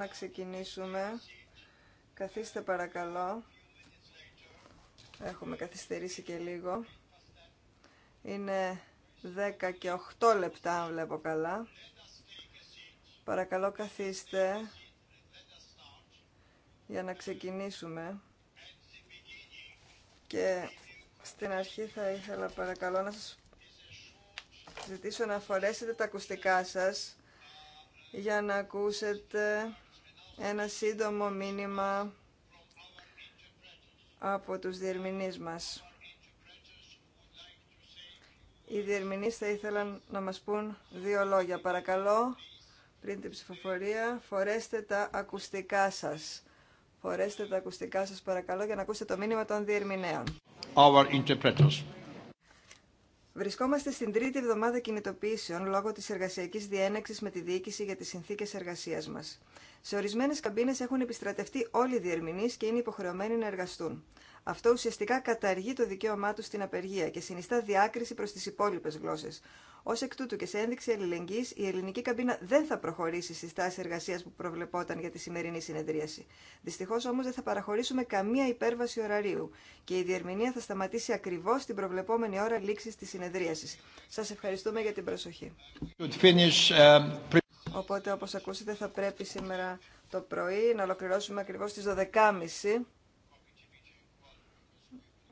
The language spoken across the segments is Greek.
Να ξεκινήσουμε. Καθίστε παρακαλώ. Έχουμε καθυστερήσει και λίγο. Είναι 10 και 8 λεπτά, αν βλέπω καλά. Παρακαλώ καθίστε για να ξεκινήσουμε. Και στην αρχή θα ήθελα παρακαλώ να σας ζητήσω να φορέσετε τα ακουστικά σας για να ακούσετε ένα σύντομο μήνυμα από τους διερμηνείς μας. Οι διερμηνείς θα ήθελαν να μας πούν δύο λόγια. Παρακαλώ, πριν την ψηφοφορία, φορέστε τα ακουστικά σας. Φορέστε τα ακουστικά σας παρακαλώ για να ακούσετε το μήνυμα των διερμηνέων. Βρισκόμαστε στην τρίτη εβδομάδα κινητοποιήσεων λόγω τη εργασιακή διένεξη με τη διοίκηση για τι συνθήκε εργασία μα. Σε ορισμένε καμπίνε έχουν επιστρατευτεί όλοι οι διερμηνεί και είναι υποχρεωμένοι να εργαστούν. Αυτό ουσιαστικά καταργεί το δικαίωμά του στην απεργία και συνιστά διάκριση προ τι υπόλοιπε γλώσσε. Ω εκ τούτου και σε ένδειξη αλληλεγγύη, η ελληνική καμπίνα δεν θα προχωρήσει στη στάση εργασία που προβλεπόταν για τη σημερινή συνεδρίαση. Δυστυχώ όμω δεν θα παραχωρήσουμε καμία υπέρβαση ωραρίου και η διερμηνία θα σταματήσει ακριβώ την προβλεπόμενη ώρα λήξη τη συνεδρίαση. Σα ευχαριστούμε για την προσοχή. Uh, Οπότε, όπω ακούσετε, θα πρέπει σήμερα το πρωί να ολοκληρώσουμε ακριβώ στι 12.30.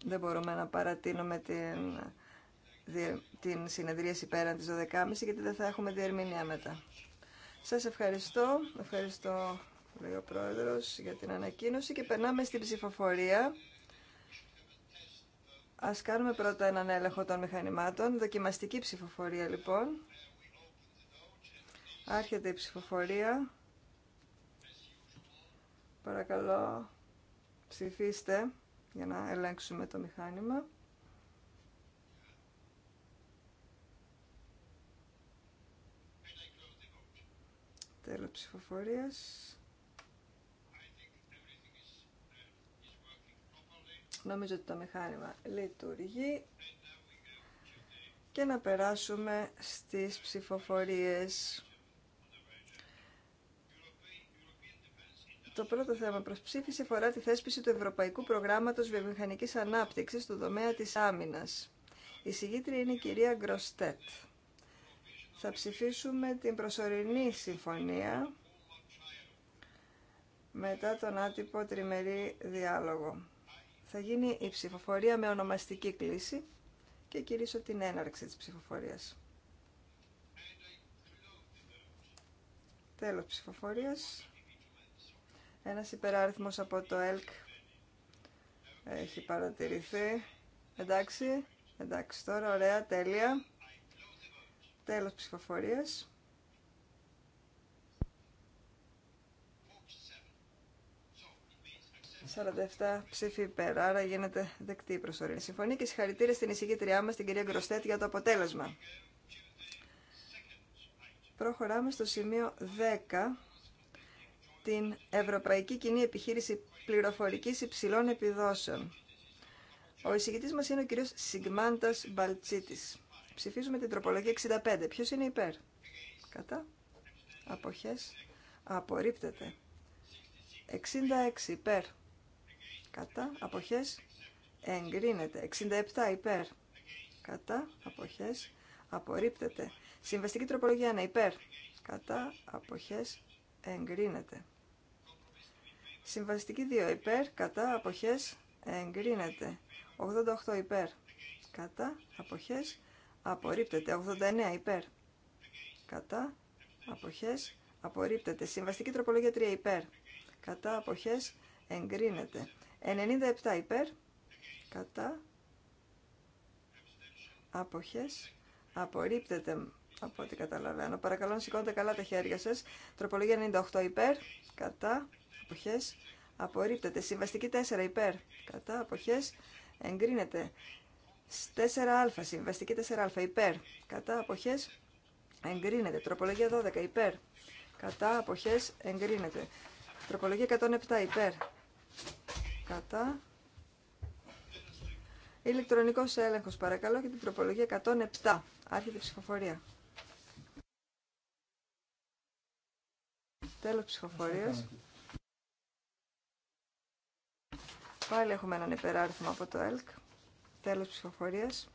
Δεν μπορούμε να παρατείνουμε την, την συνεδρίαση πέραν της 12.30 γιατί δεν θα έχουμε διερμηνία μετά. Σας ευχαριστώ. Ευχαριστώ, λέει ο Πρόεδρος, για την ανακοίνωση και περνάμε στην ψηφοφορία. Ας κάνουμε πρώτα έναν έλεγχο των μηχανημάτων. Δοκιμαστική ψηφοφορία, λοιπόν. Άρχεται η ψηφοφορία. Παρακαλώ, ψηφίστε για να ελέγξουμε το μηχάνημα. Τέλος ψηφοφορίας. Νομίζω ότι το μηχάνημα λειτουργεί. Και να περάσουμε στις ψηφοφορίες. Το πρώτο θέμα προς ψήφιση αφορά τη θέσπιση του Ευρωπαϊκού Προγράμματος Βιομηχανικής Ανάπτυξης του τομέα της άμυνας. Η συγγήτρια είναι η κυρία Γκροστέτ. Θα ψηφίσουμε την προσωρινή συμφωνία μετά τον άτυπο τριμερή διάλογο. Θα γίνει η ψηφοφορία με ονομαστική κλίση και κυρίσω την έναρξη της ψηφοφορίας. Τέλος ψηφοφορίας. Ένας υπεράριθμος από το ΕΛΚ έχει παρατηρηθεί. Εντάξει, εντάξει τώρα, ωραία, τέλεια. Τέλος ψηφοφορίας. 47 ψήφοι υπέρ, άρα γίνεται δεκτή η προσωρινή συμφωνή και συγχαρητήρια στην εισηγήτριά μας, την κυρία Γκροστέτ, για το αποτέλεσμα. Προχωράμε στο σημείο 10 την Ευρωπαϊκή Κοινή Επιχείρηση Πληροφορικής Υψηλών Επιδόσεων. Ο εισηγητής μας είναι ο κύριος Σιγμάντας μπαλτσίτη. Ψηφίζουμε την τροπολογία 65. Ποιος είναι υπέρ? Κατά. Αποχές. Απορρίπτεται. 66 υπέρ. Κατά. Αποχές. Εγκρίνεται. 67 υπέρ. Κατά. Αποχές. Απορρίπτεται. Συμβαστική τροπολογία 1 υπέρ. Κατά. Αποχές. Εγκρίνεται. Συμβαστική 2 υπέρ, κατά, αποχές, εγκρίνεται. 88 υπέρ, κατά, αποχές, απορρίπτεται. 89 υπέρ, κατά, αποχές, απορρίπτεται. Συμβαστική τροπολογία 3 υπέρ, κατά, αποχές, εγκρίνεται. 97 υπέρ, κατά, αποχές, απορρίπτεται από ό,τι καταλαβαίνω. Παρακαλώ να σηκώνετε καλά τα χέρια σας. Τροπολογία 98 υπέρ, κατά, αποχές απορρίπτεται. Συμβαστική 4 υπέρ κατά αποχές εγκρίνεται. 4α, συμβαστική 4α υπέρ κατά αποχές εγκρίνεται. Τροπολογία 12 υπέρ κατά απόχέ, εγκρίνεται. Τροπολογία 107 υπέρ κατά Ηλεκτρονικό έλεγχο παρακαλώ και την τροπολογία 107 άρχεται η ψηφοφορία. Τέλος ψηφοφορίας. Πάλι έχουμε έναν υπεράριθμο από το ΕΛΚ. Τέλος ψηφοφορίας.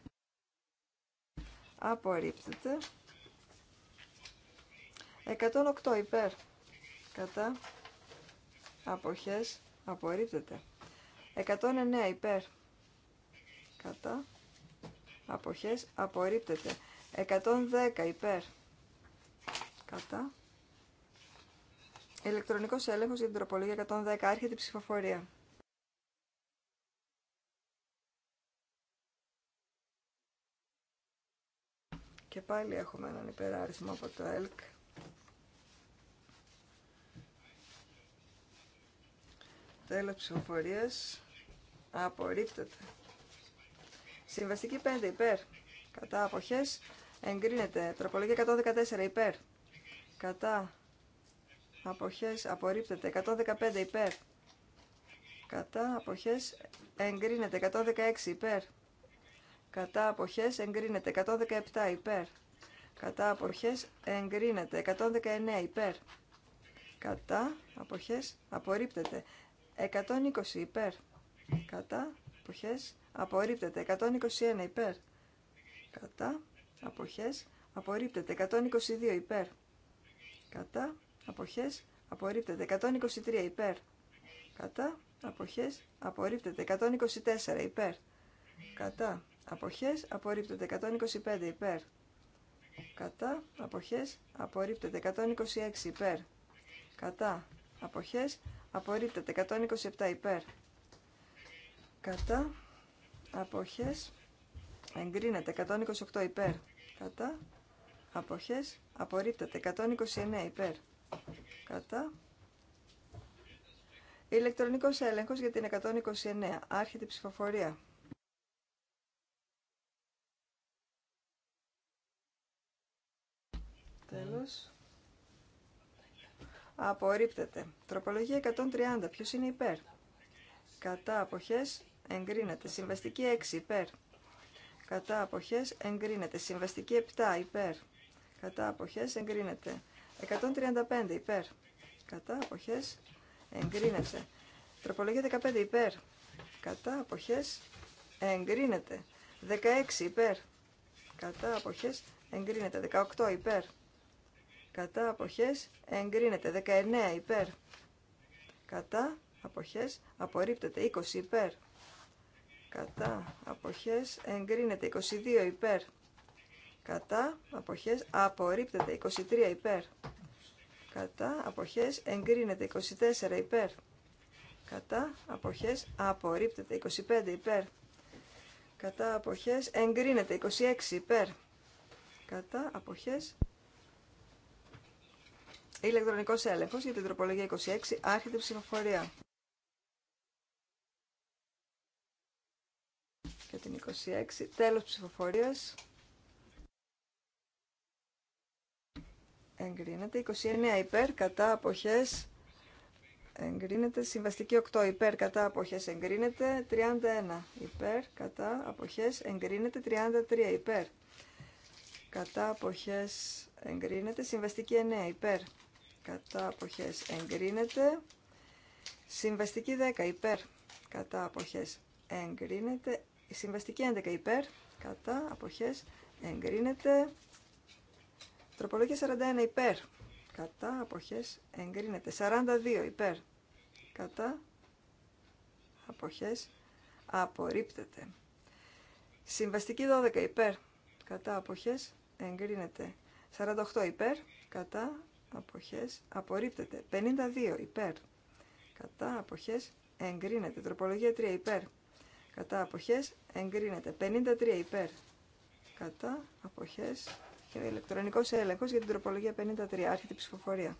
Απορρίπτεται. 108 υπέρ. Κατά. Αποχές. Απορρίπτεται. 109 υπέρ. Κατά. Αποχές. Απορρίπτεται. 110 υπέρ. Κατά. Ηλεκτρονικός έλεγχος για την τροπολογία 110. Άρχεται η ψηφοφορία. Και πάλι έχουμε έναν υπεράριθμο από το ΕΛΚ. Τέλος ψηφοφορίας. Απορρίπτεται. Συμβαστική 5 υπέρ. Κατά αποχές. Εγκρίνεται. Τροπολογία 114 υπέρ. Κατά αποχές. Απορρίπτεται. 115 υπέρ. Κατά αποχές. Εγκρίνεται. 116 υπέρ κατά αποχές εγκρίνεται 117 υπέρ κατά αποχές εγκρίνεται 119 υπέρ κατά αποχές απορρίπτεται 120 υπέρ κατά αποχές απορρίπτεται 121 υπέρ κατά αποχές απορρίπτεται 122 υπέρ κατά αποχές απορρίπτεται 123 υπέρ κατά αποχές απορρίπτεται 124 υπέρ κατά αποχές απορρίπτεται 125 υπέρ κατά αποχές απορρίπτεται 126 υπέρ κατά αποχές απορρίπτεται 127 υπέρ κατά αποχές εγκρίνεται 128 υπέρ κατά αποχές απορρίπτεται 129 υπέρ κατά ηλεκτρονικός έλεγχος για την 129 άρχεται η ψηφοφορία Τέλος. Απορρίπτεται. Τροπολογία 130. Ποιος είναι υπέρ. Κατά αποχές εγκρίνεται. Συμβαστική 6 υπέρ. Κατά αποχές εγκρίνεται. Συμβαστική 7 υπέρ. Κατά αποχές εγκρίνεται. 135 υπέρ. Κατά αποχές εγκρίνεται. Τροπολογία 15 υπέρ. Κατά αποχές εγκρίνεται. 16 υπέρ. Κατά αποχές εγκρίνεται. 18 υπέρ κατά αποχές εγκρίνεται 19 υπέρ κατά αποχές απορρίπτεται 20 υπέρ κατά αποχές εγκρίνεται 22 υπέρ κατά αποχές απορρίπτεται 23 υπέρ κατά αποχές εγκρίνεται 24 υπέρ κατά αποχές απορρίπτεται 25 υπέρ κατά αποχές εγκρίνεται 26 υπέρ κατά αποχές Ηλεκτρονικό έλεγχο για την τροπολογία 26. Άρχεται ψηφοφορία. Για την 26. Τέλος ψηφοφορία. Εγκρίνεται. 29 υπέρ, κατά αποχέ. Εγκρίνεται. Συμβαστική 8 υπέρ, κατά αποχέ. Εγκρίνεται. 31 υπέρ, κατά αποχέ. Εγκρίνεται. 33 υπέρ. Κατά αποχές εγκρίνεται. Συμβαστική 9 υπέρ κατά αποχές εγκρίνεται. Συμβαστική 10 υπέρ κατά αποχές εγκρίνεται. Συμβαστική 11 υπέρ κατά αποχές εγκρίνεται. Τροπολογία 41 υπέρ κατά αποχές εγκρίνεται. 42 υπέρ κατά αποχές απορρίπτεται. Συμβαστική 12 υπέρ κατά αποχές εγκρίνεται. 48 υπέρ κατά αποχές απορρίπτεται. 52 υπέρ. Κατά αποχές εγκρίνεται. Τροπολογία 3 υπέρ. Κατά αποχές εγκρίνεται. 53 υπέρ. Κατά αποχές και ο ηλεκτρονικός έλεγχος για την τροπολογία 53. Άρχεται η ψηφοφορία.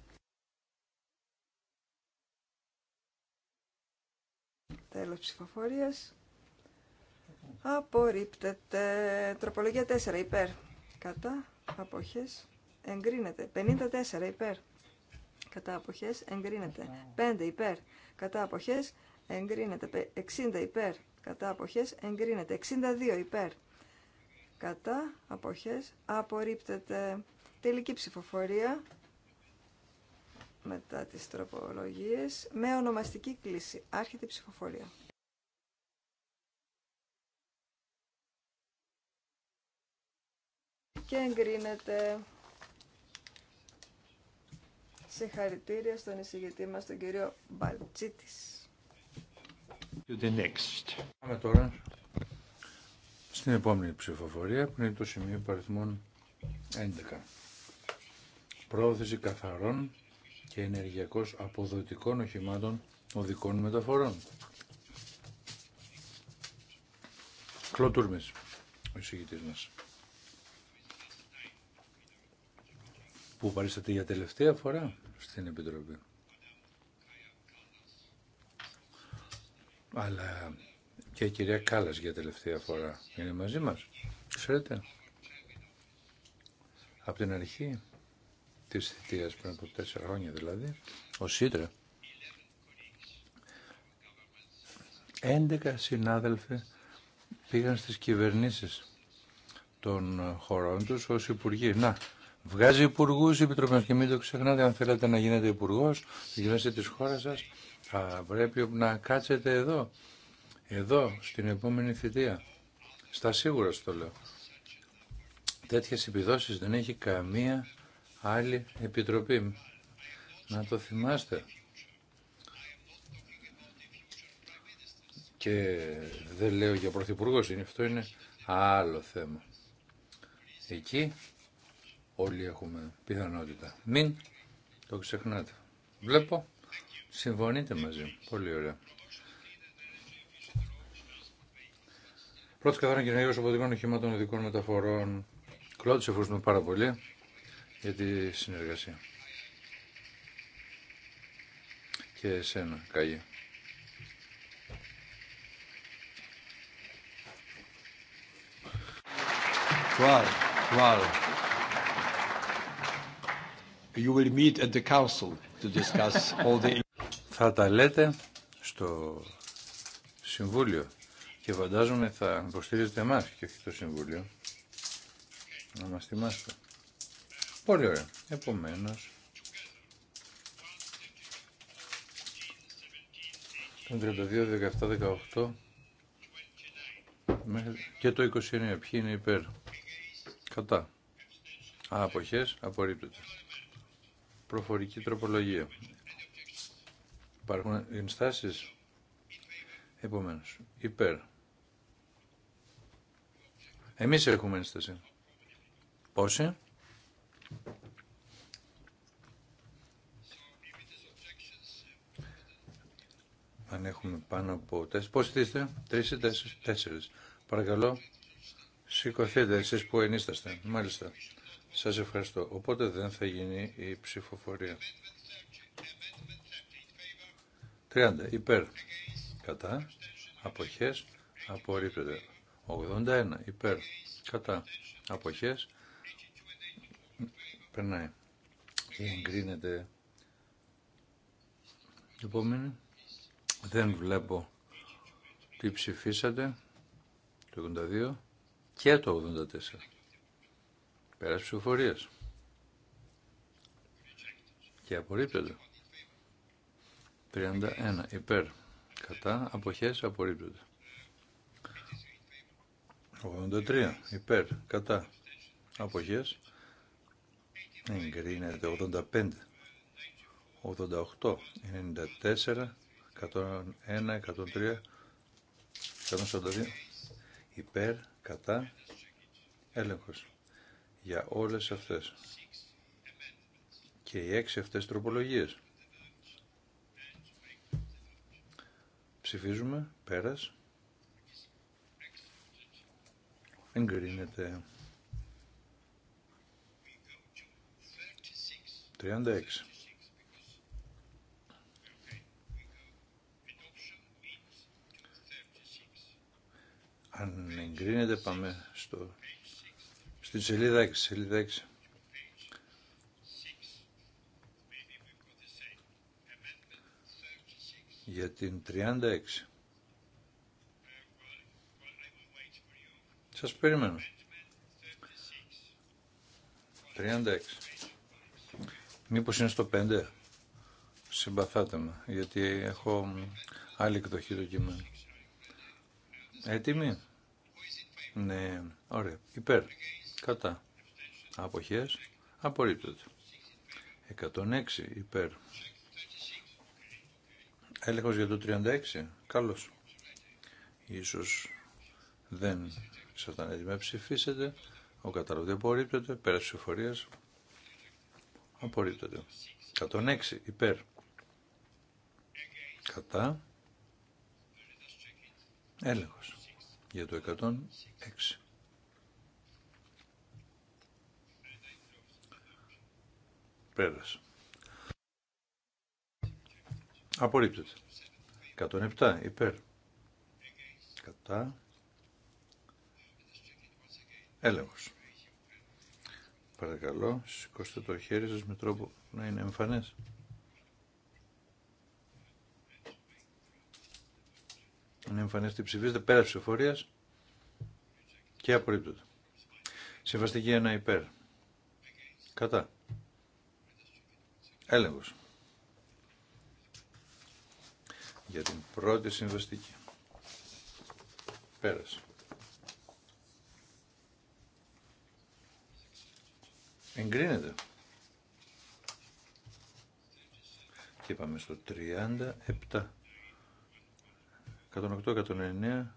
Τέλος ψηφοφορίας. Απορρίπτεται. Τροπολογία 4 υπέρ. Κατά αποχές εγκρίνεται. 54 υπέρ κατά αποχές εγκρίνεται. 5 υπέρ κατά αποχές εγκρίνεται. 60 υπέρ κατά αποχές εγκρίνεται. 62 υπέρ κατά αποχές απορρίπτεται. Τελική ψηφοφορία μετά τις τροπολογίες με ονομαστική κλίση. Άρχεται η ψηφοφορία. Και εγκρίνεται. Συγχαρητήρια στον εισηγητή μας, τον κύριο Μπαλτσίτης. The next. Πάμε τώρα στην επόμενη ψηφοφορία που είναι το σημείο παριθμών 11. Πρόθεση καθαρών και ενεργειακώς αποδοτικών οχημάτων οδικών μεταφορών. Κλωτούρμες, ο εισηγητής μας. Που παρίσταται για τελευταία φορά στην Επιτροπή. Αλλά και η κυρία Κάλλας για τελευταία φορά είναι μαζί μας. Ξέρετε, από την αρχή της θητείας πριν από τέσσερα χρόνια δηλαδή, ο Σίτρα, 11 συνάδελφοι πήγαν στις κυβερνήσεις των χωρών τους ως υπουργοί. Να, Βγάζει υπουργού η Επιτροπή και μην το ξεχνάτε. Αν θέλετε να γίνετε υπουργό, τη γνώση τη χώρα σα, θα πρέπει να κάτσετε εδώ. Εδώ, στην επόμενη θητεία. Στα σίγουρα στο λέω. Τέτοιε επιδόσει δεν έχει καμία άλλη επιτροπή. Να το θυμάστε. Και δεν λέω για πρωθυπουργό, είναι αυτό είναι άλλο θέμα. Εκεί όλοι έχουμε πιθανότητα. Μην το ξεχνάτε. Βλέπω, συμφωνείτε μαζί. Πολύ ωραία. Πρώτη καθαρά από δικών οχημάτων οδικών μεταφορών. Κλώτσε, ευχαριστούμε πάρα πολύ για τη συνεργασία. Και εσένα, καλή. Wow, wow. Θα τα λέτε στο Συμβούλιο και φαντάζομαι θα υποστηρίζετε εμά και όχι το Συμβούλιο. Να μας θυμάστε. Πολύ ωραία. Επομένως, τον 32, 17, 18 και το 29. Ποιοι είναι υπέρ. Κατά. Αποχές απορρίπτεται προφορική τροπολογία. Υπάρχουν ενστάσεις. Επομένως, υπέρ. Εμείς έχουμε ένσταση. Πόσοι. Αν έχουμε πάνω από τέσσερις. Πόσοι είστε. Τρεις ή τέσσερις. Παρακαλώ. Σηκωθείτε εσείς που ενίσταστε. Μάλιστα. Σας ευχαριστώ. Οπότε δεν θα γίνει η ψηφοφορία. 30. Υπέρ. Κατά. Αποχές. Απορρίπτεται. 81. Υπέρ. Κατά. Αποχές. Περνάει. Και εγκρίνεται. Επόμενη. Δεν βλέπω τι ψηφίσατε. Το 82 και το 84. Πέρασε ψηφοφορίας. Και απορρίπτεται. 31 υπέρ. Κατά αποχές απορρίπτεται. 83 υπέρ. Κατά αποχές εγκρίνεται. 85 88, 94, 101, 103, 142, υπέρ, κατά, έλεγχος για όλες αυτές και οι έξι αυτές τροπολογίες. Ψηφίζουμε, πέρας. Εγκρίνεται. 36. Αν εγκρίνεται πάμε στο Στη σελίδα 6, σελίδα 6. Για την 36. Σας περιμένω. 36. Μήπως είναι στο 5. Συμπαθάτε με, γιατί έχω άλλη εκδοχή το κείμενο. Έτοιμοι. Ναι, ωραία. Υπέρ κατά αποχές απορρίπτεται 106 υπέρ έλεγχος για το 36 καλώς ίσως δεν ήσασταν έτοιμοι να ψηφίσετε ο κατάλογος δεν απορρίπτεται πέρα ψηφορίας απορρίπτεται 106 υπέρ κατά έλεγχος για το 106 Πέρας. Απορρίπτεται. 107 υπέρ. Κατά. Έλεγχος. Παρακαλώ, σηκώστε το χέρι σας με τρόπο να είναι εμφανές. Είναι εμφανές τι ψηφίζετε πέρα ψηφορίας και απορρίπτεται. Συμβαστική 1 υπέρ. Κατά έλεγχος για την πρώτη συμβαστική. Πέρασε. Εγκρίνεται. Και πάμε στο 37. 108, 109,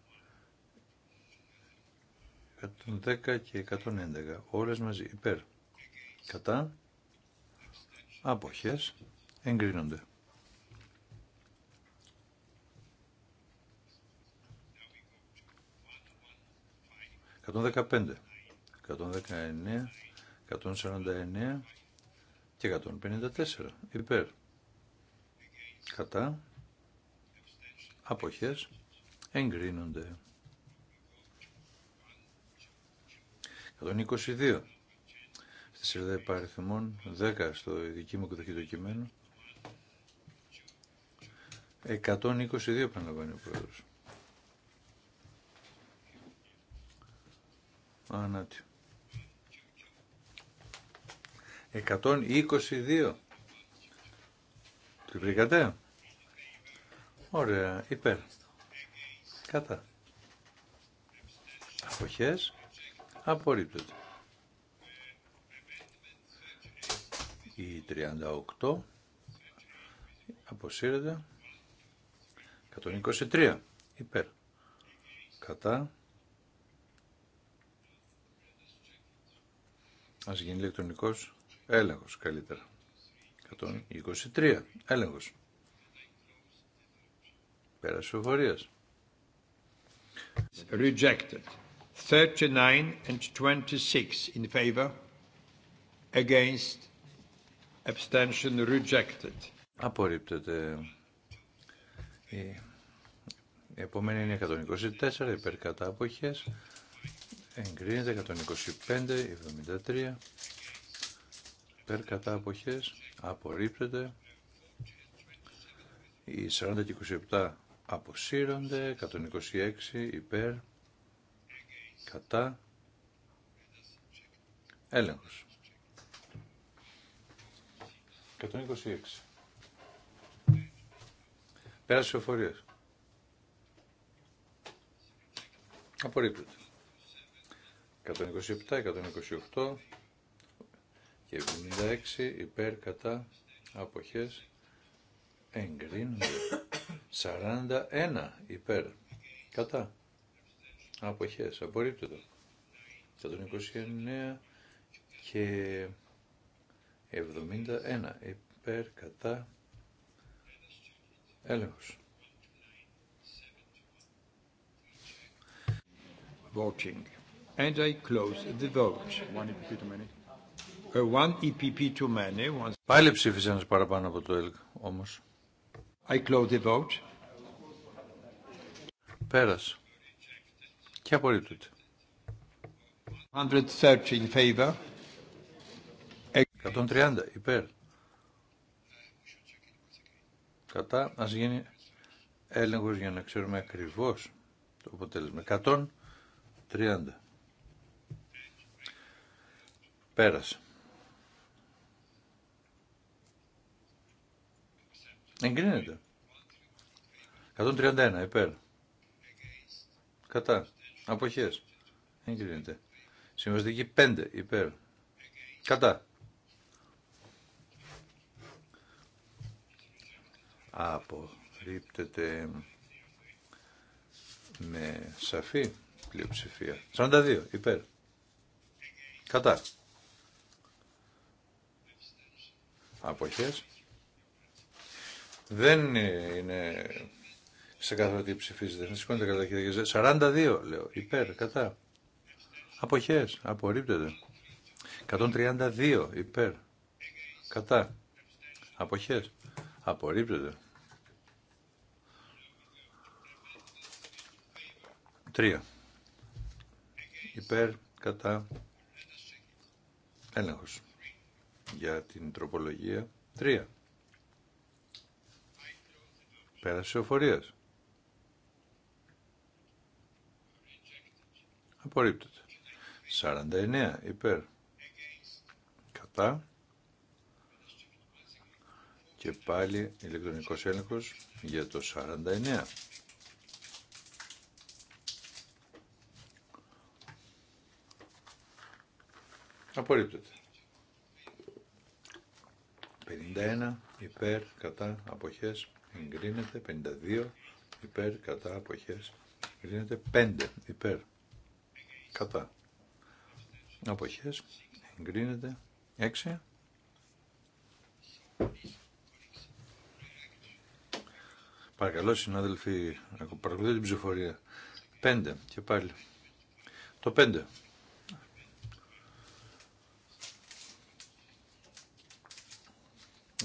110 και 111. Όλες μαζί υπέρ. Κατά αποχές εγκρίνονται. «115, 119, 149 και 154 υπέρ κατά αποχές εγκρίνονται. 122 στη σελίδα 10 στο δική μου εκδοχή του κειμένου. 122 επαναλαμβάνει ο πρόεδρος. Ανάτι. 122. Του βρήκατε. Ωραία. Υπέρ. Κατά. Αποχές. απορρίπτωται. Η 38 αποσύρεται. 123 υπέρ. Κατά. Ας γίνει ηλεκτρονικός έλεγχος καλύτερα. 123 έλεγχος. Πέρας εφορίας. Rejected. 39 and 26 in favor. Against Abstention rejected. Απορρίπτεται. Η επόμενη είναι 124 υπέρ κατά αποχές. Εγκρίνεται 125, 73 υπέρ κατά αποχές. Απορρίπτεται. Οι 40 και 27 αποσύρονται. 126 υπέρ κατά έλεγχος. 126. Πέρασε ο φορείας. Απορρίπτεται. 127, 128 και 76 υπέρ κατά αποχές εγκρίνονται. 41 υπέρ κατά αποχές απορρίπτεται. 129 και 71 υπέρ κατά έλεγχος. Voting. And I close the vote. One EPP too many. Uh, one EPP too many. One... Πάλι ψήφισε ένας παραπάνω από το έλεγχο όμως. I close the vote. Πέρασε. Και απορρίπτωται. 130 in favor. 130 υπέρ. Κατά, ας γίνει έλεγχος για να ξέρουμε ακριβώς το αποτέλεσμα. 130. Πέρασε. Εγκρίνεται. 131 υπέρ. Κατά. Αποχές. Εγκρίνεται. Συμβαστική 5 υπέρ. Κατά. απορρίπτεται με σαφή πλειοψηφία. 42 υπέρ. Κατά. Αποχές. Δεν είναι σε τι ψηφίζεται. Δεν σηκώνετε κατά 42 λέω. Υπέρ. Κατά. Αποχές. Απορρίπτεται. 132 υπέρ. Κατά. Αποχές. Απορρίπτεται. 3. Υπέρ κατά έλεγχος για την τροπολογία 3. Πέρασε οφορίας. Απορρίπτεται. 49 υπέρ. Κατά. Και πάλι ηλεκτρονικός έλεγχος για το 49. Απορρίπτεται. 51 υπέρ κατά αποχές εγκρίνεται. 52 υπέρ κατά αποχές εγκρίνεται. 5 υπέρ κατά αποχές εγκρίνεται. 6 Παρακαλώ συνάδελφοι, παρακολουθείτε την ψηφορία. 5 και πάλι. Το 5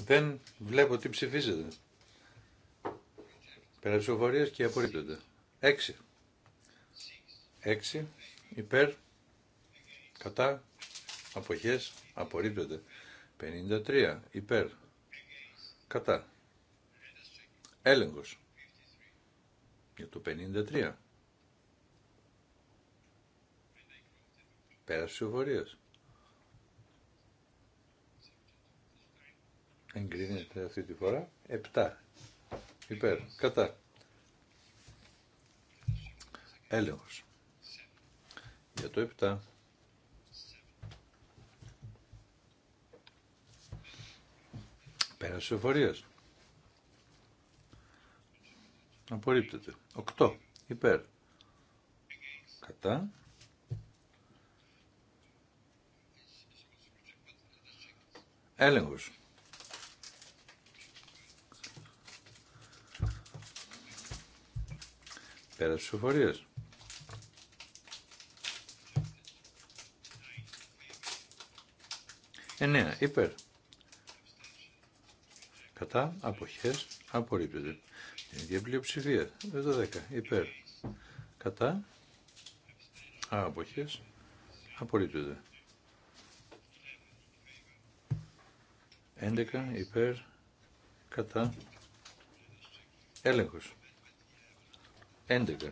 Δεν βλέπω τι ψηφίζεται. Πέρα και απορρίπτονται. 6. 6. Υπέρ. Κατά. Αποχές. Απορρίπτονται. 53. Υπέρ. Κατά. Έλεγχος. Για το 53. Πέρα εγκρίνεται αυτή τη φορά. Επτά. Υπέρ. Κατά. Έλεγχος. Για το επτά. Πέρασε ο Απορρίπτεται. Οκτώ. Υπέρ. Κατά. Έλεγχος. Πέρα τη ψηφοφορίας. Εννέα, υπέρ. Κατά, αποχές, απορρίπτεται. Την ίδια πλειοψηφία. 10, υπέρ. Κατά, αποχές, απορρίπτεται. 11 υπέρ κατά έλεγχος. 11.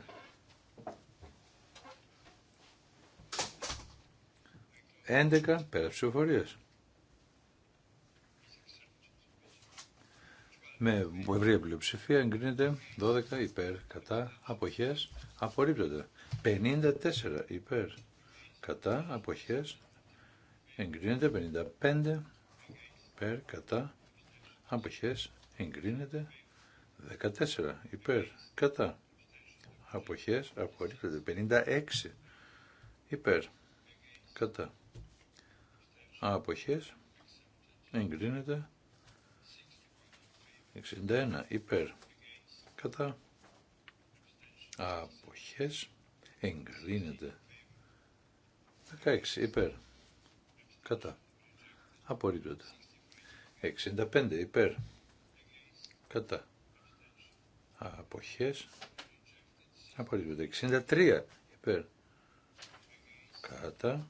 11 πέρα ψηφοφορίας. Με ευρία πλειοψηφία εγκρίνεται 12 υπέρ κατά αποχές απορρίπτονται. 54 υπέρ κατά αποχές εγκρίνεται. 55 υπέρ κατά αποχές εγκρίνεται. 14 υπέρ κατά αποχές απορρίπτεται 56 υπέρ κατά αποχές εγκρίνεται 61 υπέρ κατά αποχές εγκρίνεται 16 υπέρ κατά απορρίπτεται 65 υπέρ κατά αποχές το 63 υπέρ. Κατά.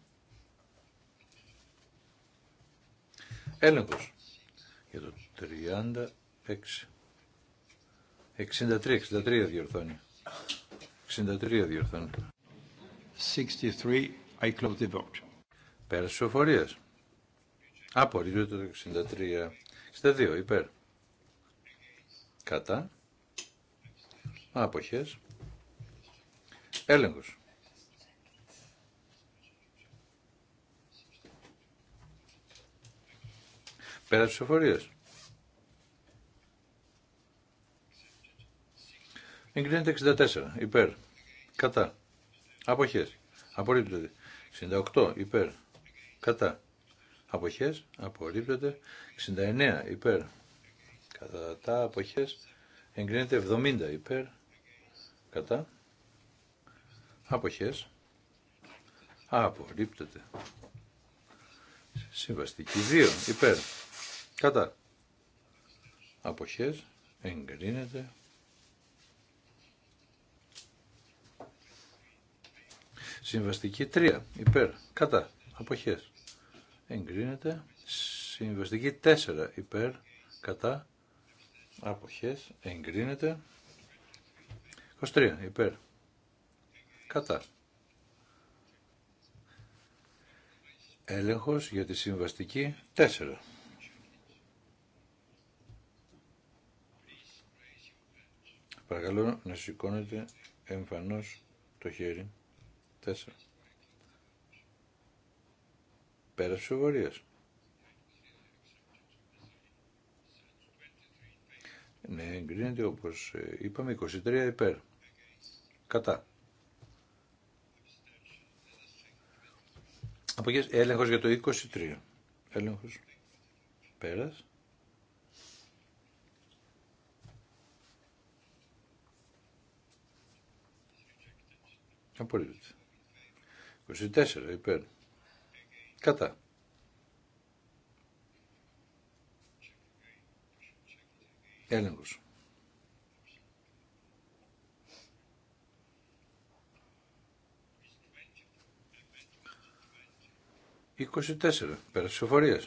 Έλεγχος. Για το 36. 63, 63 διορθώνει. 63 διορθώνει. 63, I close the vote. Πέρασε τη οφορία. το 63. 62 υπέρ. Κατά. Αποχές έλεγχος. Πέρα της εφορία. Εγκρίνεται 64, υπέρ. Κατά. Αποχές. Απορρίπτεται. 68, υπέρ. Κατά. Αποχές. Απορρίπτεται. 69, υπέρ. Κατά. Αποχές. Εγκρίνεται 70, υπέρ. Κατά. Αποχές. Απορρίπτεται. Συμβαστική 2. Υπέρ. Κατά. Αποχές. Εγκρίνεται. Συμβαστική 3. Υπέρ. Κατά. Αποχές. Εγκρίνεται. Συμβαστική 4. Υπέρ. Κατά. Αποχές. Εγκρίνεται. 23. Υπέρ. Κατά. Έλεγχος για τη συμβαστική 4. Παρακαλώ να σηκώνετε εμφανώς το χέρι. 4. Πέρα ψηφοφορίας. Ναι, εγκρίνεται όπως ε, είπαμε 23 υπέρ. Κατά. εκεί, έλεγχος για το 23. Έλεγχος. Πέρας. Απολύτως. 24 υπέρ. Κατά. Έλεγχος. 24 πέρα της εφορία.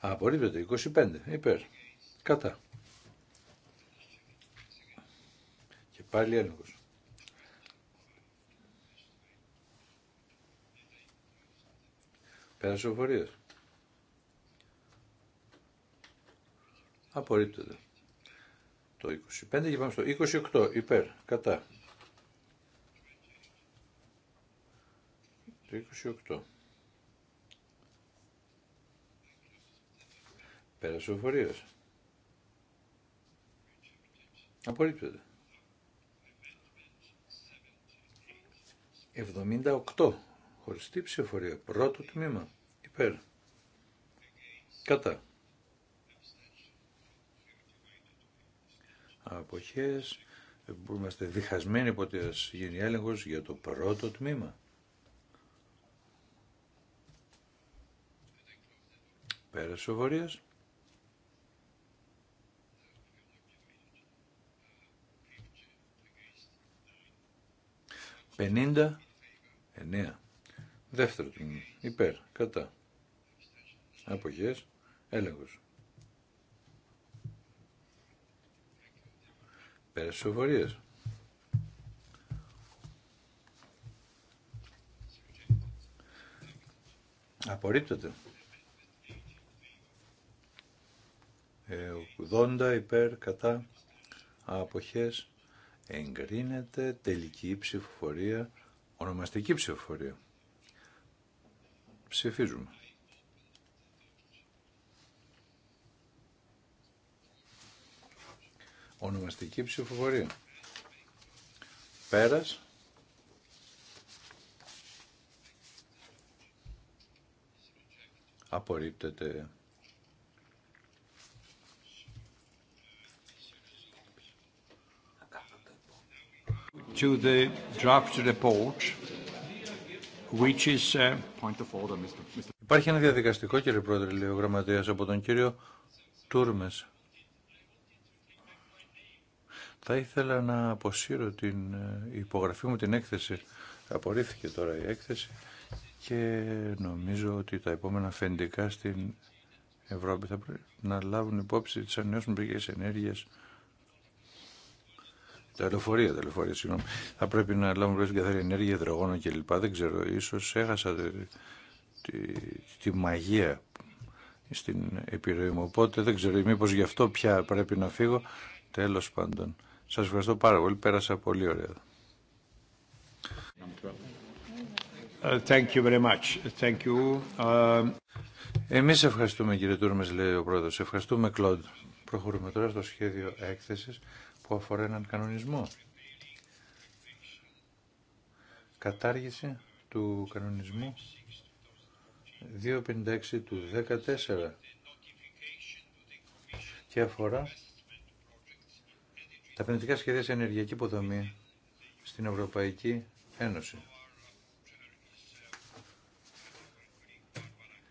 Απορρίπτεται 25 υπέρ. Κατά. Και πάλι ένοχο. Πέρα εφορία. Απορρίπτεται. Το 25 και πάμε στο 28 υπέρ. Κατά. Το 28. Πέρασε ο φορείος. Απορρίπτεται. 78. Χωριστή ψηφορία, Πρώτο τμήμα. Υπέρ. Κατά. Αποχές. Είμαστε διχασμένοι από γίνει έλεγχος για το πρώτο τμήμα. Πέρα σοβαρίας. Πενήντα. Εννέα. Δεύτερο τμήμα. Υπέρ. Κατά. Αποχές. Έλεγχος. Πέρα σοβαρίας. Απορρίπτεται. 80 υπέρ κατά αποχές εγκρίνεται τελική ψηφοφορία, ονομαστική ψηφοφορία. Ψηφίζουμε. Ονομαστική ψηφοφορία. Πέρας. Απορρίπτεται to draft report, which is uh, point of order, Mr. Υπάρχει ένα διαδικαστικό, κύριε Πρόεδρε, λέει ο γραμματέα από τον κύριο Τούρμες. Θα ήθελα να αποσύρω την ε, υπογραφή μου την έκθεση. Απορρίφθηκε τώρα η έκθεση και νομίζω ότι τα επόμενα φεντικά στην Ευρώπη θα πρέπει να λάβουν υπόψη τις ανανεώσιμες πηγές ενέργειας, τα λεωφορεία, τα λεωφορεία, συγγνώμη. Θα πρέπει να λάβουμε πλέον καθαρή ενέργεια, υδρογόνο κλπ. Δεν ξέρω, ίσως έχασα τη, μαγεία στην επιρροή μου. Οπότε δεν ξέρω, μήπω γι' αυτό πια πρέπει να φύγω. Τέλος πάντων. Σας ευχαριστώ πάρα πολύ. Πέρασα πολύ ωραία. Ε, thank ε, Εμείς ευχαριστούμε κύριε Τούρμες, λέει ο πρόεδρος. Ευχαριστούμε Κλοντ. Προχωρούμε τώρα στο σχέδιο έκθεσης που αφορά έναν κανονισμό. Κατάργηση του κανονισμού 256 του 14 και αφορά τα πνευματικά σχέδια σε ενεργειακή υποδομή στην Ευρωπαϊκή Ένωση.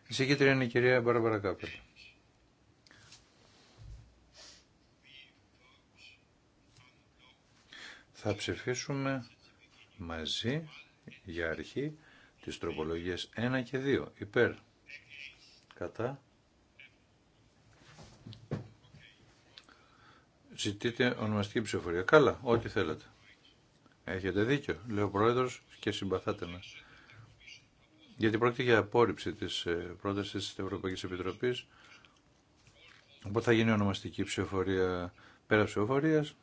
Η συγκέντρια είναι η κυρία Μπαρμπαρα θα ψηφίσουμε μαζί για αρχή τις τροπολογίες 1 και 2 υπέρ κατά ζητείτε ονομαστική ψηφοφορία. Καλά, ό,τι θέλετε. Έχετε δίκιο, λέει ο Πρόεδρος και συμπαθάτε με. Γιατί πρόκειται για απόρριψη της ε, πρότασης της Ευρωπαϊκής Επιτροπής. Οπότε θα γίνει ονομαστική ψηφοφορία πέρα ψηφοφορίας.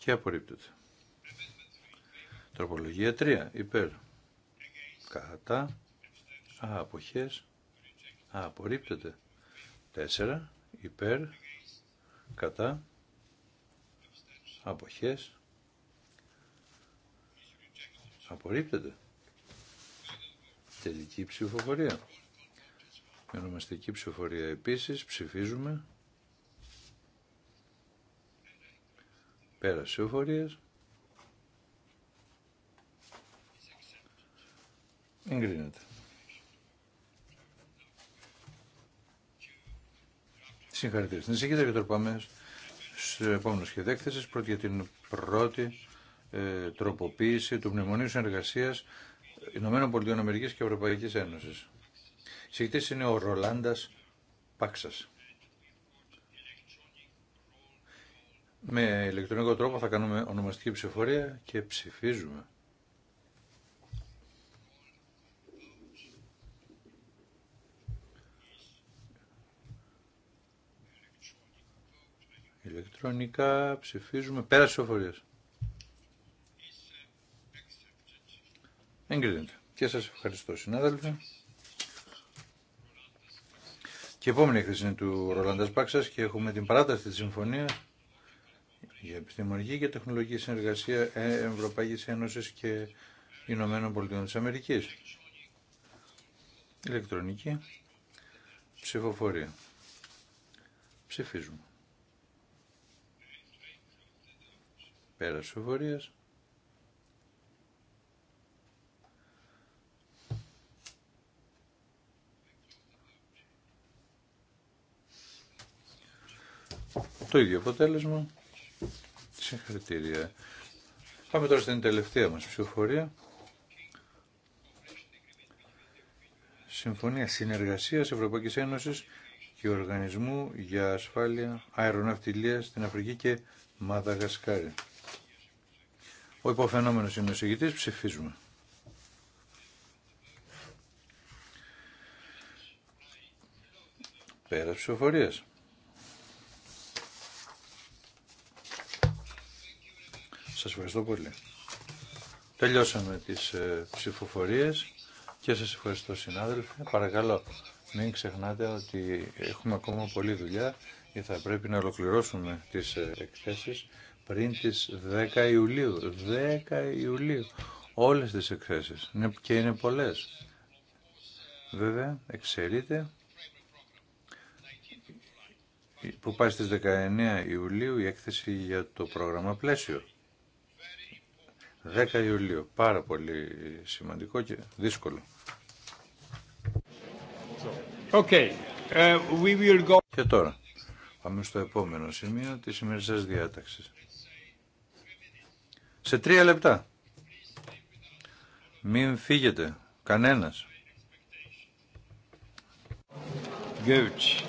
και απορρίπτεται. Τροπολογία 3. Υπέρ. Κατά. Αποχές. Απορρίπτεται. 4. Υπέρ. Κατά. Αποχές. Απορρίπτεται. Τελική ψηφοφορία. Η ονομαστική ψηφοφορία επίσης ψηφίζουμε. Πέρασε ψηφοφορίας. Εγκρίνεται. Συγχαρητήρια. Στην εισηγήτρια και τώρα πάμε στο επόμενο και έκθεση. Πρώτη για την πρώτη ε, τροποποίηση του Μνημονίου Συνεργασίας Ηνωμένων Πολιτειών Αμερικής και Ευρωπαϊκή Ένωση. Συγχαρητήρια είναι ο Ρολάντας Πάξας. Με ηλεκτρονικό τρόπο θα κάνουμε ονομαστική ψηφοφορία και ψηφίζουμε. Ηλεκτρονικά ψηφίζουμε πέρα ψηφοφορίας. Εγκρίνεται. Και σας ευχαριστώ συνάδελφοι. Και η επόμενη έκθεση είναι του Ρολαντάς Πάξας και έχουμε την παράταση της συμφωνίας για επιστημονική και τεχνολογική συνεργασία ε, Ευρωπαϊκής Ένωσης και Ηνωμένων Πολιτειών της Αμερικής. Ηλεκτρονική ψηφοφορία. Ψηφίζουμε. Πέρα ψηφοφορίας. Το ίδιο αποτέλεσμα. Συγχαρητήρια. Πάμε τώρα στην τελευταία μας ψηφοφορία. Συμφωνία Συνεργασίας Ευρωπαϊκής Ένωσης και Οργανισμού για Ασφάλεια Αεροναυτιλίας στην Αφρική και Μαδαγασκάρη. Ο υποφαινόμενος είναι ο συγητής, ψηφίζουμε. Πέρα ψηφοφορίας. Σας ευχαριστώ πολύ. Τελειώσαμε τις ε, ψηφοφορίες και σας ευχαριστώ συνάδελφοι. Παρακαλώ μην ξεχνάτε ότι έχουμε ακόμα πολλή δουλειά και θα πρέπει να ολοκληρώσουμε τις ε, εκθέσεις πριν τις 10 Ιουλίου. 10 Ιουλίου. Όλες τις εκθέσεις. Και είναι πολλές. Βέβαια, εξαιρείται που πάει στις 19 Ιουλίου η έκθεση για το πρόγραμμα πλαίσιο. 10 Ιουλίου. Πάρα πολύ σημαντικό και δύσκολο. Okay. Uh, we will go... Και τώρα πάμε στο επόμενο σημείο της σημερινής διάταξης. Σε τρία λεπτά. Μην φύγετε. Κανένας. Good.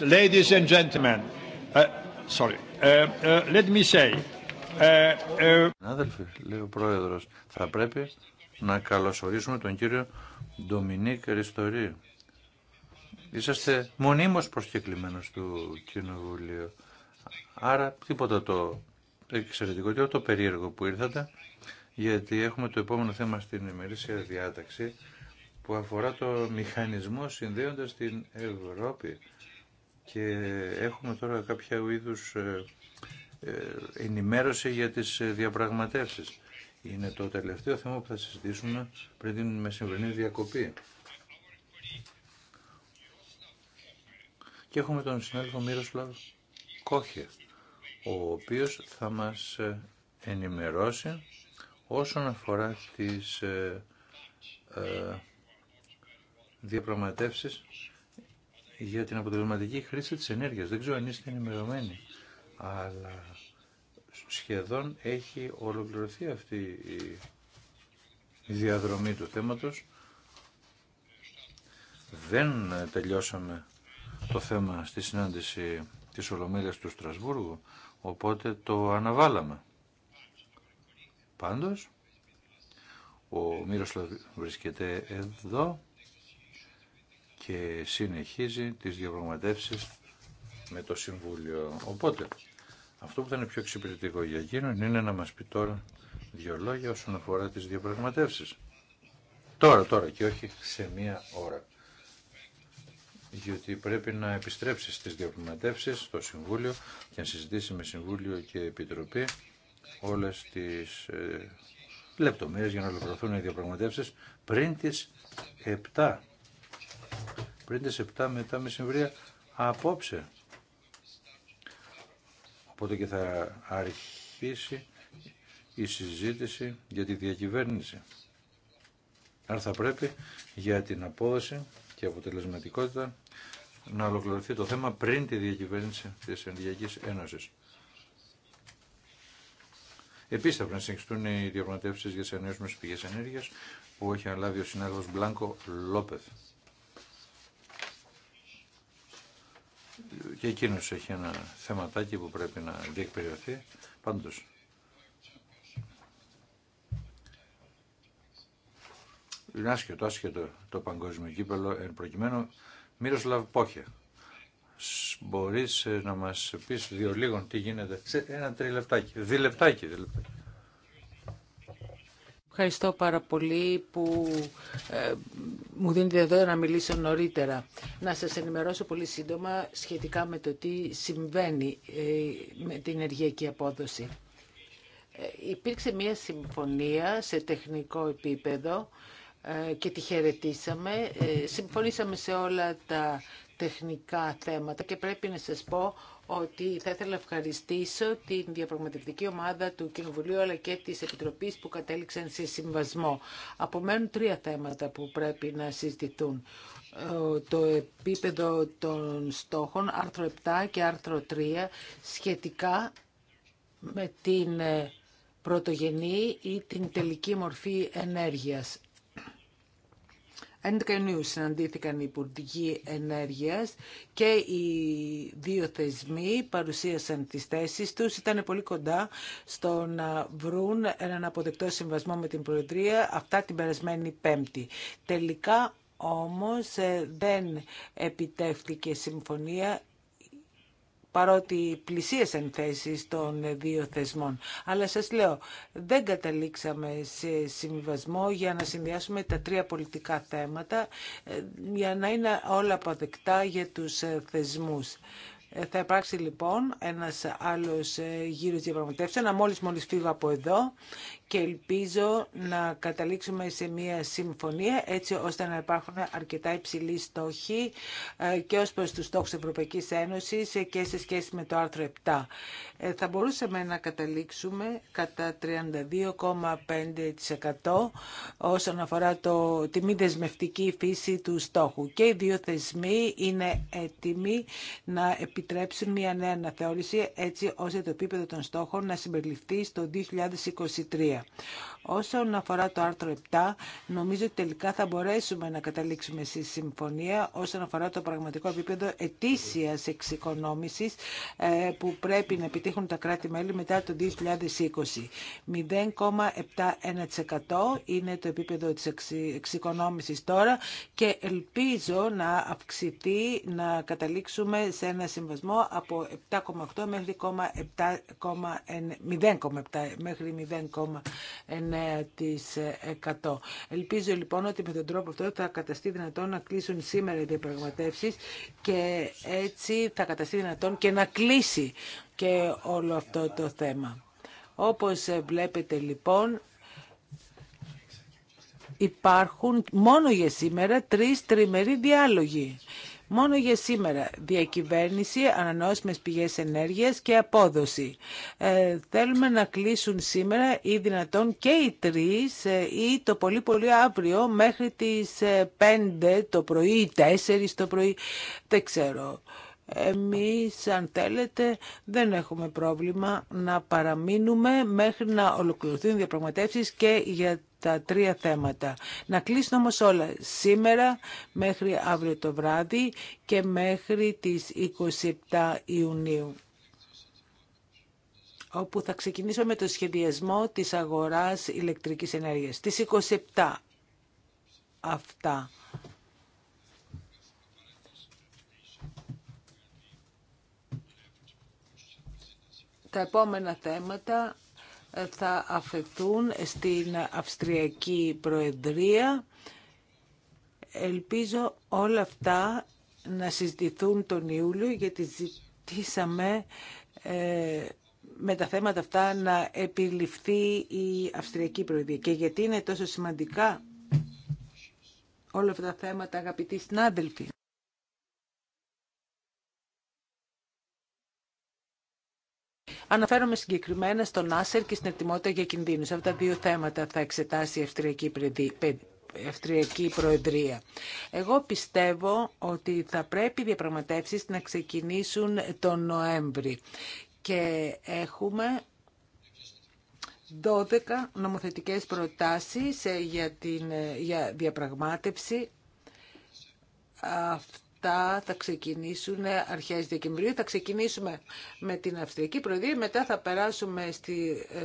Ladies and gentlemen, uh, sorry, uh, uh, let me say... λέει ο θα πρέπει να καλωσορίσουμε τον κύριο Ντομινίκ Ριστορή. Είσαστε μονίμως προσκεκλημένος του Κοινοβουλίου. Άρα τίποτα το εξαιρετικό και το περίεργο που ήρθατε, γιατί έχουμε το επόμενο θέμα στην ημερήσια διάταξη που αφορά το μηχανισμό συνδέοντας την Ευρώπη και έχουμε τώρα κάποια είδους ε, ε, ενημέρωση για τις ε, διαπραγματεύσεις. Είναι το τελευταίο θέμα που θα συζητήσουμε πριν την μεσημβρινή διακοπή. Και έχουμε τον συνάδελφο Μύροσλαβ Κόχε, ο οποίος θα μας ενημερώσει όσον αφορά τις διαπραγματεύσεις για την αποτελεσματική χρήση της ενέργειας. Δεν ξέρω αν είστε ενημερωμένοι, αλλά σχεδόν έχει ολοκληρωθεί αυτή η διαδρομή του θέματος. Δεν τελειώσαμε το θέμα στη συνάντηση της Ολομέλειας του Στρασβούργου, οπότε το αναβάλαμε. Πάντως, ο Μύρος βρίσκεται εδώ και συνεχίζει τις διαπραγματεύσεις με το Συμβούλιο. Οπότε, αυτό που θα είναι πιο εξυπηρετικό για εκείνον είναι να μας πει τώρα δύο λόγια όσον αφορά τις διαπραγματεύσεις. Τώρα, τώρα και όχι σε μία ώρα. Γιατί πρέπει να επιστρέψει στις διαπραγματεύσεις στο Συμβούλιο και να συζητήσει με Συμβούλιο και Επιτροπή όλες τις ε, λεπτομέρειες για να ολοκληρωθούν οι διαπραγματεύσεις πριν τις 7 πριν τις 7 μετά μεσημβρία απόψε. Οπότε και θα αρχίσει η συζήτηση για τη διακυβέρνηση. Άρα θα πρέπει για την απόδοση και αποτελεσματικότητα να ολοκληρωθεί το θέμα πριν τη διακυβέρνηση της Ενδιακής Ένωσης. Επίση, θα πρέπει να συνεχιστούν οι διαπραγματεύσει για τι ανανεώσιμε πηγέ ενέργεια που έχει αναλάβει ο συνάδελφο Μπλάνκο Λόπεθ. και εκείνος έχει ένα θεματάκι που πρέπει να διεκπαιριωθεί. Πάντως, είναι άσχετο, άσχετο το παγκόσμιο κύπελο εν προκειμένου. Μύροσλαβ Πόχε. Μπορείς ε, να μα πει δύο λίγων τι γίνεται σε ένα τριλεπτάκι. Διλεπτάκι, διλεπτάκι. Ευχαριστώ πάρα πολύ που ε, μου δίνετε εδώ να μιλήσω νωρίτερα. Να σας ενημερώσω πολύ σύντομα σχετικά με το τι συμβαίνει ε, με την ενεργειακή απόδοση. Ε, υπήρξε μια συμφωνία σε τεχνικό επίπεδο και τη χαιρετήσαμε. Συμφωνήσαμε σε όλα τα τεχνικά θέματα και πρέπει να σας πω ότι θα ήθελα να ευχαριστήσω την διαπραγματευτική ομάδα του Κοινοβουλίου αλλά και της Επιτροπής που κατέληξαν σε συμβασμό. Απομένουν τρία θέματα που πρέπει να συζητηθούν. Ε, το επίπεδο των στόχων, άρθρο 7 και άρθρο 3, σχετικά με την ε, πρωτογενή ή την τελική μορφή ενέργειας. 11 Ιουνίου συναντήθηκαν οι Υπουργοί Ενέργειας και οι δύο θεσμοί παρουσίασαν τι θέσει τους. Ήταν πολύ κοντά στο να βρουν έναν αποδεκτό συμβασμό με την Προεδρία αυτά την περασμένη Πέμπτη. Τελικά όμως ε, δεν επιτεύχθηκε συμφωνία παρότι πλησίασαν θέσει θέσεις των δύο θεσμών. Αλλά σας λέω, δεν καταλήξαμε σε συμβιβασμό για να συνδυάσουμε τα τρία πολιτικά θέματα, ε, για να είναι όλα αποδεκτά για τους ε, θεσμούς. Ε, θα υπάρξει λοιπόν ένας άλλος γύρος διαπραγματεύσεων, μόλις μόλις φύγω από εδώ και ελπίζω να καταλήξουμε σε μια συμφωνία έτσι ώστε να υπάρχουν αρκετά υψηλοί στόχοι ε, και ως προς τους στόχους Ευρωπαϊκής Ένωσης ε, και σε σχέση με το άρθρο 7. Ε, θα μπορούσαμε να καταλήξουμε κατά 32,5% όσον αφορά το, τη μη δεσμευτική φύση του στόχου. Και οι δύο θεσμοί είναι έτοιμοι να επιτρέψουν μια νέα αναθεώρηση έτσι ώστε το επίπεδο των στόχων να συμπεριληφθεί στο 2023. Όσον αφορά το άρθρο 7, νομίζω ότι τελικά θα μπορέσουμε να καταλήξουμε στη συμφωνία όσον αφορά το πραγματικό επίπεδο ετήσιας εξοικονόμησης ε, που πρέπει να επιτύχουν τα κράτη-μέλη μετά το 2020. 0,71% είναι το επίπεδο της εξοικονόμησης τώρα και ελπίζω να αυξηθεί, να καταλήξουμε σε ένα συμβασμό από 7,8 μέχρι 0,7 μέχρι 0,7 9%. Ελπίζω λοιπόν ότι με τον τρόπο αυτό θα καταστεί δυνατόν να κλείσουν σήμερα οι διαπραγματεύσει και έτσι θα καταστεί δυνατόν και να κλείσει και όλο αυτό το θέμα. Όπως βλέπετε λοιπόν, υπάρχουν μόνο για σήμερα τρεις τριμεροί διάλογοι. Μόνο για σήμερα διακυβέρνηση, ανανεώσιμες πηγές ενέργειας και απόδοση. Ε, θέλουμε να κλείσουν σήμερα ή δυνατόν και οι τρεις ε, ή το πολύ πολύ αύριο μέχρι τις 5 ε, το πρωί ή 4 το πρωί. Δεν ξέρω. Εμείς, αν θέλετε, δεν έχουμε πρόβλημα να παραμείνουμε μέχρι να ολοκληρωθούν οι διαπραγματεύσεις και για τα τρία θέματα. Να κλείσουν όμως όλα σήμερα μέχρι αύριο το βράδυ και μέχρι τις 27 Ιουνίου όπου θα ξεκινήσουμε με το σχεδιασμό της αγοράς ηλεκτρικής ενέργειας. Τις 27 αυτά. Τα επόμενα θέματα θα αφαιθούν στην Αυστριακή Προεδρία. Ελπίζω όλα αυτά να συζητηθούν τον Ιούλιο γιατί ζητήσαμε ε, με τα θέματα αυτά να επιληφθεί η Αυστριακή Προεδρία. Και γιατί είναι τόσο σημαντικά όλα αυτά τα θέματα αγαπητοί συνάδελφοι. Αναφέρομαι συγκεκριμένα στον Άσερ και στην ετοιμότητα για κινδύνους. Αυτά τα δύο θέματα θα εξετάσει η Αυστριακή Προεδρία. Εγώ πιστεύω ότι θα πρέπει οι διαπραγματεύσεις να ξεκινήσουν τον Νοέμβρη και έχουμε 12 νομοθετικές προτάσεις ε, για, ε, για διαπραγμάτευση. Αυτό θα ξεκινήσουν αρχές Δεκεμβρίου. Θα ξεκινήσουμε με την Αυστριακή Προεδρία, μετά θα περάσουμε στη ε,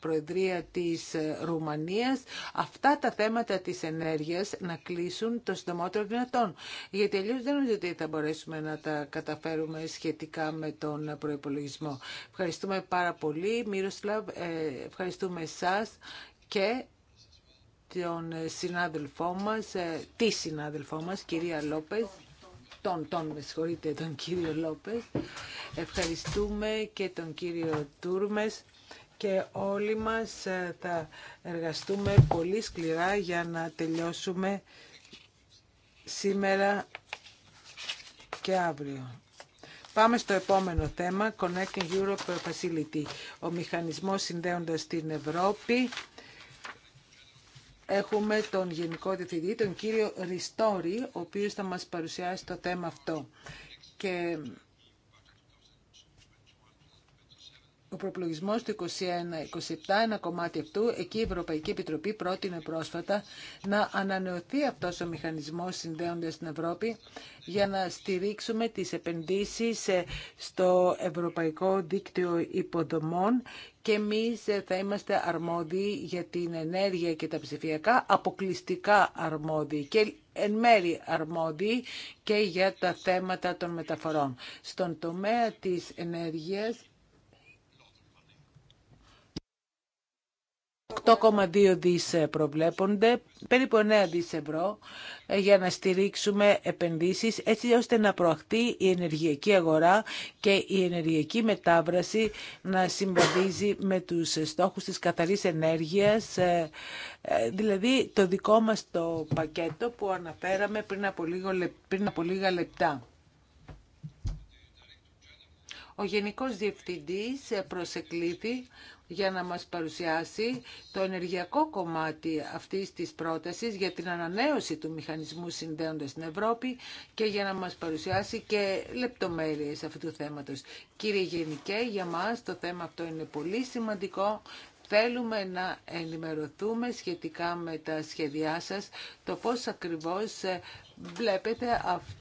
Προεδρία της ε, Ρουμανίας. Αυτά τα θέματα της ενέργειας να κλείσουν το συντομότερο δυνατόν. Γιατί αλλιώ δεν νομίζω ότι θα μπορέσουμε να τα καταφέρουμε σχετικά με τον προϋπολογισμό. Ευχαριστούμε πάρα πολύ, Μύροσλαβ, ε, ευχαριστούμε εσάς και τον ε, συνάδελφό μας, ε, τη συνάδελφό μας, κυρία Λόπες, τον, τον, με συγχωρείτε, τον κύριο Λόπες. Ευχαριστούμε και τον κύριο Τούρμες και όλοι μας ε, θα εργαστούμε πολύ σκληρά για να τελειώσουμε σήμερα και αύριο. Πάμε στο επόμενο θέμα, Connecting Europe Facility, ο μηχανισμός συνδέοντας την Ευρώπη έχουμε τον Γενικό Διευθυντή, τον κύριο Ριστόρη, ο οποίος θα μας παρουσιάσει το θέμα αυτό. Και ο προπλογισμός του 2021-2027, ένα κομμάτι αυτού, εκεί η Ευρωπαϊκή Επιτροπή πρότεινε πρόσφατα να ανανεωθεί αυτός ο μηχανισμός συνδέοντα στην Ευρώπη για να στηρίξουμε τις επενδύσεις ε, στο Ευρωπαϊκό Δίκτυο Υποδομών και εμεί ε, θα είμαστε αρμόδιοι για την ενέργεια και τα ψηφιακά, αποκλειστικά αρμόδιοι και εν μέρη αρμόδιοι και για τα θέματα των μεταφορών. Στον τομέα της ενέργειας 8,2 δις ε, προβλέπονται, περίπου 9 δις ευρώ, ε, για να στηρίξουμε επενδύσεις, έτσι ώστε να προαχθεί η ενεργειακή αγορά και η ενεργειακή μετάβραση να συμβαδίζει με τους στόχους της καθαρής ενέργειας, ε, δηλαδή το δικό μας το πακέτο που αναφέραμε πριν από, λίγο, πριν από λίγα λεπτά. Ο Γενικός Διευθυντής προσεκλήθη για να μας παρουσιάσει το ενεργειακό κομμάτι αυτής της πρότασης για την ανανέωση του μηχανισμού συνδέοντας στην Ευρώπη και για να μας παρουσιάσει και λεπτομέρειες αυτού του θέματος. Κύριε Γενικέ, για μας το θέμα αυτό είναι πολύ σημαντικό. Θέλουμε να ενημερωθούμε σχετικά με τα σχέδιά σας, το πώς ακριβώς ε, βλέπετε αυτό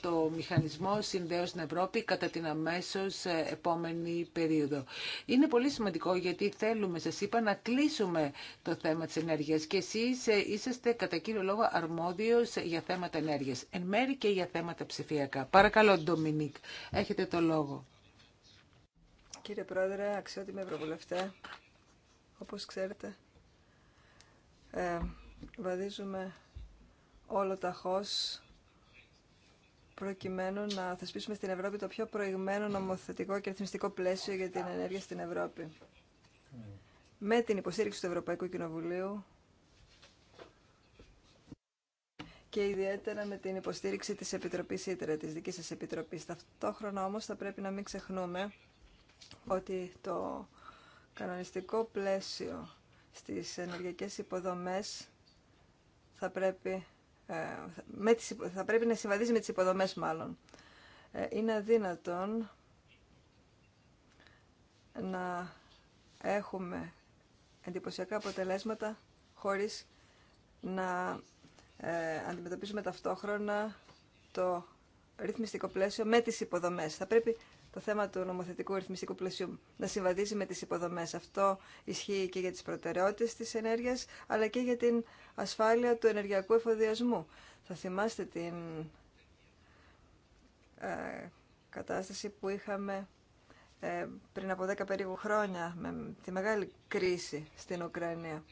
το μηχανισμό συνδέω στην Ευρώπη κατά την αμέσως ε, επόμενη περίοδο. Είναι πολύ σημαντικό γιατί θέλουμε, σας είπα, να κλείσουμε το θέμα της ενέργειας και εσείς ε, είσαστε κατά κύριο λόγο αρμόδιος για θέματα ενέργειας, εν μέρη και για θέματα ψηφιακά. Παρακαλώ, Ντομινίκ, έχετε το λόγο. Κύριε Πρόεδρε, αξιότιμη Ευρωβουλευτέ, όπως ξέρετε, ε, βαδίζουμε όλο ταχώς προκειμένου να θεσπίσουμε στην Ευρώπη το πιο προηγμένο νομοθετικό και ρυθμιστικό πλαίσιο για την ενέργεια στην Ευρώπη. Με την υποστήριξη του Ευρωπαϊκού Κοινοβουλίου και ιδιαίτερα με την υποστήριξη της Επιτροπής Ήτρε, της δικής σας Επιτροπής. Ταυτόχρονα όμως θα πρέπει να μην ξεχνούμε ότι το κανονιστικό πλαίσιο στις ενεργειακές υποδομές θα πρέπει ε, με τις, θα πρέπει να συμβαδίζει με τις υποδομές μάλλον. Ε, είναι αδύνατον να έχουμε εντυπωσιακά αποτελέσματα χωρίς να ε, αντιμετωπίζουμε ταυτόχρονα το ρυθμιστικό πλαίσιο με τις υποδομές. Θα πρέπει το θέμα του νομοθετικού ρυθμιστικού πλαισίου να συμβαδίζει με τις υποδομές. Αυτό ισχύει και για τις προτεραιότητες της ενέργειας, αλλά και για την ασφάλεια του ενεργειακού εφοδιασμού. Θα θυμάστε την ε, κατάσταση που είχαμε ε, πριν από 10 περίπου χρόνια με τη μεγάλη κρίση στην Ουκρανία.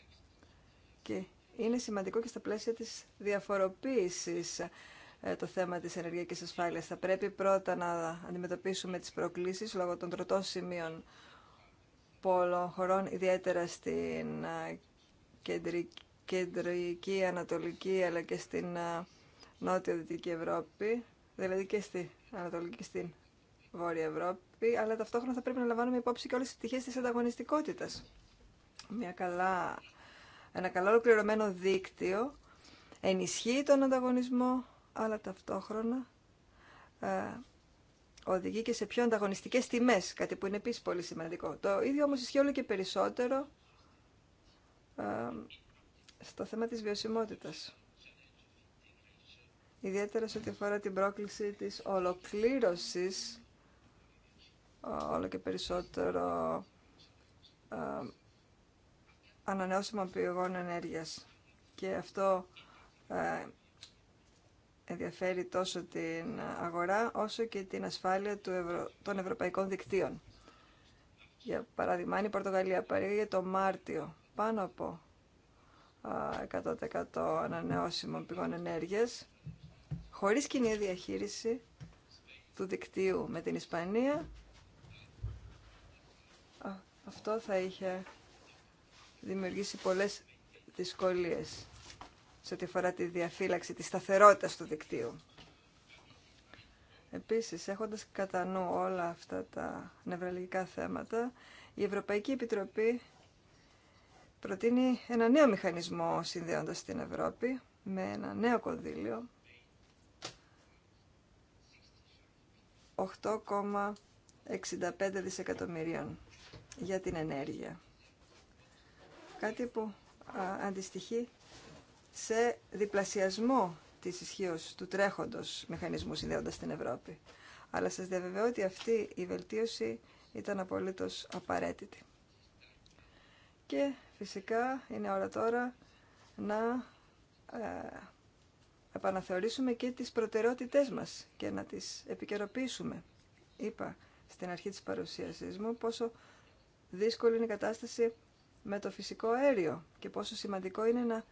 Και είναι σημαντικό και στα πλαίσια της διαφοροποίησης ε, το θέμα της ενεργειακής ασφάλειας. Θα πρέπει πρώτα να αντιμετωπίσουμε τις προκλήσεις λόγω των τροτών σημείων πολλών χωρών, ιδιαίτερα στην ε, κεντρική, ανατολική αλλά και στην ε, νότιο-δυτική Ευρώπη, δηλαδή και στην ανατολική και στην βόρεια Ευρώπη, αλλά ταυτόχρονα θα πρέπει να λαμβάνουμε υπόψη και όλες τις πτυχές της ανταγωνιστικότητας. Μια καλά, ένα καλό ολοκληρωμένο δίκτυο ενισχύει τον ανταγωνισμό, αλλά ταυτόχρονα ε, οδηγεί και σε πιο ανταγωνιστικέ τιμέ, κάτι που είναι επίση πολύ σημαντικό. Το ίδιο όμως ισχύει όλο και περισσότερο ε, στο θέμα της βιωσιμότητα. Ιδιαίτερα σε ό,τι αφορά την πρόκληση της ολοκλήρωσης, ε, όλο και περισσότερο ανανεώσιμων πηγών ενέργειας. Και αυτό ενδιαφέρει τόσο την αγορά όσο και την ασφάλεια του των ευρωπαϊκών δικτύων. Για παράδειγμα, η Πορτογαλία παρήγαγε το Μάρτιο πάνω από 100% ανανεώσιμων πηγών ενέργειας, χωρίς κοινή διαχείριση του δικτύου με την Ισπανία, αυτό θα είχε δημιουργήσει πολλές δυσκολίες σε ό,τι αφορά τη διαφύλαξη της σταθερότητας του δικτύου. Επίσης, έχοντας κατά νου όλα αυτά τα νευραλγικά θέματα, η Ευρωπαϊκή Επιτροπή προτείνει ένα νέο μηχανισμό συνδέοντας την Ευρώπη με ένα νέο κονδύλιο 8,65 δισεκατομμυρίων για την ενέργεια. Κάτι που αντιστοιχεί σε διπλασιασμό της ισχύω του τρέχοντος μηχανισμού συνδέοντα την Ευρώπη. Αλλά σας διαβεβαιώ ότι αυτή η βελτίωση ήταν απολύτω απαραίτητη. Και φυσικά είναι ώρα τώρα να ε, επαναθεωρήσουμε και τις προτεραιότητές μας και να τις επικαιροποιήσουμε. Είπα στην αρχή της παρουσίασής μου πόσο δύσκολη είναι η κατάσταση με το φυσικό αέριο και πόσο σημαντικό είναι να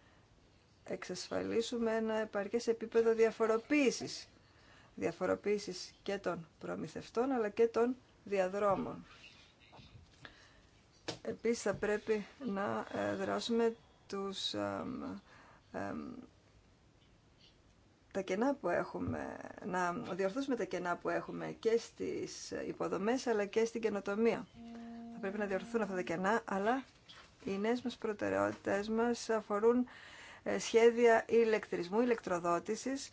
εξασφαλίσουμε ένα επαρκές επίπεδο διαφοροποίησης. Διαφοροποίησης και των προμηθευτών αλλά και των διαδρόμων. Επίσης θα πρέπει να ε, δράσουμε τους, τα κενά που έχουμε, να διορθώσουμε τα κενά που έχουμε και στις υποδομές αλλά και στην καινοτομία. Θα πρέπει να διορθούν αυτά τα κενά, αλλά οι νέες μας προτεραιότητες μας αφορούν ε, σχέδια ηλεκτρισμού, ηλεκτροδότησης,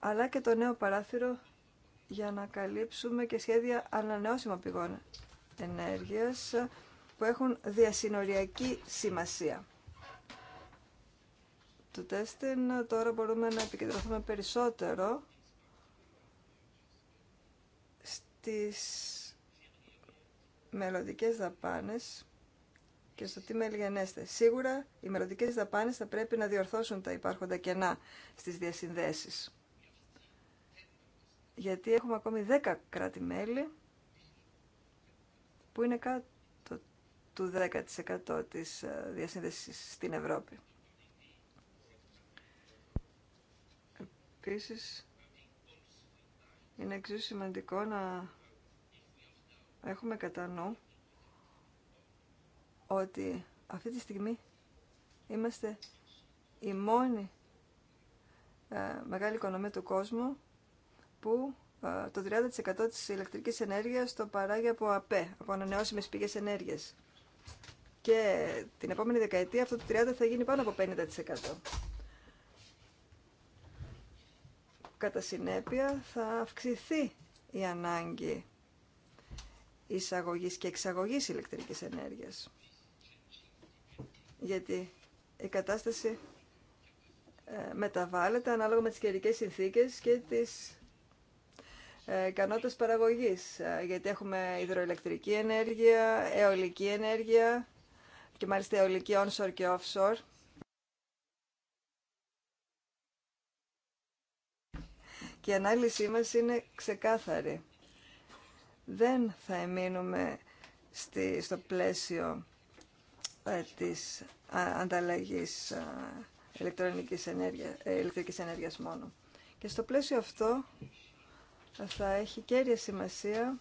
αλλά και το νέο παράθυρο για να καλύψουμε και σχέδια ανανεώσιμων πηγών ενέργειας που έχουν διασυνοριακή σημασία. Το τέστην τώρα μπορούμε να επικεντρωθούμε περισσότερο στις μελλοντικές δαπάνες και στο τι μελγενέστε. Σίγουρα οι μελλοντικέ δαπάνε θα πρέπει να διορθώσουν τα υπάρχοντα κενά στι διασυνδέσει. Γιατί έχουμε ακόμη 10 κράτη-μέλη που είναι κάτω του 10% της ε, διασύνδεσης στην Ευρώπη. Επίσης, είναι εξίσου σημαντικό να έχουμε κατά νου ότι αυτή τη στιγμή είμαστε η μόνη ε, μεγάλη οικονομία του κόσμου που ε, το 30% της ηλεκτρικής ενέργειας το παράγει από ΑΠΕ, από ανανεώσιμες πηγές ενέργειας. Και την επόμενη δεκαετία αυτό το 30% θα γίνει πάνω από 50%. Κατά συνέπεια θα αυξηθεί η ανάγκη εισαγωγής και εξαγωγής ηλεκτρικής ενέργειας γιατί η κατάσταση ε, μεταβάλλεται ανάλογα με τις καιρικέ συνθήκες και τις ε, ικανότητες παραγωγής, ε, γιατί έχουμε υδροελεκτρική ενέργεια, αιωλική ενέργεια και μάλιστα αιωλική onshore και offshore. Και η ανάλυση μας είναι ξεκάθαρη. Δεν θα εμείνουμε στο πλαίσιο ε, της ανταλλαγής ηλεκτρονικής ενέργειας, ε, ηλεκτρικής ενέργειας μόνο. Και στο πλαίσιο αυτό θα έχει κέρια σημασία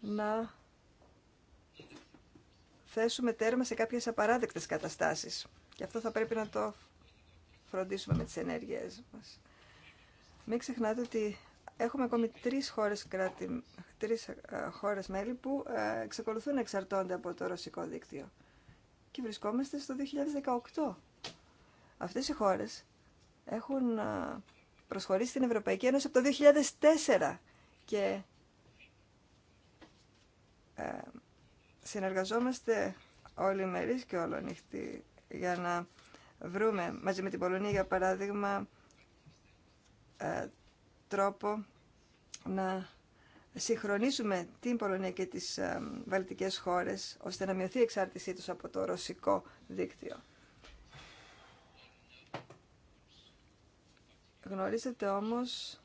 να θέσουμε τέρμα σε κάποιες απαράδεκτες καταστάσεις. Και αυτό θα πρέπει να το φροντίσουμε με τις ενέργειές μας. Μην ξεχνάτε ότι έχουμε ακόμη τρεις χώρες κράτη, τρεις ε, χώρες μέλη που ε, εξακολουθούν να εξαρτώνται από το ρωσικό δίκτυο. Και βρισκόμαστε στο 2018. Αυτές οι χώρες έχουν ε, προσχωρήσει στην Ευρωπαϊκή Ένωση από το 2004 και συνεργαζόμαστε όλοι μερείς και όλο νύχτη για να βρούμε μαζί με την Πολωνία για παράδειγμα τρόπο να συγχρονίσουμε την Πολωνία και τις ε, βαλτικές χώρες ώστε να μειωθεί η εξάρτησή τους από το ρωσικό δίκτυο. Γνωρίζετε όμως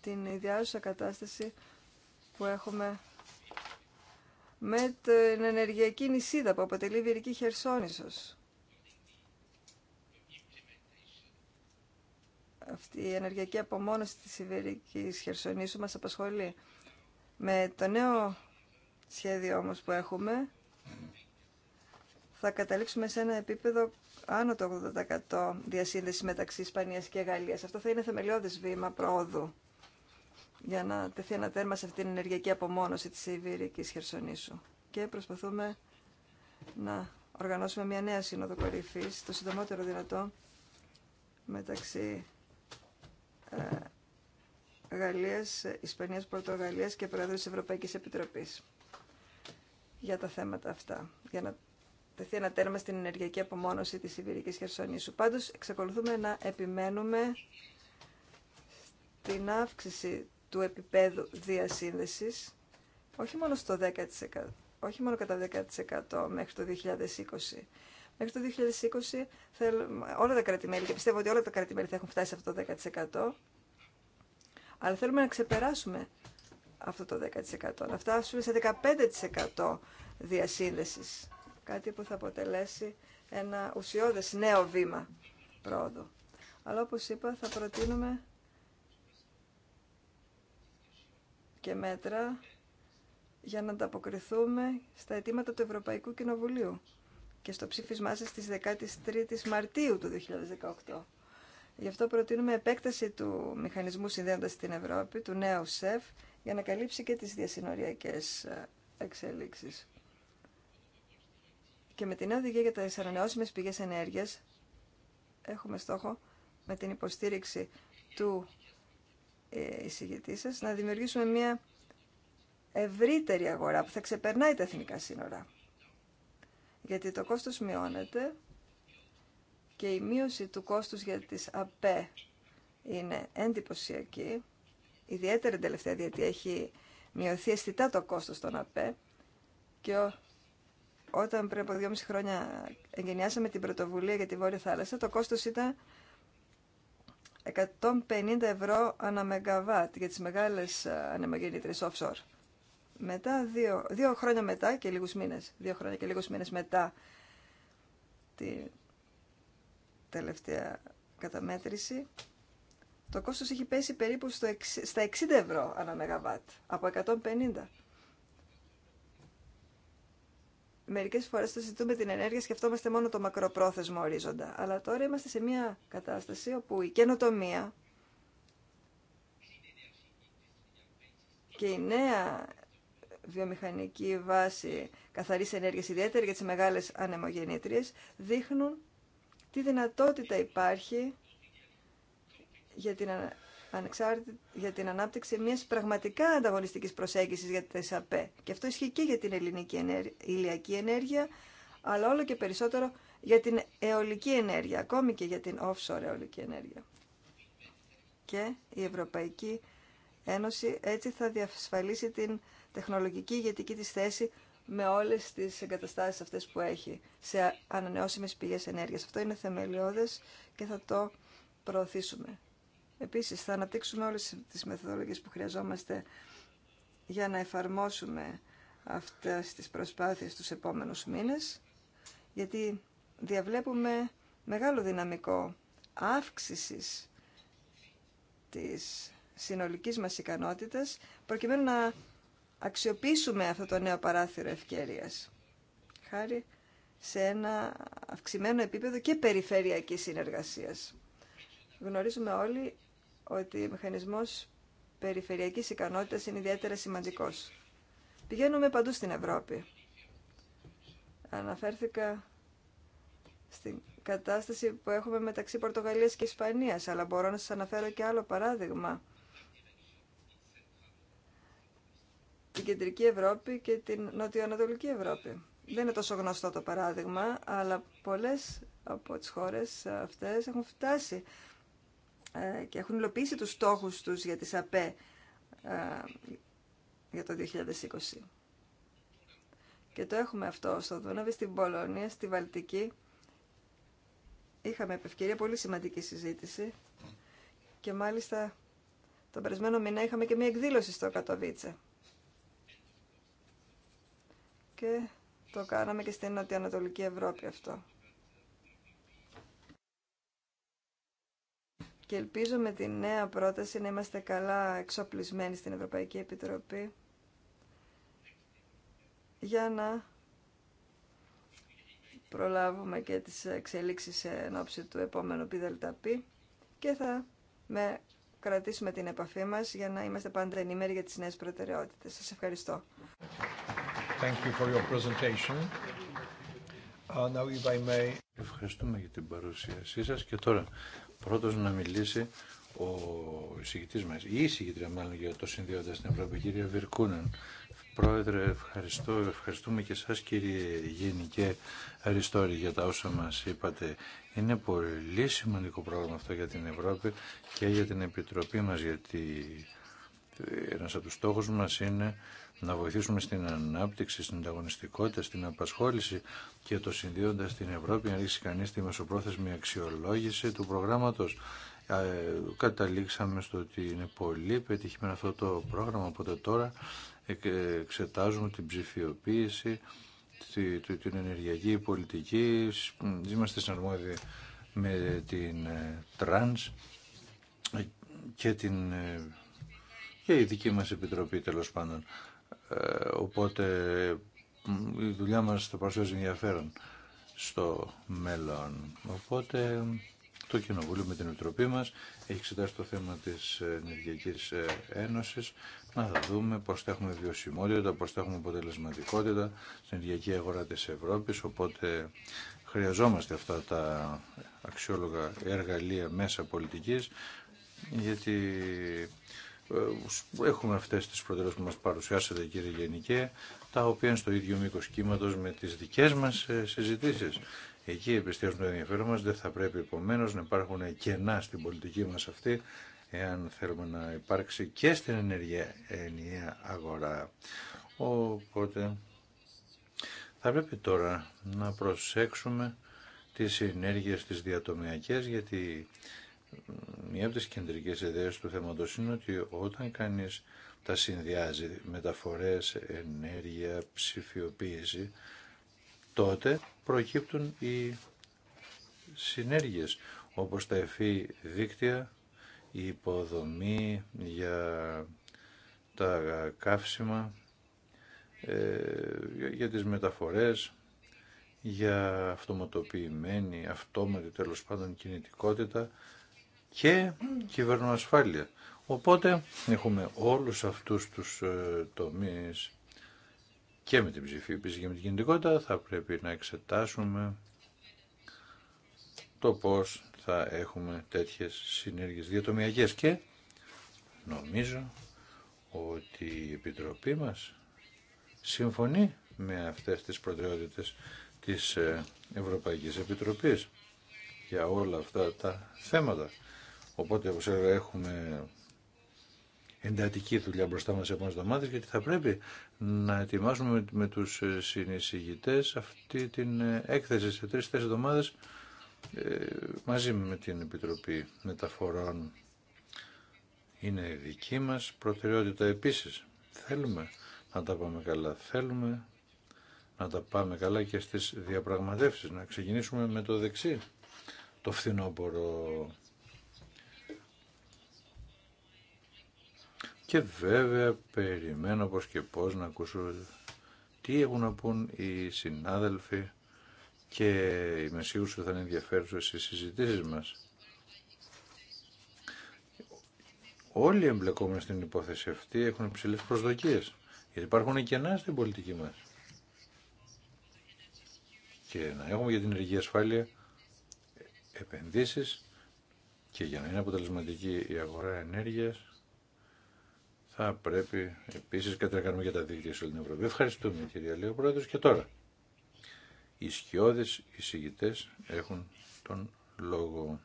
την ιδιάζουσα κατάσταση που έχουμε με την ενεργειακή νησίδα που αποτελεί η Βυρική Χερσόνησος. αυτή η ενεργειακή απομόνωση της Ιβερικής Χερσονήσου μας απασχολεί. Με το νέο σχέδιο όμως που έχουμε θα καταλήξουμε σε ένα επίπεδο άνω το 80% διασύνδεση μεταξύ Ισπανίας και Γαλλίας. Αυτό θα είναι θεμελιώδες βήμα πρόοδου για να τεθεί ένα τέρμα σε αυτή την ενεργειακή απομόνωση της Ιβηρικής Χερσονήσου. Και προσπαθούμε να οργανώσουμε μια νέα σύνοδο κορυφής, το συντομότερο δυνατό, μεταξύ ε, Γαλλίας, Ισπανίας, Πορτογαλίας και Πρόεδρος της Ευρωπαϊκής Επιτροπής για τα θέματα αυτά, για να τεθεί ένα τέρμα στην ενεργειακή απομόνωση της Ιβηρικής Χερσονήσου. Πάντως, εξακολουθούμε να επιμένουμε στην αύξηση του επίπεδου διασύνδεσης, όχι μόνο στο 10%, όχι μόνο κατά 10% μέχρι το 2020, Μέχρι το 2020 όλα τα κρατη και πιστεύω ότι όλα τα κρατη θα έχουν φτάσει σε αυτό το 10%, αλλά θέλουμε να ξεπεράσουμε αυτό το 10%, να φτάσουμε σε 15% διασύνδεσης, κάτι που θα αποτελέσει ένα ουσιώδες νέο βήμα πρόοδο. Αλλά όπως είπα θα προτείνουμε και μέτρα για να ανταποκριθούμε στα αιτήματα του Ευρωπαϊκού Κοινοβουλίου και στο ψήφισμά σας στις 13 η Μαρτίου του 2018. Γι' αυτό προτείνουμε επέκταση του μηχανισμού συνδέοντας στην Ευρώπη, του νέου ΣΕΦ, για να καλύψει και τις διασυνοριακές ε, εξελίξεις. Και με την νέα οδηγία για τα ανανεώσιμες πηγές ενέργειας, έχουμε στόχο με την υποστήριξη του ε, εισηγητή σας να δημιουργήσουμε μια ευρύτερη αγορά που θα ξεπερνάει τα εθνικά σύνορα γιατί το κόστος μειώνεται και η μείωση του κόστους για τις ΑΠΕ είναι εντυπωσιακή. Ιδιαίτερα την τελευταία διότι έχει μειωθεί αισθητά το κόστος των ΑΠΕ και όταν πριν από δυόμιση χρόνια εγκαινιάσαμε την πρωτοβουλία για τη Βόρεια Θάλασσα, το κόστος ήταν 150 ευρώ ανά μεγαβάτ για τις μεγάλες ε, ανεμογεννήτρες offshore μετά, δύο, δύο χρόνια μετά και λίγους μήνες, δύο χρόνια και λίγους μήνες μετά τη τελευταία καταμέτρηση, το κόστος έχει πέσει περίπου στο, στα 60 ευρώ ανά μεγαβάτ, από 150. Μερικές φορές το ζητούμε την ενέργεια, σκεφτόμαστε μόνο το μακροπρόθεσμο ορίζοντα. Αλλά τώρα είμαστε σε μια κατάσταση όπου η καινοτομία και η νέα βιομηχανική βάση καθαρής ενέργειας, ιδιαίτερα για τις μεγάλες ανεμογεννήτριες, δείχνουν τι δυνατότητα υπάρχει για την, για την ανάπτυξη μιας πραγματικά ανταγωνιστικής προσέγγισης για τις ΑΠΕ. Και αυτό ισχύει και για την ελληνική ηλιακή ενέργεια, αλλά όλο και περισσότερο για την αιωλική ενέργεια, ακόμη και για την offshore αιωλική ενέργεια. Και η Ευρωπαϊκή Ένωση έτσι θα διασφαλίσει την τεχνολογική ηγετική της θέση με όλες τις εγκαταστάσεις αυτές που έχει σε ανανεώσιμες πηγές ενέργειας. Αυτό είναι θεμελιώδες και θα το προωθήσουμε. Επίσης, θα αναπτύξουμε όλες τις μεθοδολογίες που χρειαζόμαστε για να εφαρμόσουμε αυτές τις προσπάθειες τους επόμενους μήνες, γιατί διαβλέπουμε μεγάλο δυναμικό αύξησης της συνολικής μας ικανότητας, προκειμένου να αξιοποιήσουμε αυτό το νέο παράθυρο ευκαιρίας. Χάρη σε ένα αυξημένο επίπεδο και περιφερειακής συνεργασίας. Γνωρίζουμε όλοι ότι ο μηχανισμός περιφερειακής ικανότητας είναι ιδιαίτερα σημαντικός. Πηγαίνουμε παντού στην Ευρώπη. Αναφέρθηκα στην κατάσταση που έχουμε μεταξύ Πορτογαλίας και Ισπανίας, αλλά μπορώ να σας αναφέρω και άλλο παράδειγμα την Κεντρική Ευρώπη και την Νοτιοανατολική Ευρώπη. Δεν είναι τόσο γνωστό το παράδειγμα, αλλά πολλές από τις χώρες αυτές έχουν φτάσει ε, και έχουν υλοποιήσει τους στόχους τους για τις ΑΠΕ ε, για το 2020. Και το έχουμε αυτό στο Δούναβι, στην Πολωνία, στη Βαλτική. Είχαμε επευκαιρία πολύ σημαντική συζήτηση και μάλιστα τον περασμένο μήνα είχαμε και μια εκδήλωση στο Κατοβίτσε και το κάναμε και στην Νοτιοανατολική Ευρώπη αυτό. Και ελπίζω με τη νέα πρόταση να είμαστε καλά εξοπλισμένοι στην Ευρωπαϊκή Επιτροπή για να προλάβουμε και τις εξελίξεις εν ώψη του επόμενου ΠΔΠ και θα με κρατήσουμε την επαφή μας για να είμαστε πάντα ενήμεροι για τις νέες προτεραιότητες. Σας ευχαριστώ. Ευχαριστούμε για την παρουσίασή σας και τώρα πρώτος να μιλήσει ο εισηγητής μας, η εισηγητρία μάλλον για το συνδυόντα στην Ευρώπη, κυρία Βυρκούνεν. Πρόεδρε, ευχαριστώ. Ευχαριστούμε και εσάς κύριε Γενικέ Αριστόρη για τα όσα μας είπατε. Είναι πολύ σημαντικό πρόγραμμα αυτό για την Ευρώπη και για την Επιτροπή μας γιατί ε, ένας από τους στόχους μας είναι να βοηθήσουμε στην ανάπτυξη, στην ανταγωνιστικότητα, στην απασχόληση και το συνδύοντα στην Ευρώπη να ρίξει κανεί τη μεσοπρόθεσμη αξιολόγηση του προγράμματο. Ε, καταλήξαμε στο ότι είναι πολύ πετυχημένο αυτό το πρόγραμμα, οπότε τώρα εξετάζουμε την ψηφιοποίηση, την ενεργειακή πολιτική, είμαστε συναρμόδιοι με την ε, τρανς και την ε, και η δική μας επιτροπή τέλος πάντων. Ε, οπότε η δουλειά μας θα παρουσιάζει ενδιαφέρον στο μέλλον. Οπότε το Κοινοβούλιο με την Επιτροπή μας έχει εξετάσει το θέμα της Ενεργειακής Ένωσης να δούμε πώς θα έχουμε βιωσιμότητα, πώς θα έχουμε αποτελεσματικότητα στην ενεργειακή αγορά της Ευρώπης, οπότε χρειαζόμαστε αυτά τα αξιόλογα εργαλεία μέσα πολιτικής γιατί ε, έχουμε αυτές τις προτεραιότητες που μας παρουσιάσατε κύριε Γενικέ, τα οποία είναι στο ίδιο μήκο κύματο με τις δικές μας ε, συζητήσεις. Εκεί επιστρέφουν το ενδιαφέρον μας, δεν θα πρέπει επομένω να υπάρχουν κενά στην πολιτική μας αυτή, εάν θέλουμε να υπάρξει και στην ενεργεια ενιαία αγορά. Οπότε θα πρέπει τώρα να προσέξουμε τις ενέργειες τις διατομιακές, γιατί μία από τις κεντρικές ιδέες του θέματος είναι ότι όταν κανείς τα συνδυάζει μεταφορές, ενέργεια, ψηφιοποίηση, τότε προκύπτουν οι συνέργειες όπως τα εφή δίκτυα, η υποδομή για τα καύσιμα, ε, για τις μεταφορές, για αυτοματοποιημένη, αυτόματη τέλος πάντων κινητικότητα και κυβερνοασφάλεια. Οπότε έχουμε όλους αυτούς τους ε, τομείς και με την ψηφίπηση και με την κινητικότητα θα πρέπει να εξετάσουμε το πώς θα έχουμε τέτοιες συνέργειες διατομιακές και νομίζω ότι η Επιτροπή μας συμφωνεί με αυτές τις προτεραιότητες της ε, Ευρωπαϊκής Επιτροπής για όλα αυτά τα θέματα. Οπότε, όπως έχουμε εντατική δουλειά μπροστά μας σε επόμενες εβδομάδες, γιατί θα πρέπει να ετοιμάσουμε με τους ε, συνεισηγητές αυτή την ε, έκθεση σε τρεις-τέσσερις εβδομάδες ε, μαζί με την Επιτροπή Μεταφορών. Είναι δική μας προτεραιότητα επίσης. Θέλουμε να τα πάμε καλά. Θέλουμε να τα πάμε καλά και στις διαπραγματεύσεις. Να ξεκινήσουμε με το δεξί. Το φθινόπωρο Και βέβαια περιμένω πως και πως να ακούσω τι έχουν να πούν οι συνάδελφοι και οι σίγουρος που θα είναι ενδιαφέρουσες στις συζητήσεις μας. Όλοι οι εμπλεκόμενοι στην υπόθεση αυτή έχουν υψηλές προσδοκίες, γιατί υπάρχουν κενά στην πολιτική μας. Και να έχουμε για την ενεργή ασφάλεια επενδύσεις και για να είναι αποτελεσματική η αγορά ενέργειας θα πρέπει επίσης κάτι να κάνουμε για τα δίκτυα σε όλη την Ευρώπη. Ευχαριστούμε κυρία Λέω Πρόεδρο. και τώρα. Οι σκιώδες εισηγητέ έχουν τον λόγο.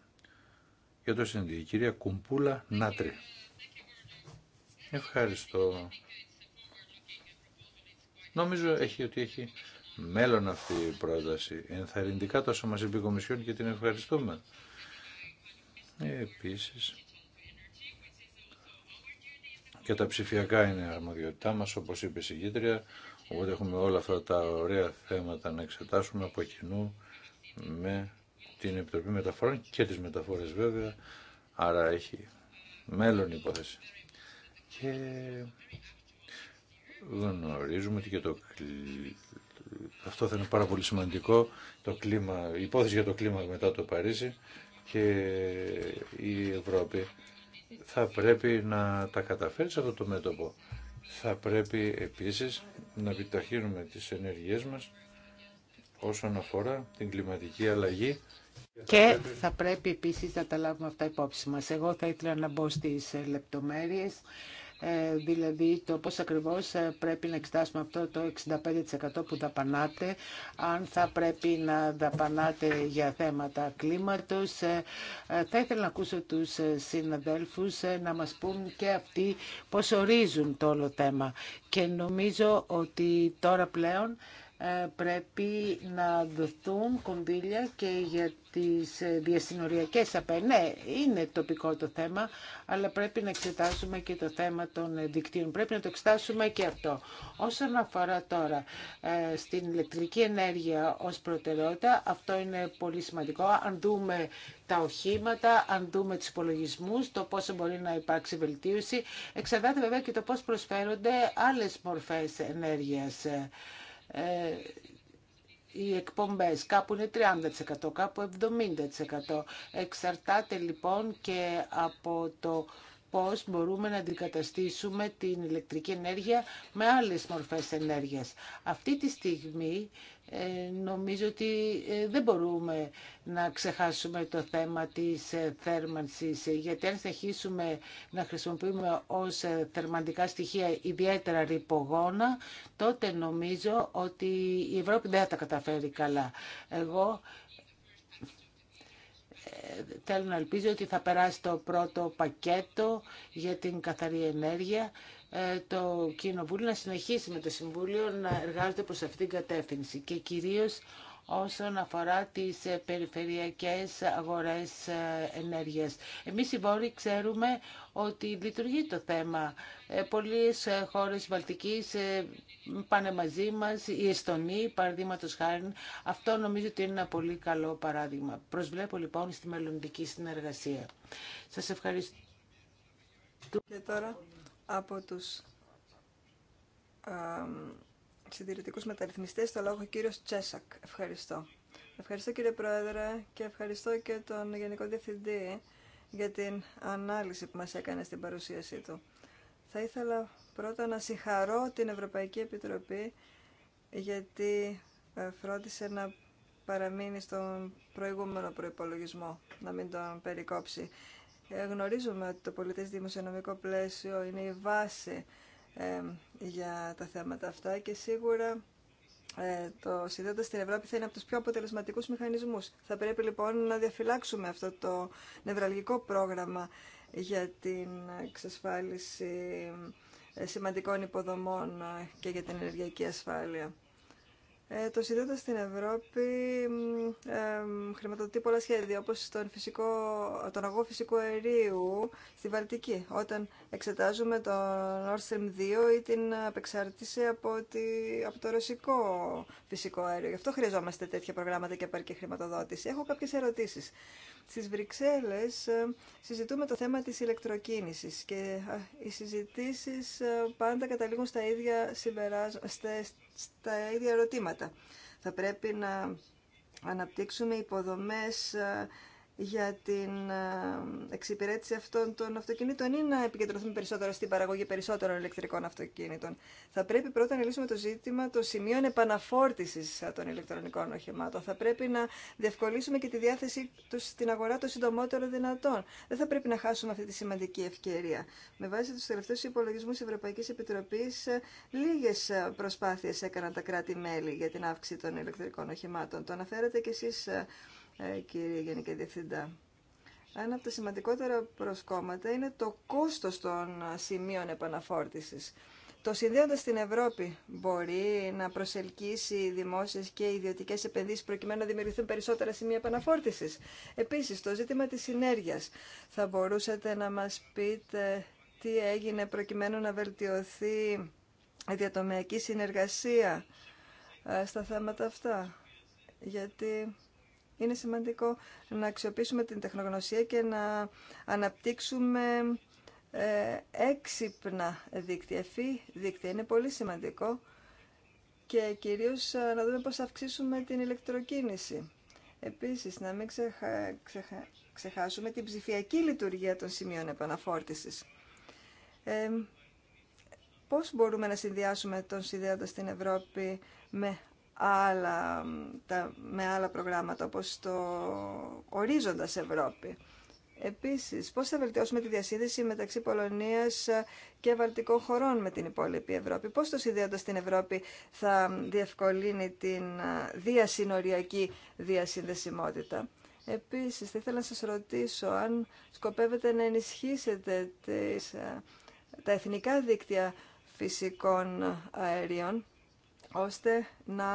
Για το συνδύο. κυρία Κουμπούλα Νάτρη. Ευχαριστώ. Νομίζω έχει, ότι έχει μέλλον αυτή η πρόταση. Ενθαρρυντικά τόσο μα είπε η Κομισιόν και την ευχαριστούμε. Ε, επίσης, και τα ψηφιακά είναι αρμοδιότητά μας, όπως είπε η συγκήτρια, οπότε έχουμε όλα αυτά τα ωραία θέματα να εξετάσουμε από κοινού με την Επιτροπή Μεταφορών και τις μεταφορές βέβαια, άρα έχει μέλλον υπόθεση. Και γνωρίζουμε ότι και το αυτό θα είναι πάρα πολύ σημαντικό, το κλίμα, η υπόθεση για το κλίμα μετά το Παρίσι και η Ευρώπη θα πρέπει να τα καταφέρει σε αυτό το μέτωπο. Θα πρέπει επίσης να επιταχύνουμε τις ενεργειές μας όσον αφορά την κλιματική αλλαγή. Και θα πρέπει επίσης να τα λάβουμε αυτά υπόψη μας. Εγώ θα ήθελα να μπω στις λεπτομέρειες ε, δηλαδή το πώς ακριβώς ε, πρέπει να εξετάσουμε αυτό το 65% που δαπανάτε, αν θα πρέπει να δαπανάτε για θέματα κλίματος. Ε, θα ήθελα να ακούσω τους συναδέλφους να μας πούν και αυτοί πώς ορίζουν το όλο θέμα. Και νομίζω ότι τώρα πλέον ε, πρέπει να δοθούν κονδύλια και για τις ε, διασυνοριακές απέ. Ναι, είναι τοπικό το θέμα, αλλά πρέπει να εξετάσουμε και το θέμα των ε, δικτύων. Πρέπει να το εξετάσουμε και αυτό. Όσον αφορά τώρα στην ηλεκτρική ενέργεια ως προτεραιότητα, αυτό είναι πολύ σημαντικό. Αν δούμε τα οχήματα, αν δούμε τους υπολογισμούς, το πόσο μπορεί να υπάρξει βελτίωση, εξαρτάται βέβαια και το πώς προσφέρονται άλλες μορφές ενέργειας. Ε, οι εκπομπές. Κάπου είναι 30%, κάπου 70%. Εξαρτάται λοιπόν και από το πώς μπορούμε να αντικαταστήσουμε την ηλεκτρική ενέργεια με άλλες μορφές ενέργειας. Αυτή τη στιγμή ε, νομίζω ότι ε, δεν μπορούμε να ξεχάσουμε το θέμα της ε, θέρμανσης, γιατί αν συνεχίσουμε να χρησιμοποιούμε ως θερμαντικά στοιχεία ιδιαίτερα ρηπογόνα, τότε νομίζω ότι η Ευρώπη δεν θα τα καταφέρει καλά. Εγώ θέλω να ελπίζω ότι θα περάσει το πρώτο πακέτο για την καθαρή ενέργεια ε, το Κοινοβούλιο να συνεχίσει με το Συμβούλιο να εργάζεται προς αυτήν την κατεύθυνση και κυρίως όσον αφορά τις ε, περιφερειακές αγορές ε, ενέργειας. Εμείς οι Βόροι ξέρουμε ότι λειτουργεί το θέμα. Πολλές χώρες Βαλτικής πάνε μαζί μας, η Εστονή, παραδείγματο χάρη. Αυτό νομίζω ότι είναι ένα πολύ καλό παράδειγμα. Προσβλέπω λοιπόν στη μελλοντική συνεργασία. Σας ευχαριστώ από τους συντηρητικούς μεταρρυθμιστές το λόγο ο κύριος Τσέσακ. Ευχαριστώ. Ευχαριστώ κύριε Πρόεδρε και ευχαριστώ και τον Γενικό Διευθυντή για την ανάλυση που μας έκανε στην παρουσίασή του. Θα ήθελα πρώτα να συγχαρώ την Ευρωπαϊκή Επιτροπή γιατί ε, φρόντισε να παραμείνει στον προηγούμενο προϋπολογισμό, να μην τον περικόψει. Ε, γνωρίζουμε ότι το πολιτές δημοσιονομικό πλαίσιο είναι η βάση ε, για τα θέματα αυτά και σίγουρα ε, το συνδέοντα στην Ευρώπη θα είναι από τους πιο αποτελεσματικούς μηχανισμούς. Θα πρέπει λοιπόν να διαφυλάξουμε αυτό το νευραλγικό πρόγραμμα για την εξασφάλιση σημαντικών υποδομών και για την ενεργειακή ασφάλεια. Ε, το Συνδέοντα στην Ευρώπη ε, χρηματοδοτεί πολλά σχέδια, όπως τον, φυσικό, τον αγώ φυσικού αερίου στη Βαλτική, όταν εξετάζουμε το Nord Stream 2 ή την απεξάρτηση από, τη, από το ρωσικό φυσικό αέριο. Γι' αυτό χρειαζόμαστε τέτοια προγράμματα και επαρκή χρηματοδότηση. Έχω κάποιες ερωτήσεις. Στις Βρυξέλλες ε, συζητούμε το θέμα της ηλεκτροκίνησης και ε, οι συζητήσεις πάντα καταλήγουν στα ίδια συμπεράσματα στα ίδια ερωτήματα. Θα πρέπει να αναπτύξουμε υποδομές ε, για την ε, εξυπηρέτηση αυτών των αυτοκινήτων ή να επικεντρωθούμε περισσότερο στην παραγωγή περισσότερων ηλεκτρικών αυτοκινήτων. Θα πρέπει πρώτα να λύσουμε το ζήτημα των σημείων επαναφόρτηση των ηλεκτρονικών οχημάτων. Θα πρέπει να διευκολύσουμε και τη διάθεσή του στην αγορά το συντομότερο δυνατόν. Δεν θα πρέπει να χάσουμε αυτή τη σημαντική ευκαιρία. Με βάση του τελευταίου υπολογισμού τη Ευρωπαϊκή Επιτροπή, ε, λίγε προσπάθειε έκαναν τα κράτη-μέλη για την αύξηση των ηλεκτρικών οχημάτων. Το αναφέρατε κι εσεί ε, ε, κύριε Γενική Διευθυντά. Ένα από τα σημαντικότερα προσκόμματα είναι το κόστος των σημείων επαναφόρτησης. Το συνδέοντα στην Ευρώπη μπορεί να προσελκύσει δημόσιες και ιδιωτικές επενδύσεις προκειμένου να δημιουργηθούν περισσότερα σημεία επαναφόρτηση. Επίσης, το ζήτημα της συνέργειας. Θα μπορούσατε να μας πείτε τι έγινε προκειμένου να βελτιωθεί η διατομιακή συνεργασία ε, στα θέματα αυτά. Γιατί είναι σημαντικό να αξιοποιήσουμε την τεχνογνωσία και να αναπτύξουμε ε, έξυπνα δίκτυα, δίκτυα. Είναι πολύ σημαντικό και κυρίως ε, να δούμε πώς αυξήσουμε την ηλεκτροκίνηση. Επίσης, να μην ξεχάσουμε την ψηφιακή λειτουργία των σημείων επαναφόρτησης. Ε, πώς μπορούμε να συνδυάσουμε τον συνδέοντα στην Ευρώπη με άλλα, με άλλα προγράμματα όπως το Ορίζοντας Ευρώπη. Επίσης, πώς θα βελτιώσουμε τη διασύνδεση μεταξύ Πολωνίας και Βαλτικών χωρών με την υπόλοιπη Ευρώπη. Πώς το συνδέοντας την Ευρώπη θα διευκολύνει την διασυνοριακή διασυνδεσιμότητα. Επίσης, θα ήθελα να σας ρωτήσω αν σκοπεύετε να ενισχύσετε τα εθνικά δίκτυα φυσικών αερίων ώστε να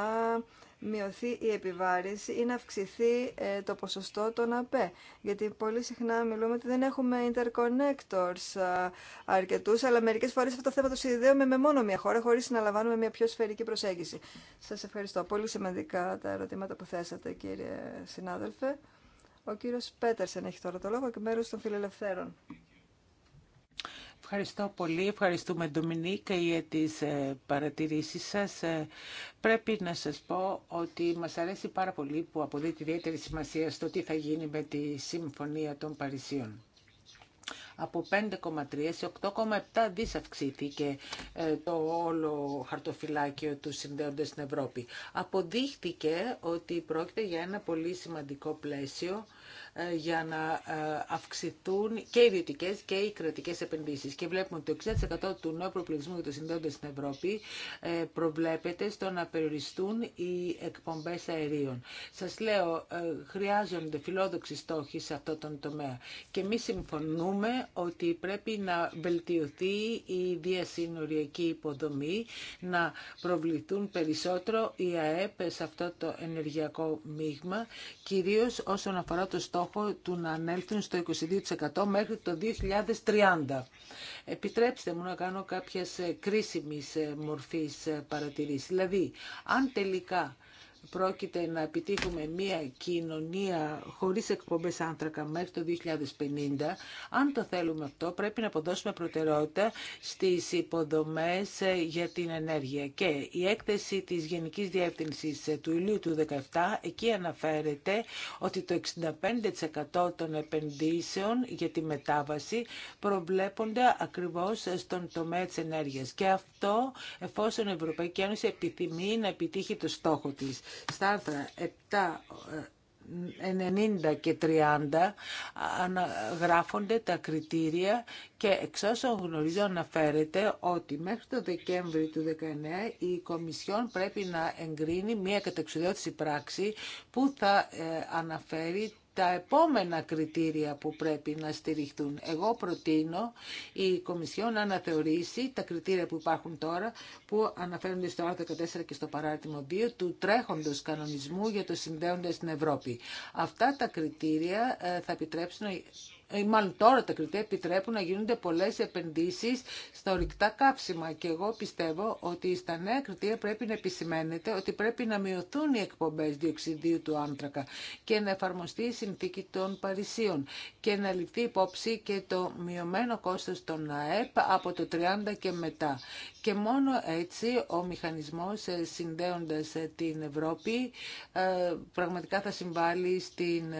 μειωθεί η επιβάρηση ή να αυξηθεί ε, το ποσοστό των ΑΠΕ. Γιατί πολύ συχνά μιλούμε ότι δεν έχουμε interconnectors ε, αρκετούς, αλλά μερικές φορές αυτό το θέμα το συνδέουμε με μόνο μια χώρα, χωρίς να λαμβάνουμε μια πιο σφαιρική προσέγγιση. Σας ευχαριστώ. Πολύ σημαντικά τα ερωτήματα που θέσατε, κύριε συνάδελφε. Ο κύριος Πέτερσεν έχει τώρα το λόγο και μέρος των φιλελευθέρων. Ευχαριστώ πολύ. Ευχαριστούμε, Ντομινίκα, για τις ε, παρατηρήσεις σας. Ε, πρέπει να σας πω ότι μας αρέσει πάρα πολύ που αποδείτε ιδιαίτερη σημασία στο τι θα γίνει με τη Συμφωνία των Παρισίων από 5,3 σε 8,7 δις αυξήθηκε ε, το όλο χαρτοφυλάκιο του συνδέοντος στην Ευρώπη. Αποδείχθηκε ότι πρόκειται για ένα πολύ σημαντικό πλαίσιο ε, για να ε, αυξηθούν και οι ιδιωτικέ και οι κρατικέ επενδύσει. Και βλέπουμε ότι το 60% του νέου προπολογισμού για το συνδέοντα στην Ευρώπη ε, προβλέπεται στο να περιοριστούν οι εκπομπέ αερίων. Σα λέω, χρειάζονται φιλόδοξοι στόχοι σε αυτό τον τομέα. Και εμεί συμφωνούμε ότι πρέπει να βελτιωθεί η διασυνοριακή υποδομή, να προβληθούν περισσότερο οι ΑΕΠ σε αυτό το ενεργειακό μείγμα, κυρίω όσον αφορά το στόχο στόχο του να ανέλθουν στο 22% μέχρι το 2030. Επιτρέψτε μου να κάνω κάποιες ε, κρίσιμες ε, μορφής ε, παρατηρήσεις. Δηλαδή, αν τελικά πρόκειται να επιτύχουμε μια κοινωνία χωρίς εκπομπές άνθρακα μέχρι το 2050, αν το θέλουμε αυτό πρέπει να αποδώσουμε προτεραιότητα στις υποδομές ε, για την ενέργεια. Και η έκθεση της Γενικής Διεύθυνσης ε, του Ιουλίου του 2017, εκεί αναφέρεται ότι το 65% των επενδύσεων για τη μετάβαση προβλέπονται ακριβώς ε, στον τομέα της ενέργειας. Και αυτό εφόσον η Ευρωπαϊκή Ένωση επιθυμεί να επιτύχει το στόχο της. Στα άρθρα 7, 90 και 30 αναγράφονται τα κριτήρια και εξ όσων γνωρίζω αναφέρεται ότι μέχρι το Δεκέμβρη του 2019 η Κομισιόν πρέπει να εγκρίνει μια κατεξουδότηση πράξη που θα ε, αναφέρει τα επόμενα κριτήρια που πρέπει να στηριχτούν. Εγώ προτείνω η Κομισιόν να αναθεωρήσει τα κριτήρια που υπάρχουν τώρα, που αναφέρονται στο άρθρο 14 και στο παράρτημα 2 του τρέχοντος κανονισμού για το συνδέοντα στην Ευρώπη. Αυτά τα κριτήρια ε, θα επιτρέψουν ε, μάλλον τώρα τα κριτήρια επιτρέπουν να γίνονται πολλές επενδύσεις στα ορυκτά καύσιμα και εγώ πιστεύω ότι στα νέα κριτήρια πρέπει να επισημαίνεται ότι πρέπει να μειωθούν οι εκπομπές διοξιδίου του άνθρακα και να εφαρμοστεί η συνθήκη των Παρισίων και να ληφθεί υπόψη και το μειωμένο κόστος των ΑΕΠ από το 30 και μετά. Και μόνο έτσι ο μηχανισμός ε, συνδέοντας ε, την Ευρώπη πραγματικά θα συμβάλλει στην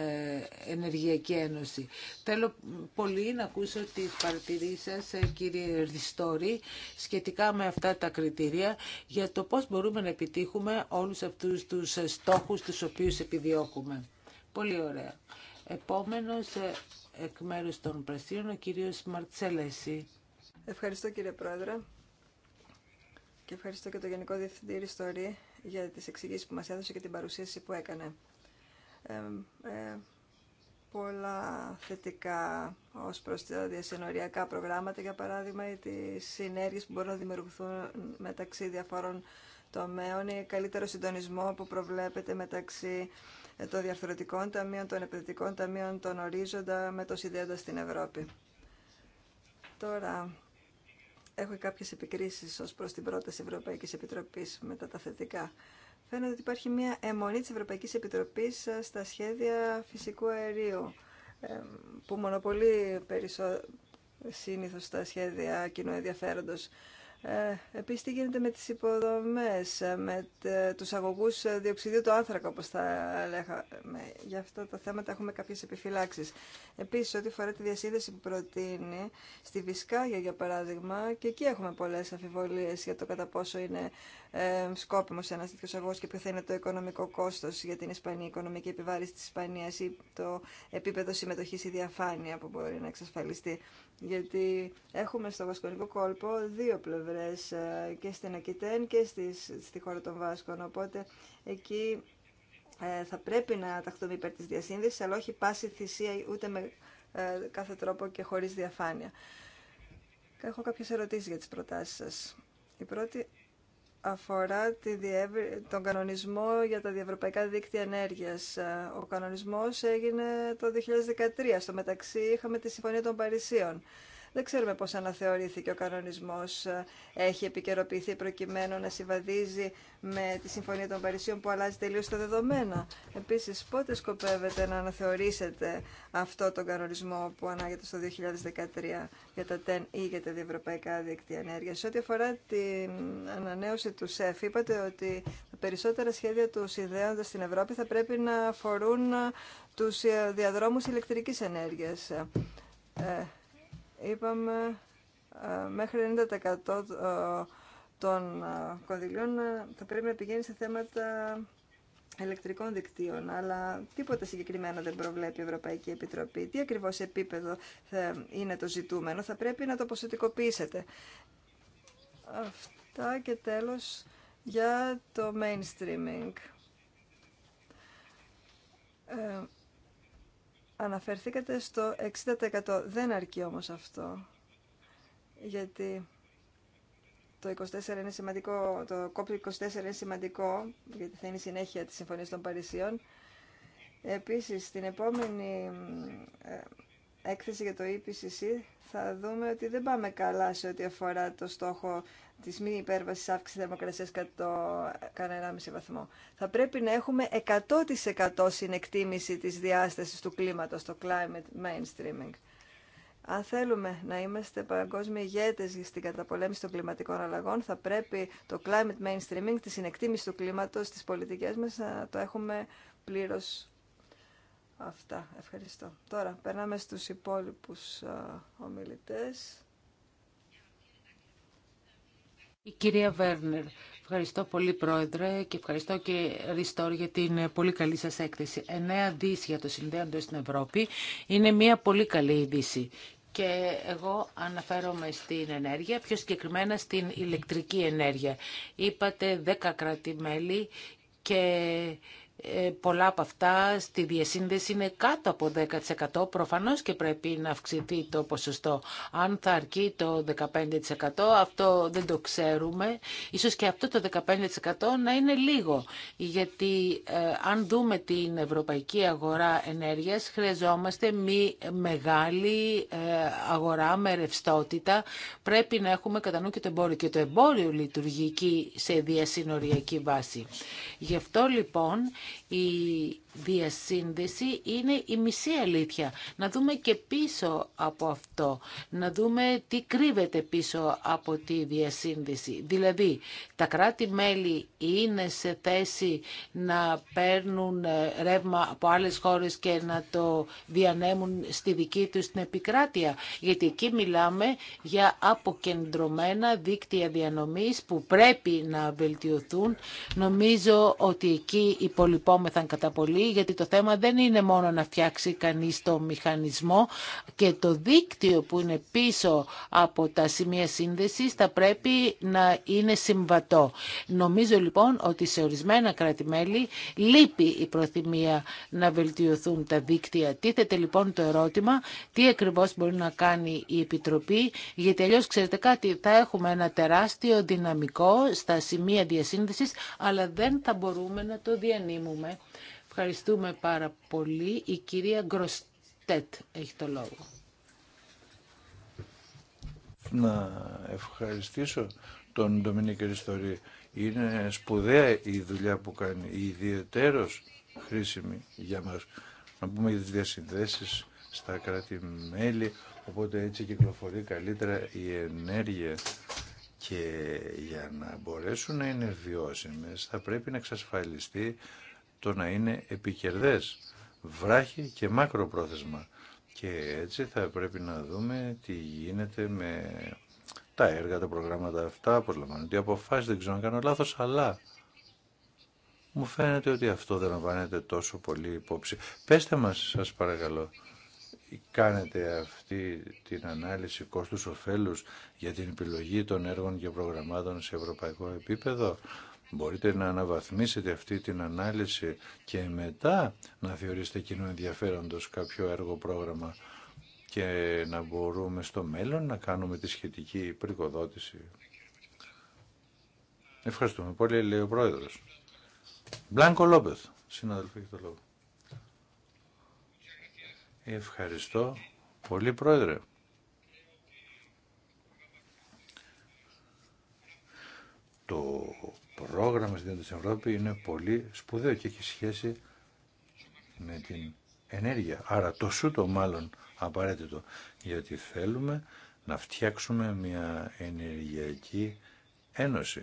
Ενεργειακή Ένωση. Θέλω πολύ να ακούσω τις παρατηρήσεις σας, ε, κύριε Ριστόρη, σχετικά με αυτά τα κριτήρια για το πώς μπορούμε να επιτύχουμε όλους αυτούς τους στόχους τους οποίους επιδιώκουμε. Πολύ ωραία. Επόμενος ε, εκ μέρους των Πρασίνων, ο κύριος Μαρτσέλεση. Ευχαριστώ κύριε Πρόεδρε και ευχαριστώ και το Γενικό Διευθυντή Ριστόρη για τις εξηγήσεις που μας έδωσε και την παρουσίαση που έκανε. Ε, πολλά θετικά ως προς τα διασυνοριακά προγράμματα, για παράδειγμα, ή τις συνέργειες που μπορούν να δημιουργηθούν μεταξύ διαφόρων τομέων ή καλύτερο συντονισμό που προβλέπεται μεταξύ ε, των διαφορετικών ταμείων, των επενδυτικών ταμείων, των ορίζοντα με το συνδέοντα στην Ευρώπη. Τώρα, έχω κάποιες επικρίσεις ως προς την πρόταση Ευρωπαϊκής Επιτροπής μετά τα θετικά φαίνεται ότι υπάρχει μια αιμονή της Ευρωπαϊκής Επιτροπής ε, στα σχέδια φυσικού αερίου ε, που μονοπολεί περισσότερο συνήθως τα σχέδια κοινού ενδιαφέροντος ε, επίσης, τι γίνεται με τις υποδομές, ε, με ε, τους αγωγούς διοξιδίου του άνθρακα, όπως θα λέγαμε. Για αυτά τα θέματα έχουμε κάποιες επιφυλάξεις. Επίσης, ό,τι αφορά τη διασύνδεση που προτείνει, στη Βισκάγια, για παράδειγμα, και εκεί έχουμε πολλές αμφιβολίες για το κατά πόσο είναι ε, σκόπιμος ένας τέτοιος αγωγός και ποιο θα είναι το οικονομικό κόστος για την Ισπανία, η οικονομική επιβάρηση της Ισπανίας ή το επίπεδο συμμετοχής ή διαφάνεια που μπορεί να εξασφαλιστεί γιατί έχουμε στο Βασκονικό κόλπο δύο πλευρές ε, και στην Ακητέν και στη, στη χώρα των Βάσκων, οπότε εκεί ε, θα πρέπει να ταχθούμε υπέρ της διασύνδεσης, αλλά όχι πάση θυσία ούτε με ε, κάθε τρόπο και χωρίς διαφάνεια. Έχω κάποιες ερωτήσεις για τις προτάσεις σας. Η πρώτη αφορά τη τον κανονισμό για τα διευρωπαϊκά δίκτυα ενέργειας. Ε, ο κανονισμός έγινε το 2013. Στο μεταξύ είχαμε τη Συμφωνία των Παρισίων. Δεν ξέρουμε πώς αναθεωρήθηκε ο κανονισμός, ε, έχει επικαιροποιηθεί προκειμένου να συμβαδίζει με τη Συμφωνία των Παρισίων που αλλάζει τελείως τα δεδομένα. Επίσης, πότε σκοπεύετε να αναθεωρήσετε αυτό τον κανονισμό που ανάγεται στο 2013 για τα ΤΕΝ ή για τα διευρωπαϊκά δίκτυα Σε Ό,τι αφορά την ανανέωση του ΣΕΦ, είπατε ότι τα περισσότερα σχέδια του συνδέοντα στην Ευρώπη θα πρέπει να αφορούν ε, τους ε, διαδρόμους ηλεκτρικής ενέργειας είπαμε ε, μέχρι 90% ε, των ε, κονδυλίων θα πρέπει να πηγαίνει σε θέματα ηλεκτρικών δικτύων, αλλά τίποτα συγκεκριμένο δεν προβλέπει η Ευρωπαϊκή Επιτροπή. Τι ακριβώς επίπεδο είναι το ζητούμενο, θα πρέπει να το ποσοτικοποιήσετε. Αυτά και τέλος για το mainstreaming. Αναφερθήκατε στο 60%. Δεν αρκεί όμως αυτό, γιατί το 24 είναι σημαντικό, το COP24 είναι σημαντικό, γιατί θα είναι η συνέχεια της Συμφωνίας των Παρισίων. Επίσης, στην επόμενη ε, έκθεση για το EPCC θα δούμε ότι δεν πάμε καλά σε ό,τι αφορά το στόχο της μη υπέρβασης αύξησης θερμοκρασίας κατά κανένα μισή βαθμό. Θα πρέπει να έχουμε 100% συνεκτίμηση της διάστασης του κλίματος, το climate mainstreaming. Αν θέλουμε να είμαστε παγκόσμιοι ηγέτες στην καταπολέμηση των κλιματικών αλλαγών, θα πρέπει το climate mainstreaming, τη συνεκτίμηση του κλίματος στις πολιτικές μας, να το έχουμε πλήρως Αυτά. Ευχαριστώ. Τώρα περνάμε στους υπόλοιπους α, ομιλητές. Η κυρία Βέρνερ, ευχαριστώ πολύ πρόεδρε και ευχαριστώ και Ριστόρ για την ε, πολύ καλή σας έκθεση. Εννέα δις για το συνδέοντο στην Ευρώπη είναι μια πολύ καλή είδηση. Και εγώ αναφέρομαι στην ενέργεια, πιο συγκεκριμένα στην ηλεκτρική ενέργεια. Είπατε Είπατε κράτη-μέλη και ε, πολλά από αυτά στη διασύνδεση είναι κάτω από 10%. Προφανώς και πρέπει να αυξηθεί το ποσοστό. Αν θα αρκεί το 15% αυτό δεν το ξέρουμε. Ίσως και αυτό το 15% να είναι λίγο. Γιατί ε, αν δούμε την ευρωπαϊκή αγορά ενέργειας χρειαζόμαστε μη μεγάλη ε, αγορά με ρευστότητα. Πρέπει να έχουμε κατά νου και το εμπόριο. Και το εμπόριο λειτουργεί σε διασυνοριακή βάση. Γι' αυτό λοιπόν η διασύνδεση είναι η μισή αλήθεια. Να δούμε και πίσω από αυτό, να δούμε τι κρύβεται πίσω από τη διασύνδεση. Δηλαδή, τα κράτη-μέλη είναι σε θέση να παίρνουν ε, ρεύμα από άλλες χώρες και να το διανέμουν στη δική τους την επικράτεια. Γιατί εκεί μιλάμε για αποκεντρωμένα δίκτυα διανομής που πρέπει να βελτιωθούν. Νομίζω ότι εκεί η πολιτική λυπόμεθαν κατά πολύ, γιατί το θέμα δεν είναι μόνο να φτιάξει κανείς το μηχανισμό και το δίκτυο που είναι πίσω από τα σημεία σύνδεσης θα πρέπει να είναι συμβατό. Νομίζω λοιπόν ότι σε ορισμένα κράτη-μέλη λείπει η προθυμία να βελτιωθούν τα δίκτυα. Τίθεται λοιπόν το ερώτημα τι ακριβώς μπορεί να κάνει η Επιτροπή, γιατί αλλιώ ξέρετε κάτι, θα έχουμε ένα τεράστιο δυναμικό στα σημεία διασύνδεσης, αλλά δεν θα μπορούμε να το διανύμουμε. Ευχαριστούμε πάρα πολύ. Η κυρία Γκροστέτ έχει το λόγο. Να ευχαριστήσω τον Ντομινίκ Ριστορή. Είναι σπουδαία η δουλειά που κάνει, ιδιαίτερος χρήσιμη για μας. Να πούμε για τις διασυνδέσεις στα κράτη-μέλη, οπότε έτσι κυκλοφορεί καλύτερα η ενέργεια και για να μπορέσουν να είναι βιώσιμες θα πρέπει να εξασφαλιστεί το να είναι επικερδές, βράχη και μακροπρόθεσμα. Και έτσι θα πρέπει να δούμε τι γίνεται με τα έργα, τα προγράμματα αυτά, πώς λαμβάνονται οι αποφάσεις, δεν ξέρω αν κάνω λάθος, αλλά μου φαίνεται ότι αυτό δεν λαμβάνεται τόσο πολύ υπόψη. Πέστε μας, σας παρακαλώ, κάνετε αυτή την ανάλυση κόστους-οφέλους για την επιλογή των έργων και προγραμμάτων σε ευρωπαϊκό επίπεδο. Μπορείτε να αναβαθμίσετε αυτή την ανάλυση και μετά να θεωρήσετε κοινό ενδιαφέροντος κάποιο έργο πρόγραμμα και να μπορούμε στο μέλλον να κάνουμε τη σχετική πρικοδότηση. Ευχαριστούμε πολύ, λέει ο Πρόεδρος. Μπλάνκο Λόπεθ, συναδελφοί, έχει λόγο. Ευχαριστώ πολύ, Πρόεδρε. Το πρόγραμμα στην Ευρώπη είναι πολύ σπουδαίο και έχει σχέση με την ενέργεια. Άρα το σούτο μάλλον απαραίτητο, γιατί θέλουμε να φτιάξουμε μια ενεργειακή ένωση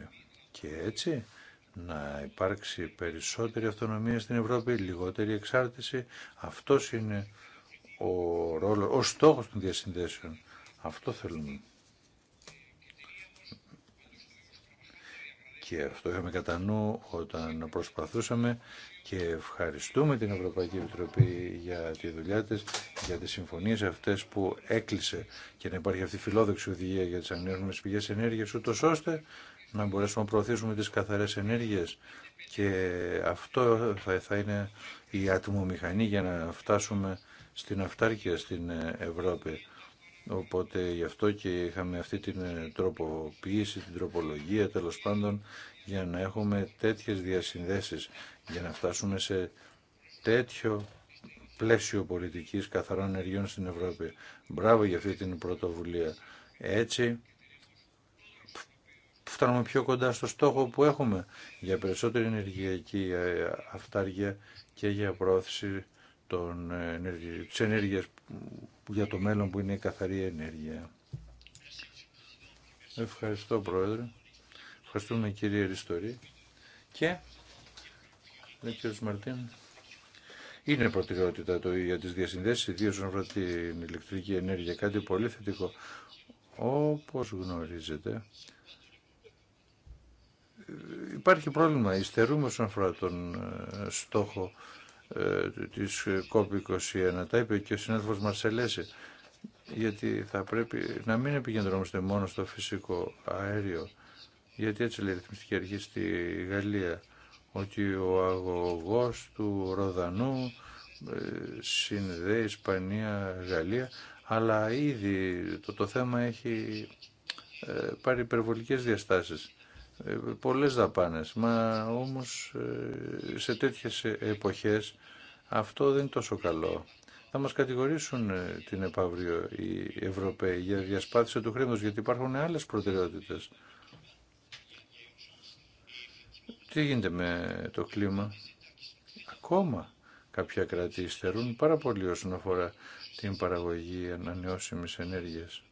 και έτσι να υπάρξει περισσότερη αυτονομία στην Ευρώπη, λιγότερη εξάρτηση. Αυτός είναι ο, ρόλος, ο στόχος των διασυνδέσεων. Αυτό θέλουμε. αυτό είχαμε κατά νου όταν προσπαθούσαμε και ευχαριστούμε την Ευρωπαϊκή Επιτροπή για τη δουλειά της, για τις συμφωνίες αυτές που έκλεισε και να υπάρχει αυτή η φιλόδοξη οδηγία για τις ανέργειε πηγές ενέργειας, ούτω ώστε να μπορέσουμε να προωθήσουμε τις καθαρές ενέργειες και αυτό θα, θα είναι η ατμομηχανή για να φτάσουμε στην αυτάρκεια στην Ευρώπη. Οπότε γι' αυτό και είχαμε αυτή την ε, τροποποίηση, την τροπολογία τέλο πάντων για να έχουμε τέτοιες διασυνδέσεις, για να φτάσουμε σε τέτοιο πλαίσιο πολιτικής καθαρών ενεργειών στην Ευρώπη. Μπράβο για αυτή την πρωτοβουλία. Έτσι φτάνουμε πιο κοντά στο στόχο που έχουμε για περισσότερη ενεργειακή ε, αυτάργεια και για πρόθεση των, ε, της που για το μέλλον που είναι η καθαρή ενέργεια. Ευχαριστώ Πρόεδρε. Ευχαριστούμε κύριε Ριστορή. Και, λέει κύριος Μαρτίν, είναι προτεραιότητα το, για τις διασυνδέσεις, ιδίως όσον αφορά την ηλεκτρική ενέργεια, κάτι πολύ θετικό. Όπως γνωρίζετε, υπάρχει πρόβλημα. Ιστερούμε όσον αφορά τον ε, στόχο ε, της COP21. Τα είπε και ο συνάδελφος Μαρσελέση, γιατί θα πρέπει να μην επικεντρώμαστε μόνο στο φυσικό αέριο, γιατί έτσι λέει η ρυθμιστική αρχή στη Γαλλία, ότι ο αγωγός του Ροδανού ε, συνδέει Ισπανία, Γαλλία, αλλά ήδη το, το θέμα έχει ε, πάρει υπερβολικές διαστάσεις. Ε, πολλές δαπάνες. Μα όμως ε, σε τέτοιες εποχές αυτό δεν είναι τόσο καλό. Θα μας κατηγορήσουν ε, την επαύριο οι Ευρωπαίοι για διασπάθηση του χρήματος, γιατί υπάρχουν άλλες προτεραιότητες. Τι γίνεται με το κλίμα. Ακόμα κάποια κρατή υστερούν πάρα πολύ όσον αφορά την παραγωγή ανανεώσιμης ενέργειας.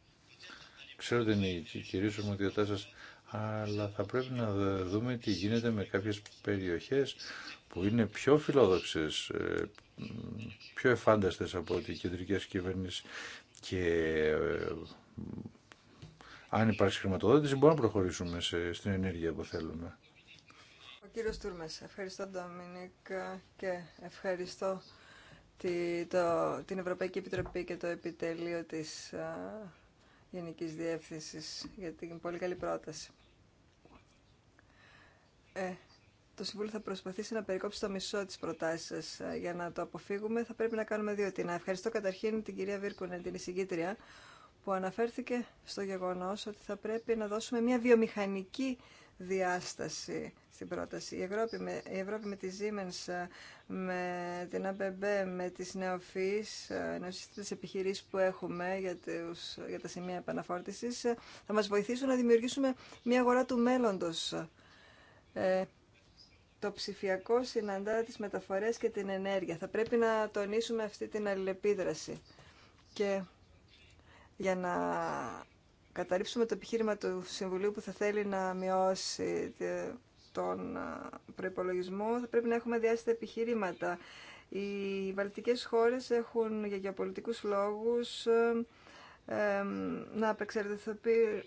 Ξέρω ότι είναι κυρίως μου αλλά θα πρέπει να δούμε τι γίνεται με κάποιες περιοχές που είναι πιο φιλόδοξες, ε, πιο εφάνταστες από ότι οι κεντρικές κυβερνήσεις και ε, αν υπάρξει χρηματοδότηση μπορούμε να προχωρήσουμε σε, στην ενέργεια που θέλουμε. Ο κύριος Τούρμες, ευχαριστώ Ντομινίκ και ευχαριστώ τη, το, την Ευρωπαϊκή Επιτροπή και το Επιτελείο της γενική Γενικής Διεύθυνσης για την πολύ καλή πρόταση ε, το Συμβούλιο θα προσπαθήσει να περικόψει το μισό τη προτάσεις σα ε, Για να το αποφύγουμε θα πρέπει να κάνουμε δύο να Ευχαριστώ καταρχήν την κυρία Βίρκουνεν, την εισηγήτρια, που αναφέρθηκε στο γεγονό ότι θα πρέπει να δώσουμε μια βιομηχανική διάσταση στην πρόταση. Η Ευρώπη με, η Ευρώπη με τη Siemens, ε, με την ABB, με τις νεοφυείς, ε, νεοσύστητες επιχειρήσεις που έχουμε για, τους, για τα σημεία επαναφόρτησης, θα μας βοηθήσουν να δημιουργήσουμε μια αγορά του μέλλοντος ε, το ψηφιακό συναντά τις μεταφορές και την ενέργεια. Θα πρέπει να τονίσουμε αυτή την αλληλεπίδραση. Και για να καταρρύψουμε το επιχείρημα του Συμβουλίου που θα θέλει να μειώσει τον προϋπολογισμό, θα πρέπει να έχουμε διάστητα επιχειρήματα. Οι βαλτικές χώρες έχουν για γεωπολιτικούς λόγους ε, να,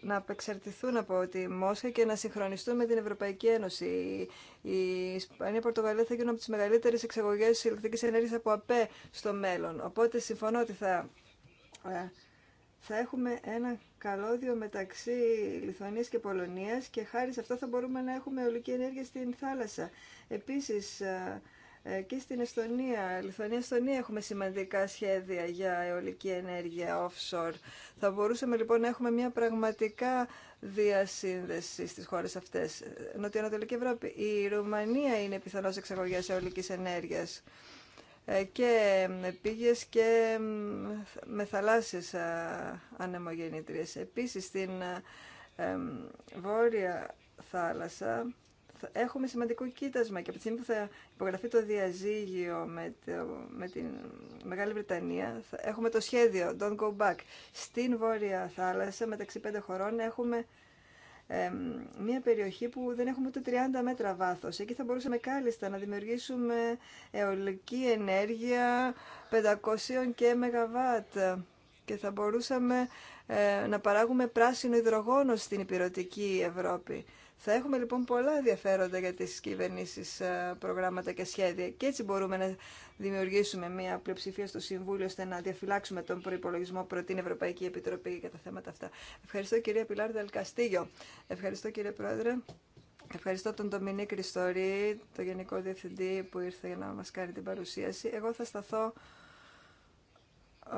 να απεξαρτηθούν από τη Μόσχα και να συγχρονιστούν με την Ευρωπαϊκή Ένωση. Η Ισπανία και η Πορτογαλία θα γίνουν από τι μεγαλύτερε εξαγωγέ ηλεκτρική ενέργεια από ΑΠΕ στο μέλλον. Οπότε συμφωνώ ότι θα, ε, θα έχουμε ένα καλώδιο μεταξύ Λιθουανίας και Πολωνίας και χάρη σε αυτό θα μπορούμε να έχουμε ολική ενέργεια στην θάλασσα. Επίσης, ε, ε, και στην Εστονία, Λιθουανία, Εστονία έχουμε σημαντικά σχέδια για αιωλική ενέργεια offshore. Θα μπορούσαμε λοιπόν να έχουμε μια πραγματικά διασύνδεση στις χώρες αυτές. Νοτιοανατολική Ευρώπη. Η Ρουμανία είναι πιθανώς εξαγωγές αιωλικής ενέργειας ε, και πήγες και με θαλάσσιες ανεμογεννήτριες. Επίσης στην ε, Βόρεια Θάλασσα έχουμε σημαντικό κοίτασμα και από τη στιγμή που θα υπογραφεί το διαζύγιο με, το, με την Μεγάλη Βρετανία, θα έχουμε το σχέδιο Don't Go Back. Στην Βόρεια Θάλασσα, μεταξύ πέντε χωρών, έχουμε μια περιοχή που δεν έχουμε ούτε 30 μέτρα βάθος. Εκεί θα μπορούσαμε κάλλιστα να δημιουργήσουμε αιωλική ενέργεια 500 και μεγαβάτ και θα μπορούσαμε ε, να παράγουμε πράσινο υδρογόνο στην υπηρετική Ευρώπη. Θα έχουμε λοιπόν πολλά ενδιαφέροντα για τις κυβερνήσεις ε, προγράμματα και σχέδια και έτσι μπορούμε να δημιουργήσουμε μια πλειοψηφία στο Συμβούλιο ώστε να διαφυλάξουμε τον προϋπολογισμό προ την Ευρωπαϊκή Επιτροπή για τα θέματα αυτά. Ευχαριστώ κυρία Πιλάρ Δελκαστίγιο. Ευχαριστώ κύριε Πρόεδρε. Ευχαριστώ τον Ντομινί Κριστορή, τον Γενικό Διευθυντή που ήρθε για να μας κάνει την παρουσίαση. Εγώ θα σταθώ ε,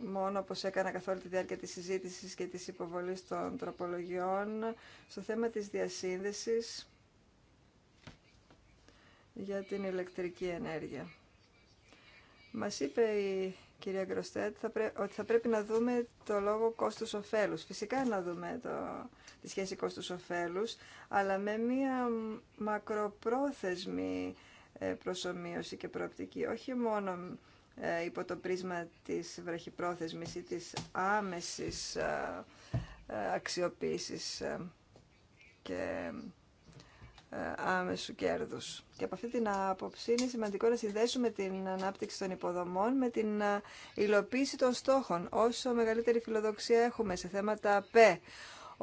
μόνο όπως έκανα καθόλου τη διάρκεια της συζήτησης και της υποβολής των τροπολογιών στο θέμα της διασύνδεσης για την ηλεκτρική ενέργεια. Μας είπε η κυρία Γκροστέτ ότι θα πρέπει να δούμε το λόγο κόστους οφέλους. Φυσικά να δούμε το, τη σχέση κόστους οφέλους, αλλά με μία μακροπρόθεσμη ε, προσωμείωση και προοπτική, όχι μόνο ε, υπό το πρίσμα της βραχυπρόθεσμης ή της άμεσης ε, ε, αξιοποίησης και άμεσου κέρδους. Και από αυτή την άποψη είναι σημαντικό να συνδέσουμε την ανάπτυξη των υποδομών με την υλοποίηση των στόχων. Όσο μεγαλύτερη φιλοδοξία έχουμε σε θέματα ΠΕ.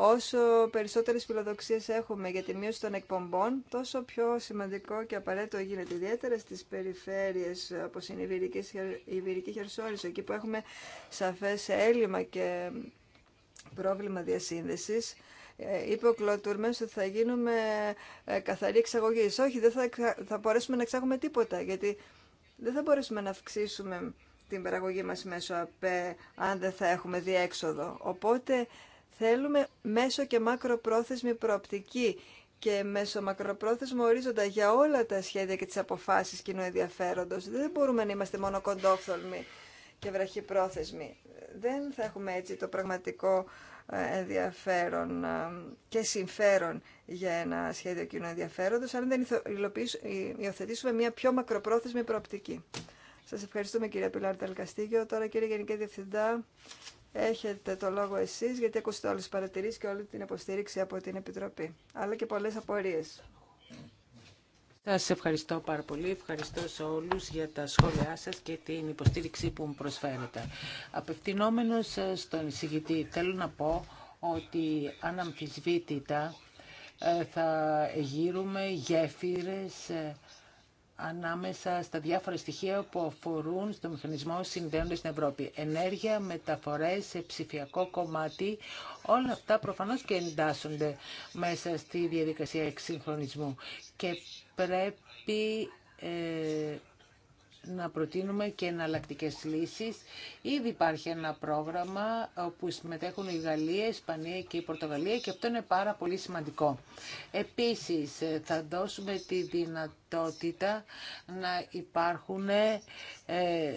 Όσο περισσότερες φιλοδοξίες έχουμε για τη μείωση των εκπομπών, τόσο πιο σημαντικό και απαραίτητο γίνεται ιδιαίτερα στις περιφέρειες όπως είναι η βυρική Χερσόνησο, εκεί που έχουμε σαφές έλλειμμα και πρόβλημα διασύνδεσης. Ε, είπε ο Κλωτούρμες ότι θα γίνουμε ε, καθαρή εξαγωγή. Όχι, δεν θα, θα μπορέσουμε να εξάγουμε τίποτα, γιατί δεν θα μπορέσουμε να αυξήσουμε την παραγωγή μας μέσω ΑΠΕ αν δεν θα έχουμε διέξοδο. Οπότε Θέλουμε μέσο και μακροπρόθεσμη προοπτική και μέσο μακροπρόθεσμο ορίζοντα για όλα τα σχέδια και τις αποφάσεις κοινού ενδιαφέροντος. Δεν μπορούμε να είμαστε μόνο κοντόφθολμοι και βραχυπρόθεσμοι. Δεν θα έχουμε έτσι το πραγματικό ε, ενδιαφέρον ε, και συμφέρον για ένα σχέδιο κοινού ενδιαφέροντος, αν δεν υιοθετήσουμε μια πιο μακροπρόθεσμη προοπτική. Σας ευχαριστούμε κυρία Πιλάρτα Τελκαστήγιο. Τώρα κύριε Γενική Διευθυντά, Έχετε το λόγο εσείς, γιατί ακούσετε όλες τις παρατηρήσεις και όλη την υποστήριξη από την Επιτροπή, αλλά και πολλές απορίες. Σας ευχαριστώ πάρα πολύ. Ευχαριστώ σε όλους για τα σχόλιά σας και την υποστήριξη που μου προσφέρετε. Απευθυνόμενος στον εισηγητή, θέλω να πω ότι αναμφισβήτητα ε, θα γύρουμε γέφυρες ε, ανάμεσα στα διάφορα στοιχεία που αφορούν στο μηχανισμό συνδέοντα στην Ευρώπη. Ενέργεια, μεταφορές, ψηφιακό κομμάτι, όλα αυτά προφανώς και εντάσσονται μέσα στη διαδικασία εξυγχρονισμού. Και πρέπει ε, να προτείνουμε και εναλλακτικέ λύσει. Ήδη υπάρχει ένα πρόγραμμα όπου συμμετέχουν η Γαλλία, η Ισπανία και η Πορτογαλία και αυτό είναι πάρα πολύ σημαντικό. Επίση, ε, θα δώσουμε τη δυνατότητα να υπάρχουν ε, ε,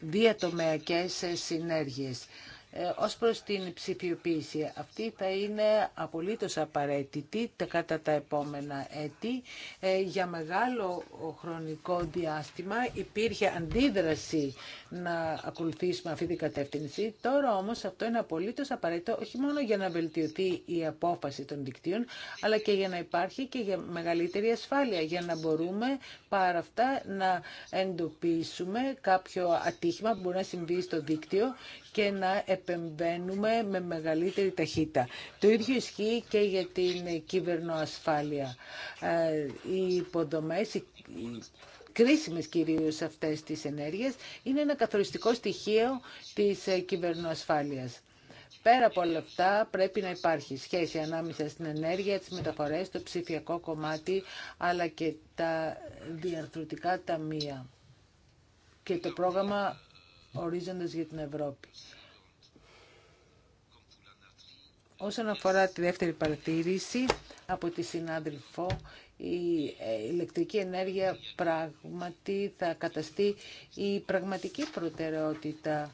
διατομεακές συνέργειες. Ε, ως προς την ψηφιοποίηση. Αυτή θα είναι απολύτως απαραίτητη κατά τα επόμενα έτη. Ε, για μεγάλο χρονικό διάστημα υπήρχε αντίδραση να ακολουθήσουμε αυτή την κατεύθυνση. Τώρα όμως αυτό είναι απολύτως απαραίτητο όχι μόνο για να βελτιωθεί η απόφαση των δικτύων, αλλά και για να υπάρχει και για μεγαλύτερη ασφάλεια, για να μπορούμε παρά αυτά να εντοπίσουμε κάποιο ατύχημα που μπορεί να συμβεί στο δίκτυο και να επεμβαίνουμε με μεγαλύτερη ταχύτητα. Το ίδιο ισχύει και για την κυβερνοασφάλεια. Ε, οι υποδομές, κρίσιμες κυρίως αυτές τις ενέργειες, είναι ένα καθοριστικό στοιχείο της ε, κυβερνοασφάλειας. Πέρα από όλα αυτά πρέπει να υπάρχει σχέση ανάμεσα στην ενέργεια, τις μεταφορές, το ψηφιακό κομμάτι, αλλά και τα διαρθρωτικά ταμεία και το πρόγραμμα ορίζοντας για την Ευρώπη. Όσον αφορά τη δεύτερη παρατήρηση από τη συνάδελφο, η ε, ηλεκτρική ενέργεια πράγματι θα καταστεί η πραγματική προτεραιότητα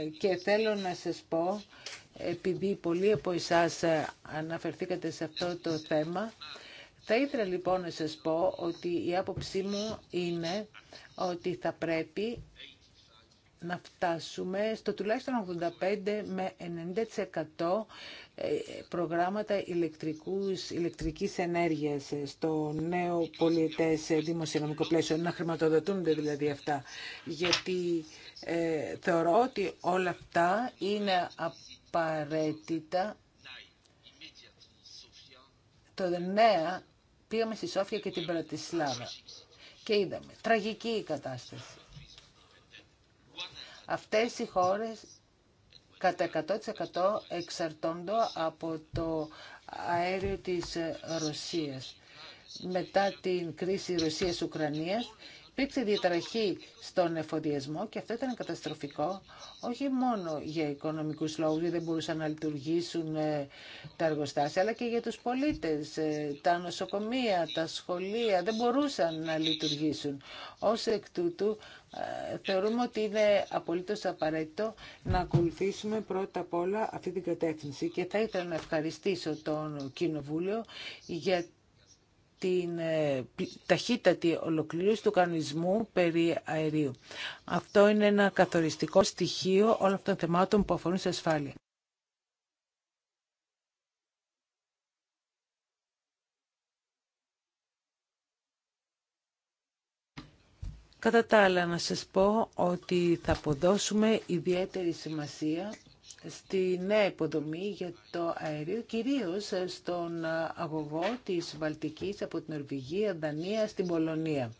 ε, και θέλω να σας πω, επειδή πολλοί από εσάς ε, αναφερθήκατε σε αυτό το θέμα, θα ήθελα λοιπόν να σας πω ότι η άποψή μου είναι ότι θα πρέπει να φτάσουμε στο τουλάχιστον 85 με 90% ε, προγράμματα ηλεκτρικούς, ηλεκτρικής ενέργειας ε, στο νέο πολιετές ε, δημοσιονομικό πλαίσιο, να χρηματοδοτούνται δηλαδή αυτά. Γιατί θεωρώ ότι όλα αυτά είναι απαραίτητα. Το νέα πήγαμε στη Σόφια και την Πρατισλάβα και είδαμε τραγική η κατάσταση Αυτές οι χώρες κατά 100% εξαρτώνται από το αέριο της Ρωσίας. Μετά την κρίση Ρωσίας-Ουκρανίας υπήρξε διατραχή στον εφοδιασμό και αυτό ήταν καταστροφικό όχι μόνο για οικονομικούς λόγους, γιατί δεν μπορούσαν να λειτουργήσουν ε, τα εργοστάσια, αλλά και για τους πολίτες, ε, τα νοσοκομεία, τα σχολεία, δεν μπορούσαν να λειτουργήσουν. Ως εκ τούτου, ε, θεωρούμε ότι είναι απολύτως απαραίτητο να ακολουθήσουμε πρώτα απ' όλα αυτή την κατεύθυνση και θα ήθελα να ευχαριστήσω τον Κοινοβούλιο για την ε, ταχύτατη ολοκλήρωση του κανονισμού περί αερίου. Αυτό είναι ένα καθοριστικό στοιχείο όλων αυτών των θεμάτων που αφορούν σε ασφάλεια. Κατά τα άλλα, να σας πω ότι θα αποδώσουμε ιδιαίτερη σημασία στη νέα υποδομή για το αέριο, κυρίως στον αγωγό της Βαλτικής από την Ορβηγία, Δανία, στην Πολωνία.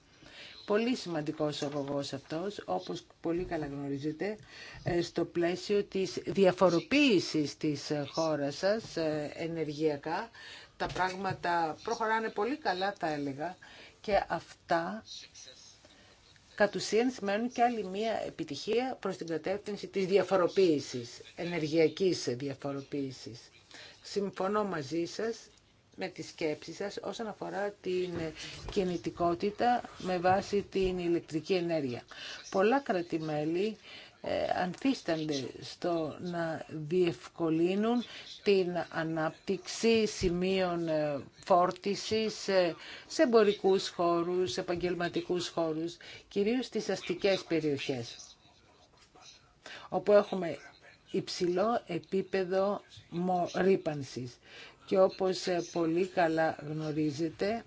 Πολύ σημαντικός αγωγός αυτός, όπως πολύ καλά γνωρίζετε, ε, στο πλαίσιο της διαφοροποίησης της χώρας σας ε, ενεργειακά. Τα πράγματα προχωράνε πολύ καλά, θα έλεγα, και αυτά κατ' ουσίαν σημαίνουν και άλλη μία επιτυχία προς την κατεύθυνση της διαφοροποίησης, ενεργειακής διαφοροποίησης. Συμφωνώ μαζί σας με τη σκέψη σας όσον αφορά την κινητικότητα με βάση την ηλεκτρική ενέργεια. Πολλά κρατημέλη ε, ανθίστανται στο να διευκολύνουν την ανάπτυξη σημείων ε, φόρτισης ε, σε εμπορικούς χώρους, σε επαγγελματικούς χώρους, κυρίως στις αστικές περιοχές, όπου έχουμε υψηλό επίπεδο ρήπανσης. Και όπως πολύ καλά γνωρίζετε,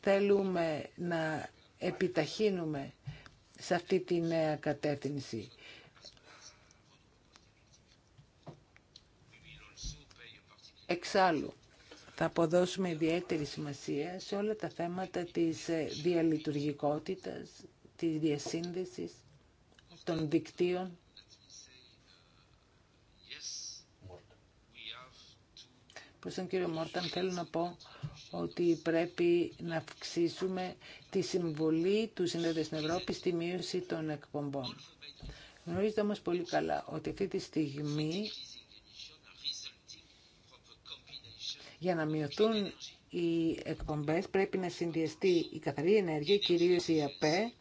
θέλουμε να επιταχύνουμε σε αυτή τη νέα κατεύθυνση. Εξάλλου, θα αποδώσουμε ιδιαίτερη σημασία σε όλα τα θέματα της ε, διαλειτουργικότητας, της διασύνδεσης, των δικτύων. Προς τον κύριο Μόρταν θέλω να πω ότι πρέπει να αυξήσουμε τη συμβολή του Συνέδρου στην Ευρώπη στη μείωση των εκπομπών. Γνωρίζετε όμως πολύ καλά ότι αυτή τη στιγμή Για να μειωθούν οι εκπομπές πρέπει να συνδυαστεί η καθαρή ενέργεια, κυρίως η ΑΠΕ,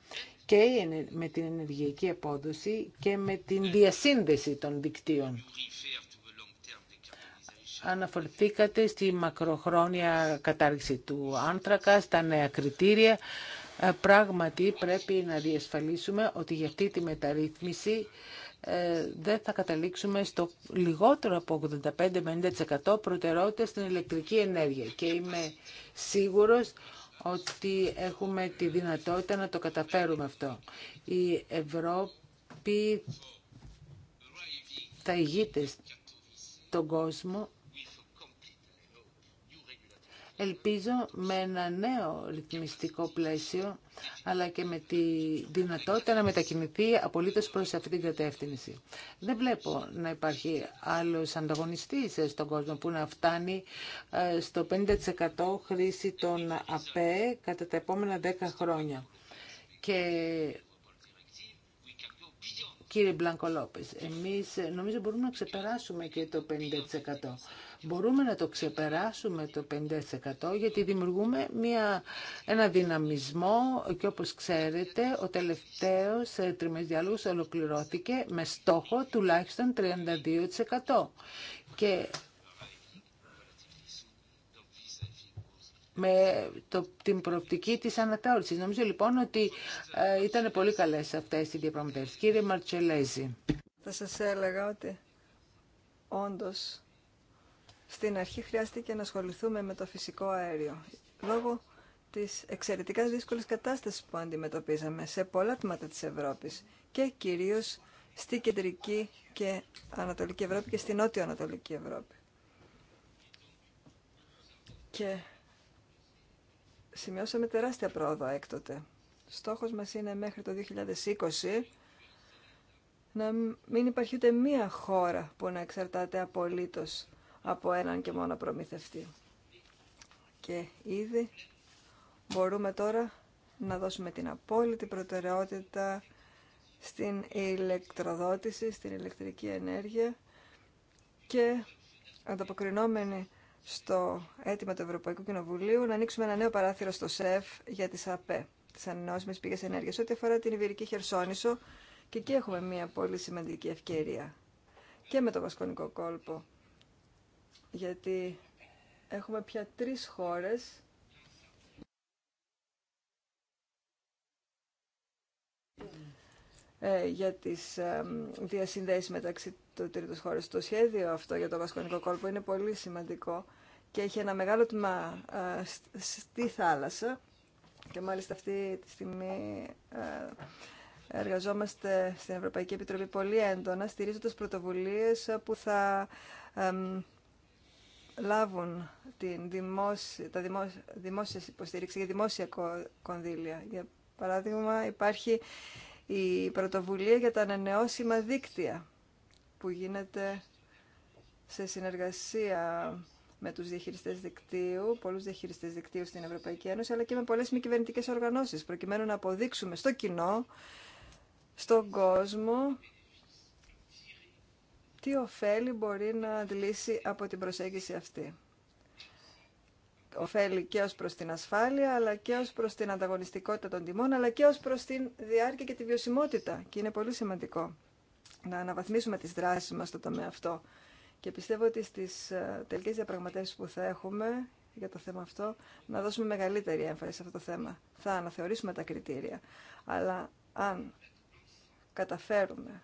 και με την ενεργειακή απόδοση και με την διασύνδεση των δικτύων. Αναφορθήκατε στη μακροχρόνια κατάργηση του άνθρακα, στα νέα κριτήρια. Ε, πράγματι πρέπει να διασφαλίσουμε ότι για αυτή τη μεταρρύθμιση ε, δεν θα καταλήξουμε στο λιγότερο από 85-90% προτεραιότητα στην ηλεκτρική ενέργεια. Και είμαι σίγουρος ότι έχουμε τη δυνατότητα να το καταφέρουμε αυτό. Η Ευρώπη θα ηγείται στον κόσμο Ελπίζω με ένα νέο ρυθμιστικό πλαίσιο, αλλά και με τη δυνατότητα να μετακινηθεί απολύτως προς αυτή την κατεύθυνση. Δεν βλέπω να υπάρχει άλλος ανταγωνιστής στον κόσμο που να φτάνει ε, στο 50% χρήση των ΑΠΕ κατά τα επόμενα 10 χρόνια. Και κύριε Μπλανκολόπης, εμείς νομίζω μπορούμε να ξεπεράσουμε και το 50% μπορούμε να το ξεπεράσουμε το 50% γιατί δημιουργούμε μια, ένα δυναμισμό και όπως ξέρετε ο τελευταίος ε, τριμής διάλογος ολοκληρώθηκε με στόχο τουλάχιστον 32%. Και με το, την προοπτική της αναθεώρησης. Νομίζω λοιπόν ότι ε, ήταν πολύ καλές αυτές οι διαπραγματεύσεις. Κύριε Μαρτσελέζη. Θα σας έλεγα ότι όντως στην αρχή χρειάστηκε να ασχοληθούμε με το φυσικό αέριο, λόγω της εξαιρετικά δύσκολης κατάστασης που αντιμετωπίζαμε σε πολλά τμήματα της Ευρώπης και κυρίως στη κεντρική και ανατολική Ευρώπη και στη νότιο ανατολική Ευρώπη. Και σημειώσαμε τεράστια πρόοδο έκτοτε. Στόχος μας είναι μέχρι το 2020 να μην υπάρχει ούτε μία χώρα που να εξαρτάται απολύτως από έναν και μόνο προμηθευτή. Και ήδη μπορούμε τώρα να δώσουμε την απόλυτη προτεραιότητα στην ηλεκτροδότηση, στην ηλεκτρική ενέργεια και ανταποκρινόμενοι στο αίτημα του Ευρωπαϊκού Κοινοβουλίου να ανοίξουμε ένα νέο παράθυρο στο ΣΕΦ για τις ΑΠΕ, τις ανανεώσιμες πηγές ενέργειας, ό,τι αφορά την Ιβηρική Χερσόνησο και εκεί έχουμε μια πολύ σημαντική ευκαιρία και με το Βασκονικό κόλπο γιατί έχουμε πια τρεις χώρες ε, για τις ε, διασυνδέσεις μεταξύ των τρίτων χώρων. Το σχέδιο αυτό για το Βασκονικό κόλπο είναι πολύ σημαντικό και έχει ένα μεγάλο τμήμα ε, στη θάλασσα και μάλιστα αυτή τη στιγμή ε, εργαζόμαστε στην Ευρωπαϊκή Επιτροπή πολύ έντονα στηρίζοντας πρωτοβουλίες που θα λάβουν την τα δημόσια, δημόσια υποστήριξη για δημόσια κονδύλια. Για παράδειγμα, υπάρχει η πρωτοβουλία για τα ανανεώσιμα δίκτυα που γίνεται σε συνεργασία με τους διαχειριστές δικτύου, πολλούς διαχειριστές δικτύου στην Ευρωπαϊκή Ένωση, αλλά και με πολλές μη κυβερνητικές οργανώσεις, προκειμένου να αποδείξουμε στο κοινό, στον κόσμο, τι ωφέλη μπορεί να αντλήσει από την προσέγγιση αυτή. Οφέλη και ως προς την ασφάλεια, αλλά και ως προς την ανταγωνιστικότητα των τιμών, αλλά και ως προς την διάρκεια και τη βιωσιμότητα. Και είναι πολύ σημαντικό να αναβαθμίσουμε τις δράσεις μας στο τομέα αυτό. Και πιστεύω ότι στις ε, τελικές διαπραγματεύσεις που θα έχουμε για το θέμα αυτό, να δώσουμε μεγαλύτερη έμφαση σε αυτό το θέμα. Θα αναθεωρήσουμε τα κριτήρια. Αλλά αν καταφέρουμε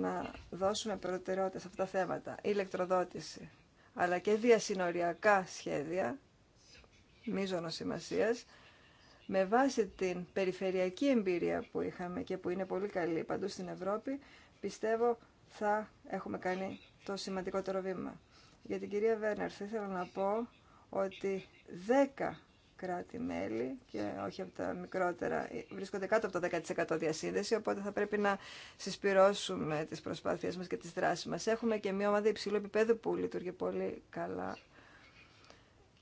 να δώσουμε προτεραιότητα σε αυτά τα θέματα. ηλεκτροδότηση, αλλά και διασυνοριακά σχέδια μίζωνος σημασίας, με βάση την περιφερειακή εμπειρία που είχαμε και που είναι πολύ καλή παντού στην Ευρώπη, πιστεύω θα έχουμε κάνει το σημαντικότερο βήμα. Για την κυρία Βέρνερ, θα ήθελα να πω ότι 10 κράτη-μέλη και όχι από τα μικρότερα, βρίσκονται κάτω από το 10% διασύνδεση, οπότε θα πρέπει να συσπυρώσουμε τις προσπάθειές μας και τις δράσεις μας. Έχουμε και μια ομάδα υψηλού επίπεδου που λειτουργεί πολύ καλά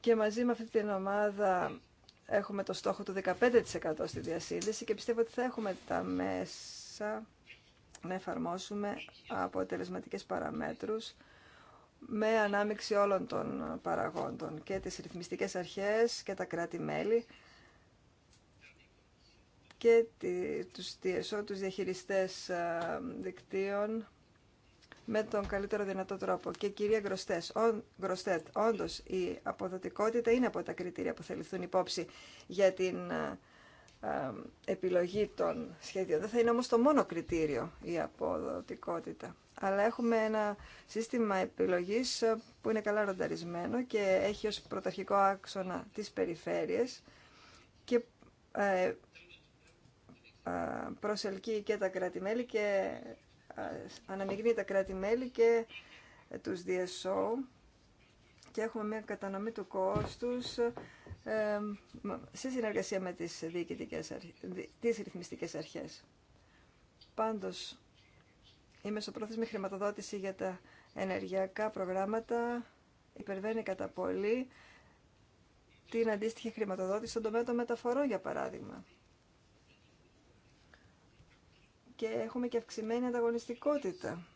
και μαζί με αυτή την ομάδα έχουμε το στόχο του 15% στη διασύνδεση και πιστεύω ότι θα έχουμε τα μέσα να εφαρμόσουμε αποτελεσματικές παραμέτρους με ανάμειξη όλων των ε, παραγόντων και τις ρυθμιστικές αρχές και τα κράτη-μέλη και τους TSO, τους διαχειριστές ε, δικτύων με τον καλύτερο δυνατό τρόπο. Και κυρία Γκροστές, ο, Γκροστέτ, όντως η αποδοτικότητα είναι από τα κριτήρια που θα ληφθούν υπόψη για την ε, επιλογή των σχέδιων. Δεν θα είναι όμως το μόνο κριτήριο η αποδοτικότητα αλλά έχουμε ένα σύστημα επιλογής ε, που είναι καλά ρονταρισμένο και έχει ως πρωταρχικό άξονα τις περιφέρειες και ε, ε, προσελκύει και τα κράτη-μέλη και αναμειγνύει τα κράτη-μέλη και τους DSO και έχουμε μια κατανομή του κόστους σε συνεργασία με τις, τις ρυθμιστικές αρχές. Πάντως, η μεσοπρόθεσμη χρηματοδότηση για τα ενεργειακά προγράμματα υπερβαίνει κατά πολύ την αντίστοιχη χρηματοδότηση στον τομέα των μεταφορών, για παράδειγμα. Και έχουμε και αυξημένη ανταγωνιστικότητα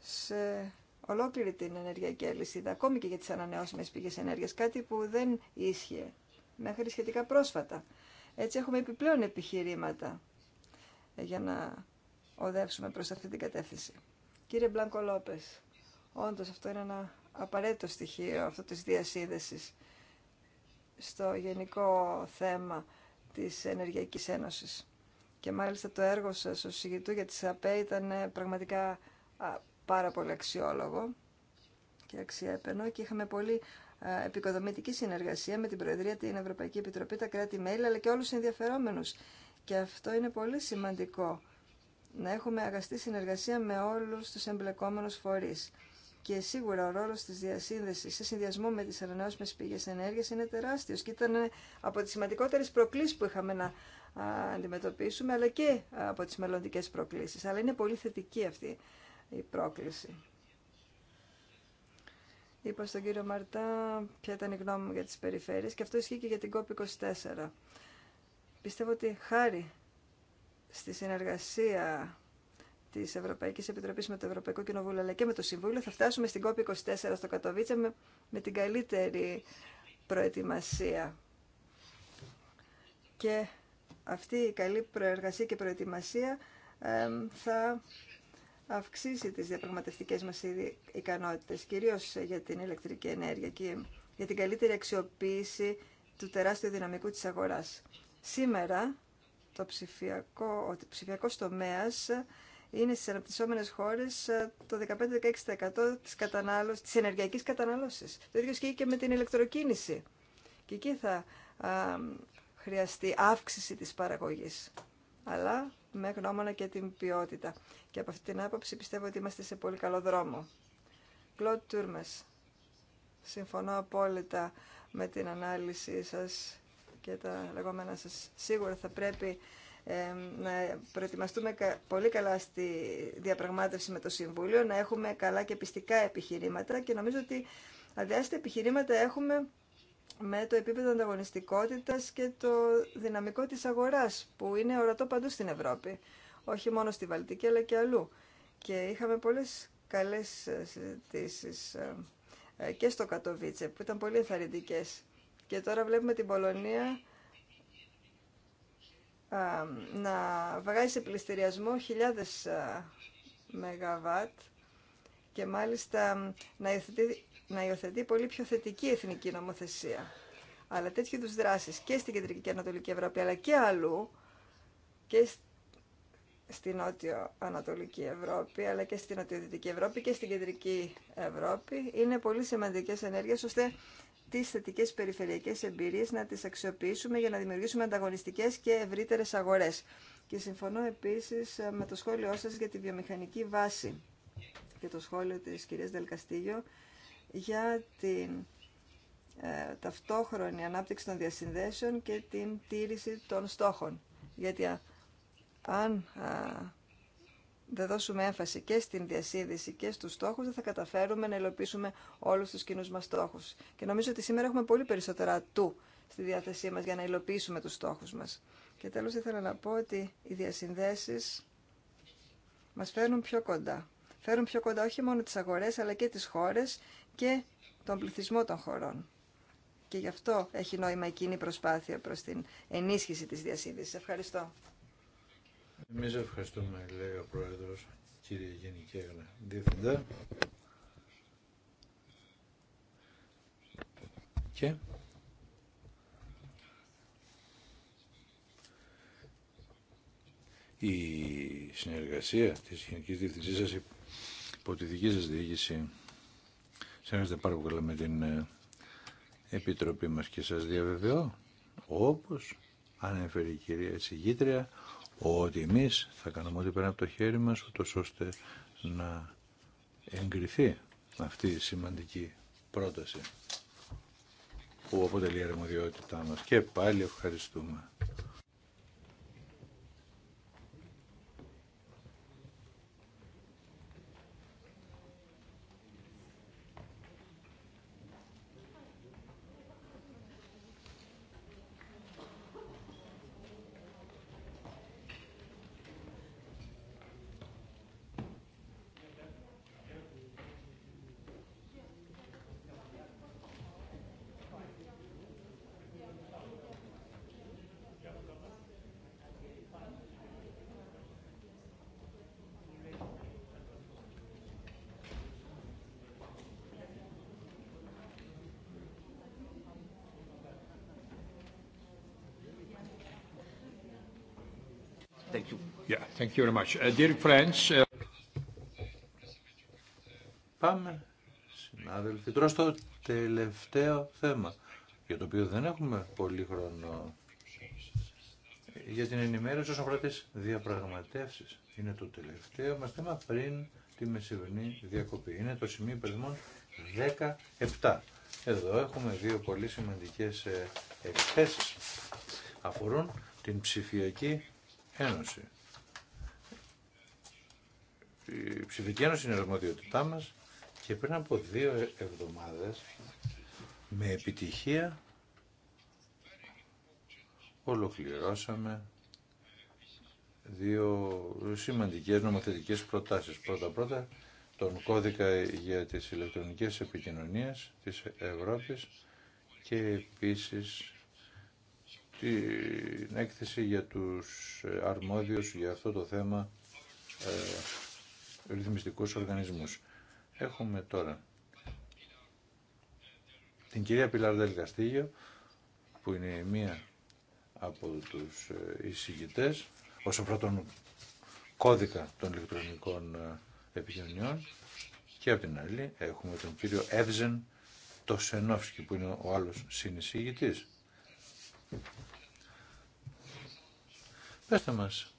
σε ολόκληρη την ενεργειακή αλυσίδα, ακόμη και για τις ανανεώσιμες πηγές ενέργειας, κάτι που δεν ίσχυε μέχρι σχετικά πρόσφατα. Έτσι έχουμε επιπλέον επιχειρήματα για να οδεύσουμε προς αυτή την κατεύθυνση. Κύριε Μπλάνκο Λόπες, όντως αυτό είναι ένα απαραίτητο στοιχείο αυτό της διασύνδεσης στο γενικό θέμα της Ενεργειακής Ένωσης. Και μάλιστα το έργο σας ως συγητού για τη ΣΑΠΕ ήταν ε, πραγματικά πάρα πολύ αξιόλογο και αξιέπαινο και είχαμε πολύ ε, επικοδομητική συνεργασία με την Προεδρία, την Ευρωπαϊκή Επιτροπή, τα κράτη-μέλη αλλά και όλους τους ενδιαφερόμενους. Και αυτό είναι πολύ σημαντικό να έχουμε αγαστή συνεργασία με όλους τους εμπλεκόμενους φορείς. Και σίγουρα ο ρόλο τη διασύνδεση σε συνδυασμό με τι ανανεώσιμε πηγές ενέργεια είναι τεράστιο. και ήταν από τι σημαντικότερε προκλήσεις που είχαμε να αντιμετωπίσουμε, αλλά και από τι μελλοντικέ προκλήσει. Αλλά είναι πολύ θετική αυτή η πρόκληση. Είπα στον κύριο Μαρτά ποια ήταν η γνώμη μου για τι περιφέρειες και αυτό ισχύει και για την COP24. Πιστεύω ότι χάρη στη συνεργασία της Ευρωπαϊκής Επιτροπής με το Ευρωπαϊκό Κοινοβούλιο αλλά και με το Συμβούλιο θα φτάσουμε στην COP24 στο Κατοβίτσα με, με την καλύτερη προετοιμασία. Και αυτή η καλή προεργασία και προετοιμασία θα αυξήσει τις διαπραγματευτικές μας ικανότητες, κυρίως για την ηλεκτρική ενέργεια και για την καλύτερη αξιοποίηση του τεράστιου δυναμικού της αγοράς. Σήμερα το ψηφιακό, ο ψηφιακός τομέας είναι στις αναπτυσσόμενες χώρες ε, το 15-16% της, κατανάλωσης, της ενεργειακής κατανάλωσης. Το ίδιο ισχύει και με την ηλεκτροκίνηση. Και εκεί θα α, χρειαστεί αύξηση της παραγωγής, αλλά με γνώμονα και την ποιότητα. Και από αυτή την άποψη πιστεύω ότι είμαστε σε πολύ καλό δρόμο. Κλοντ Τούρμες, συμφωνώ απόλυτα με την ανάλυση σας και τα λεγόμενα σας. Σίγουρα θα πρέπει ε, να προετοιμαστούμε πολύ καλά στη διαπραγμάτευση με το Συμβούλιο, να έχουμε καλά και πιστικά επιχειρήματα και νομίζω ότι αδειάστητα επιχειρήματα έχουμε με το επίπεδο ανταγωνιστικότητας και το δυναμικό της αγοράς που είναι ορατό παντού στην Ευρώπη, όχι μόνο στη Βαλτική αλλά και αλλού. Και είχαμε πολλές καλές ε, συζητήσει ε, και στο Κατοβίτσε που ήταν πολύ ενθαρρυντικές και τώρα βλέπουμε την Πολωνία να βγάζει σε πληστηριασμό χιλιάδες μεγαβάτ και μάλιστα να υιοθετεί, να υιοθετεί πολύ πιο θετική εθνική νομοθεσία. Αλλά τέτοιου είδου δράσεις και στην Κεντρική και Ανατολική Ευρώπη αλλά και αλλού και στην Νότιο Ανατολική Ευρώπη αλλά και στην Νοτιοδυτική Ευρώπη και στην Κεντρική Ευρώπη είναι πολύ σημαντικές ενέργειες ώστε τι θετικέ περιφερειακές εμπειρίες να τις αξιοποιήσουμε για να δημιουργήσουμε ανταγωνιστικές και ευρύτερε αγορές. Και συμφωνώ επίσης ε, με το σχόλιο σα για τη βιομηχανική βάση και το σχόλιο της κυρίας Δελκαστήγιο για την ε, ταυτόχρονη ανάπτυξη των διασυνδέσεων και την τήρηση των στόχων. Γιατί αν δεν δώσουμε έμφαση και στην διασύνδεση και στου στόχου δεν θα καταφέρουμε να υλοποιήσουμε όλου του κοινού μα στόχου. Και νομίζω ότι σήμερα έχουμε πολύ περισσότερα του στη διάθεσή μα για να υλοποιήσουμε του στόχου μα. Και τέλο ήθελα να πω ότι οι διασυνδέσει μα φέρνουν πιο κοντά. Φέρνουν πιο κοντά όχι μόνο τι αγορέ, αλλά και τι χώρε και τον πληθυσμό των χωρών. Και γι' αυτό έχει νόημα εκείνη η προσπάθεια προς την ενίσχυση της διασύνδεσης. Ευχαριστώ. Εμεί ευχαριστούμε, λέει ο Πρόεδρος, κύριε Γενική Έγνα Και... Η συνεργασία της Γενικής διευθυντή σας υπό τη δική σας διοίκηση συνεργάζεται πάρα πολύ με την ε, Επιτροπή μας και σας διαβεβαιώ όπως ανέφερε η κυρία Συγήτρια ότι εμείς θα κάνουμε ό,τι πέρα από το χέρι μας, ούτως ώστε να εγκριθεί αυτή η σημαντική πρόταση που αποτελεί η αρμοδιότητά μας. Και πάλι ευχαριστούμε. Thank you. Yeah, thank you very much. Uh, dear friends, uh, Πάμε, συνάδελφοι, τώρα στο τελευταίο θέμα, για το οποίο δεν έχουμε πολύ χρόνο για την ενημέρωση όσον αφορά τις διαπραγματεύσεις. Είναι το τελευταίο μας θέμα πριν τη μεσημερινή διακοπή. Είναι το σημείο υπερδημών 17. Εδώ έχουμε δύο πολύ σημαντικές ε, εκθέσεις. Αφορούν την ψηφιακή Ένωση. Η ψηφική ένωση είναι η αρμοδιότητά μας και πριν από δύο εβδομάδες με επιτυχία ολοκληρώσαμε δύο σημαντικές νομοθετικές προτάσεις. Πρώτα-πρώτα τον κώδικα για τις ηλεκτρονικές επικοινωνίες της Ευρώπης και επίσης την έκθεση για τους ε, αρμόδιους για αυτό το θέμα ε, ρυθμιστικούς οργανισμούς. Έχουμε τώρα την κυρία Πιλαρδέλ Καστίγιο, που είναι μία από τους ε, εισηγητές, ως αφορά κώδικα των ηλεκτρονικών ε, επικοινωνιών, και από την άλλη έχουμε τον κύριο Εύζεν Τοσενόφσκι, που είναι ο άλλος συνεισηγητής. Πέστε μας.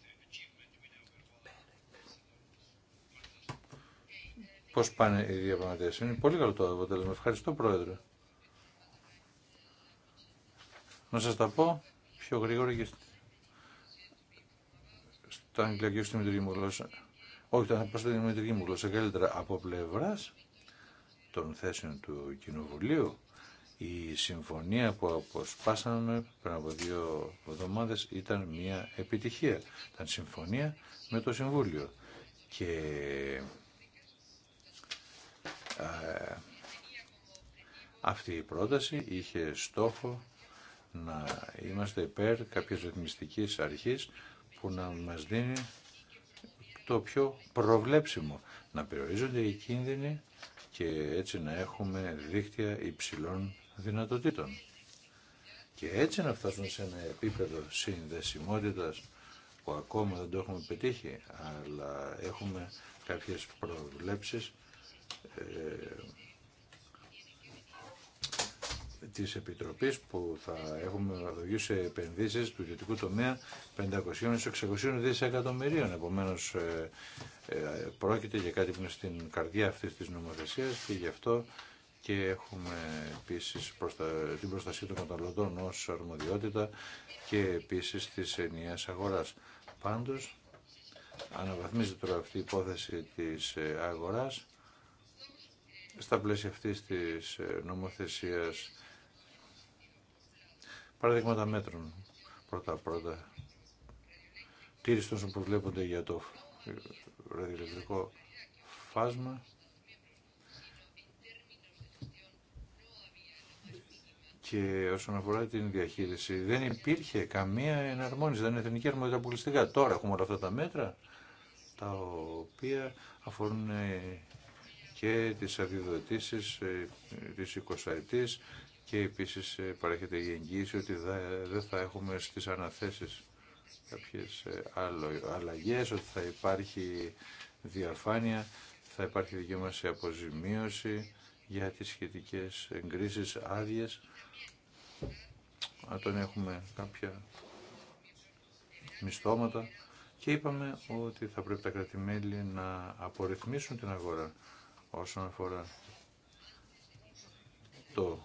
Πώς πάνε οι διαπραγματεύσεις. Είναι πολύ καλό το αποτέλεσμα. Ευχαριστώ Πρόεδρε. Να σας τα πω πιο γρήγορα και στα αγγλικά και στη μητρική μου γλώσσα. Όχι, θα πω στη μητρική μου γλώσσα καλύτερα από πλευράς των θέσεων του Κοινοβουλίου η συμφωνία που αποσπάσαμε πριν από δύο εβδομάδες ήταν μια επιτυχία. Ήταν συμφωνία με το Συμβούλιο. Και ε, αυτή η πρόταση είχε στόχο να είμαστε υπέρ κάποιες ρυθμιστικής αρχής που να μας δίνει το πιο προβλέψιμο. Να περιορίζονται οι κίνδυνοι και έτσι να έχουμε δίκτυα υψηλών δυνατοτήτων. Και έτσι να φτάσουμε σε ένα επίπεδο συνδεσιμότητας που ακόμα δεν το έχουμε πετύχει, αλλά έχουμε κάποιες προβλέψεις ε, της Επιτροπής που θα έχουμε οδηγήσει σε επενδύσεις του ιδιωτικού τομέα 500-600 δισεκατομμυρίων. Επομένως ε, ε, πρόκειται για κάτι που είναι στην καρδιά αυτής της νομοθεσίας και γι' αυτό και έχουμε επίσης προστα... την προστασία των καταλωτών ως αρμοδιότητα και επίσης της ενιαίας αγοράς. Πάντως, αναβαθμίζεται τώρα αυτή η υπόθεση της ε, αγοράς στα πλαίσια αυτής της ε, νομοθεσίας παραδείγματα μέτρων πρώτα-πρώτα τήρηση που προβλέπονται για το ε, ραδιοελεκτρικό φάσμα και όσον αφορά την διαχείριση δεν υπήρχε καμία εναρμόνιση, δεν είναι εθνική αρμοδιότητα αποκλειστικά. Τώρα έχουμε όλα αυτά τα μέτρα τα οποία αφορούν ε, και τις αδειοδοτήσεις της 20 ετής και επίσης ε, παρέχεται η εγγύηση ότι δεν θα έχουμε στις αναθέσεις κάποιες ε, αλλαγές, ότι θα υπάρχει διαφάνεια, θα υπάρχει δικαίωμα σε αποζημίωση για τις σχετικές εγκρίσεις άδειες όταν έχουμε κάποια μισθώματα και είπαμε ότι θα πρέπει τα κρατημέλη να απορριθμίσουν την αγορά όσον αφορά το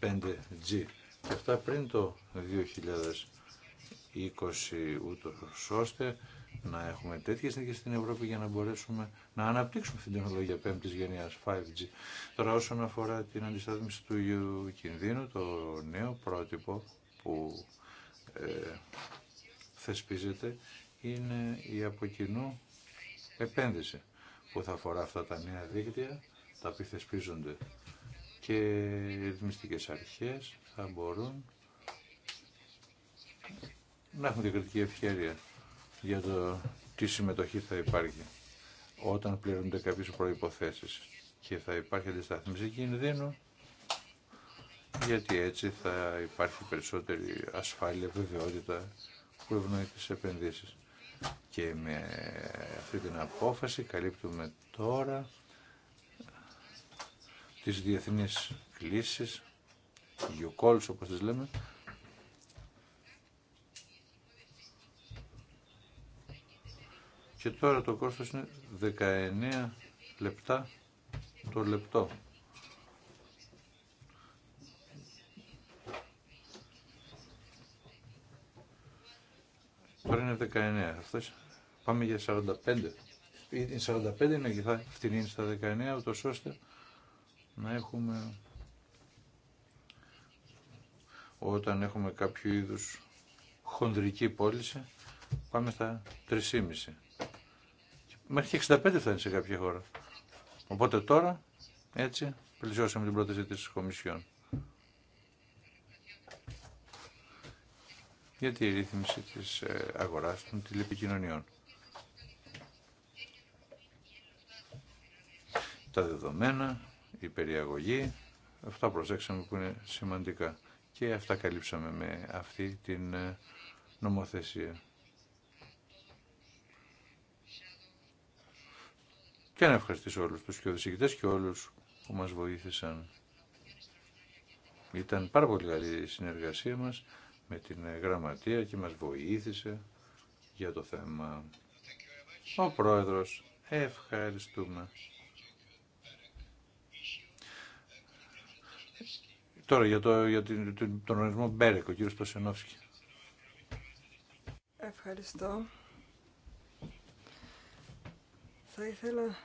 5G και αυτά πριν το 2020 ούτως ώστε να έχουμε τέτοιες συνθήκες στην Ευρώπη για να μπορέσουμε να αναπτύξουμε την τεχνολογία πέμπτης γενιάς 5G. Τώρα όσον αφορά την αντιστάθμιση του κινδύνου, το νέο πρότυπο που ε, θεσπίζεται είναι η αποκοινού επένδυση που θα αφορά αυτά τα νέα δίκτυα, τα οποία θεσπίζονται και οι ρυθμιστικές αρχές θα μπορούν να έχουν την κριτική ευκαιρία για το τι συμμετοχή θα υπάρχει όταν πληρούνται κάποιε προϋποθέσεις και θα υπάρχει αντισταθμίση κινδύνου γιατί έτσι θα υπάρχει περισσότερη ασφάλεια, βεβαιότητα που ευνοεί τις επενδύσεις. Και με αυτή την απόφαση καλύπτουμε τώρα τις διεθνείς κλήσεις, calls» όπως τις λέμε, και τώρα το κόστος είναι 19 λεπτά το λεπτό. Τώρα είναι 19. πάμε για 45. Η 45 είναι και θα φτηνίνει στα 19, ούτως ώστε να έχουμε όταν έχουμε κάποιο είδους χονδρική πώληση, πάμε στα 3,5. Μέχρι 65 φτάνει σε κάποια χώρα. Οπότε τώρα έτσι πλησιώσαμε την πρόταση της Κομισιόν. για τη ρύθμιση της ε, αγοράς των τηλεπικοινωνιών. Τα δεδομένα, η περιαγωγή, αυτά προσέξαμε που είναι σημαντικά και αυτά καλύψαμε με αυτή την ε, νομοθεσία. και να ευχαριστήσω όλους τους κοιοδησηγητές και όλους που μας βοήθησαν. Ήταν πάρα πολύ καλή η συνεργασία μας με την γραμματεία και μας βοήθησε για το θέμα. Ο Πρόεδρος, ευχαριστούμε. Τώρα για, το, για την, τον οργανισμό Μπέρεκ, ο κύριος Πασενόφσκι. Ευχαριστώ. Θα ήθελα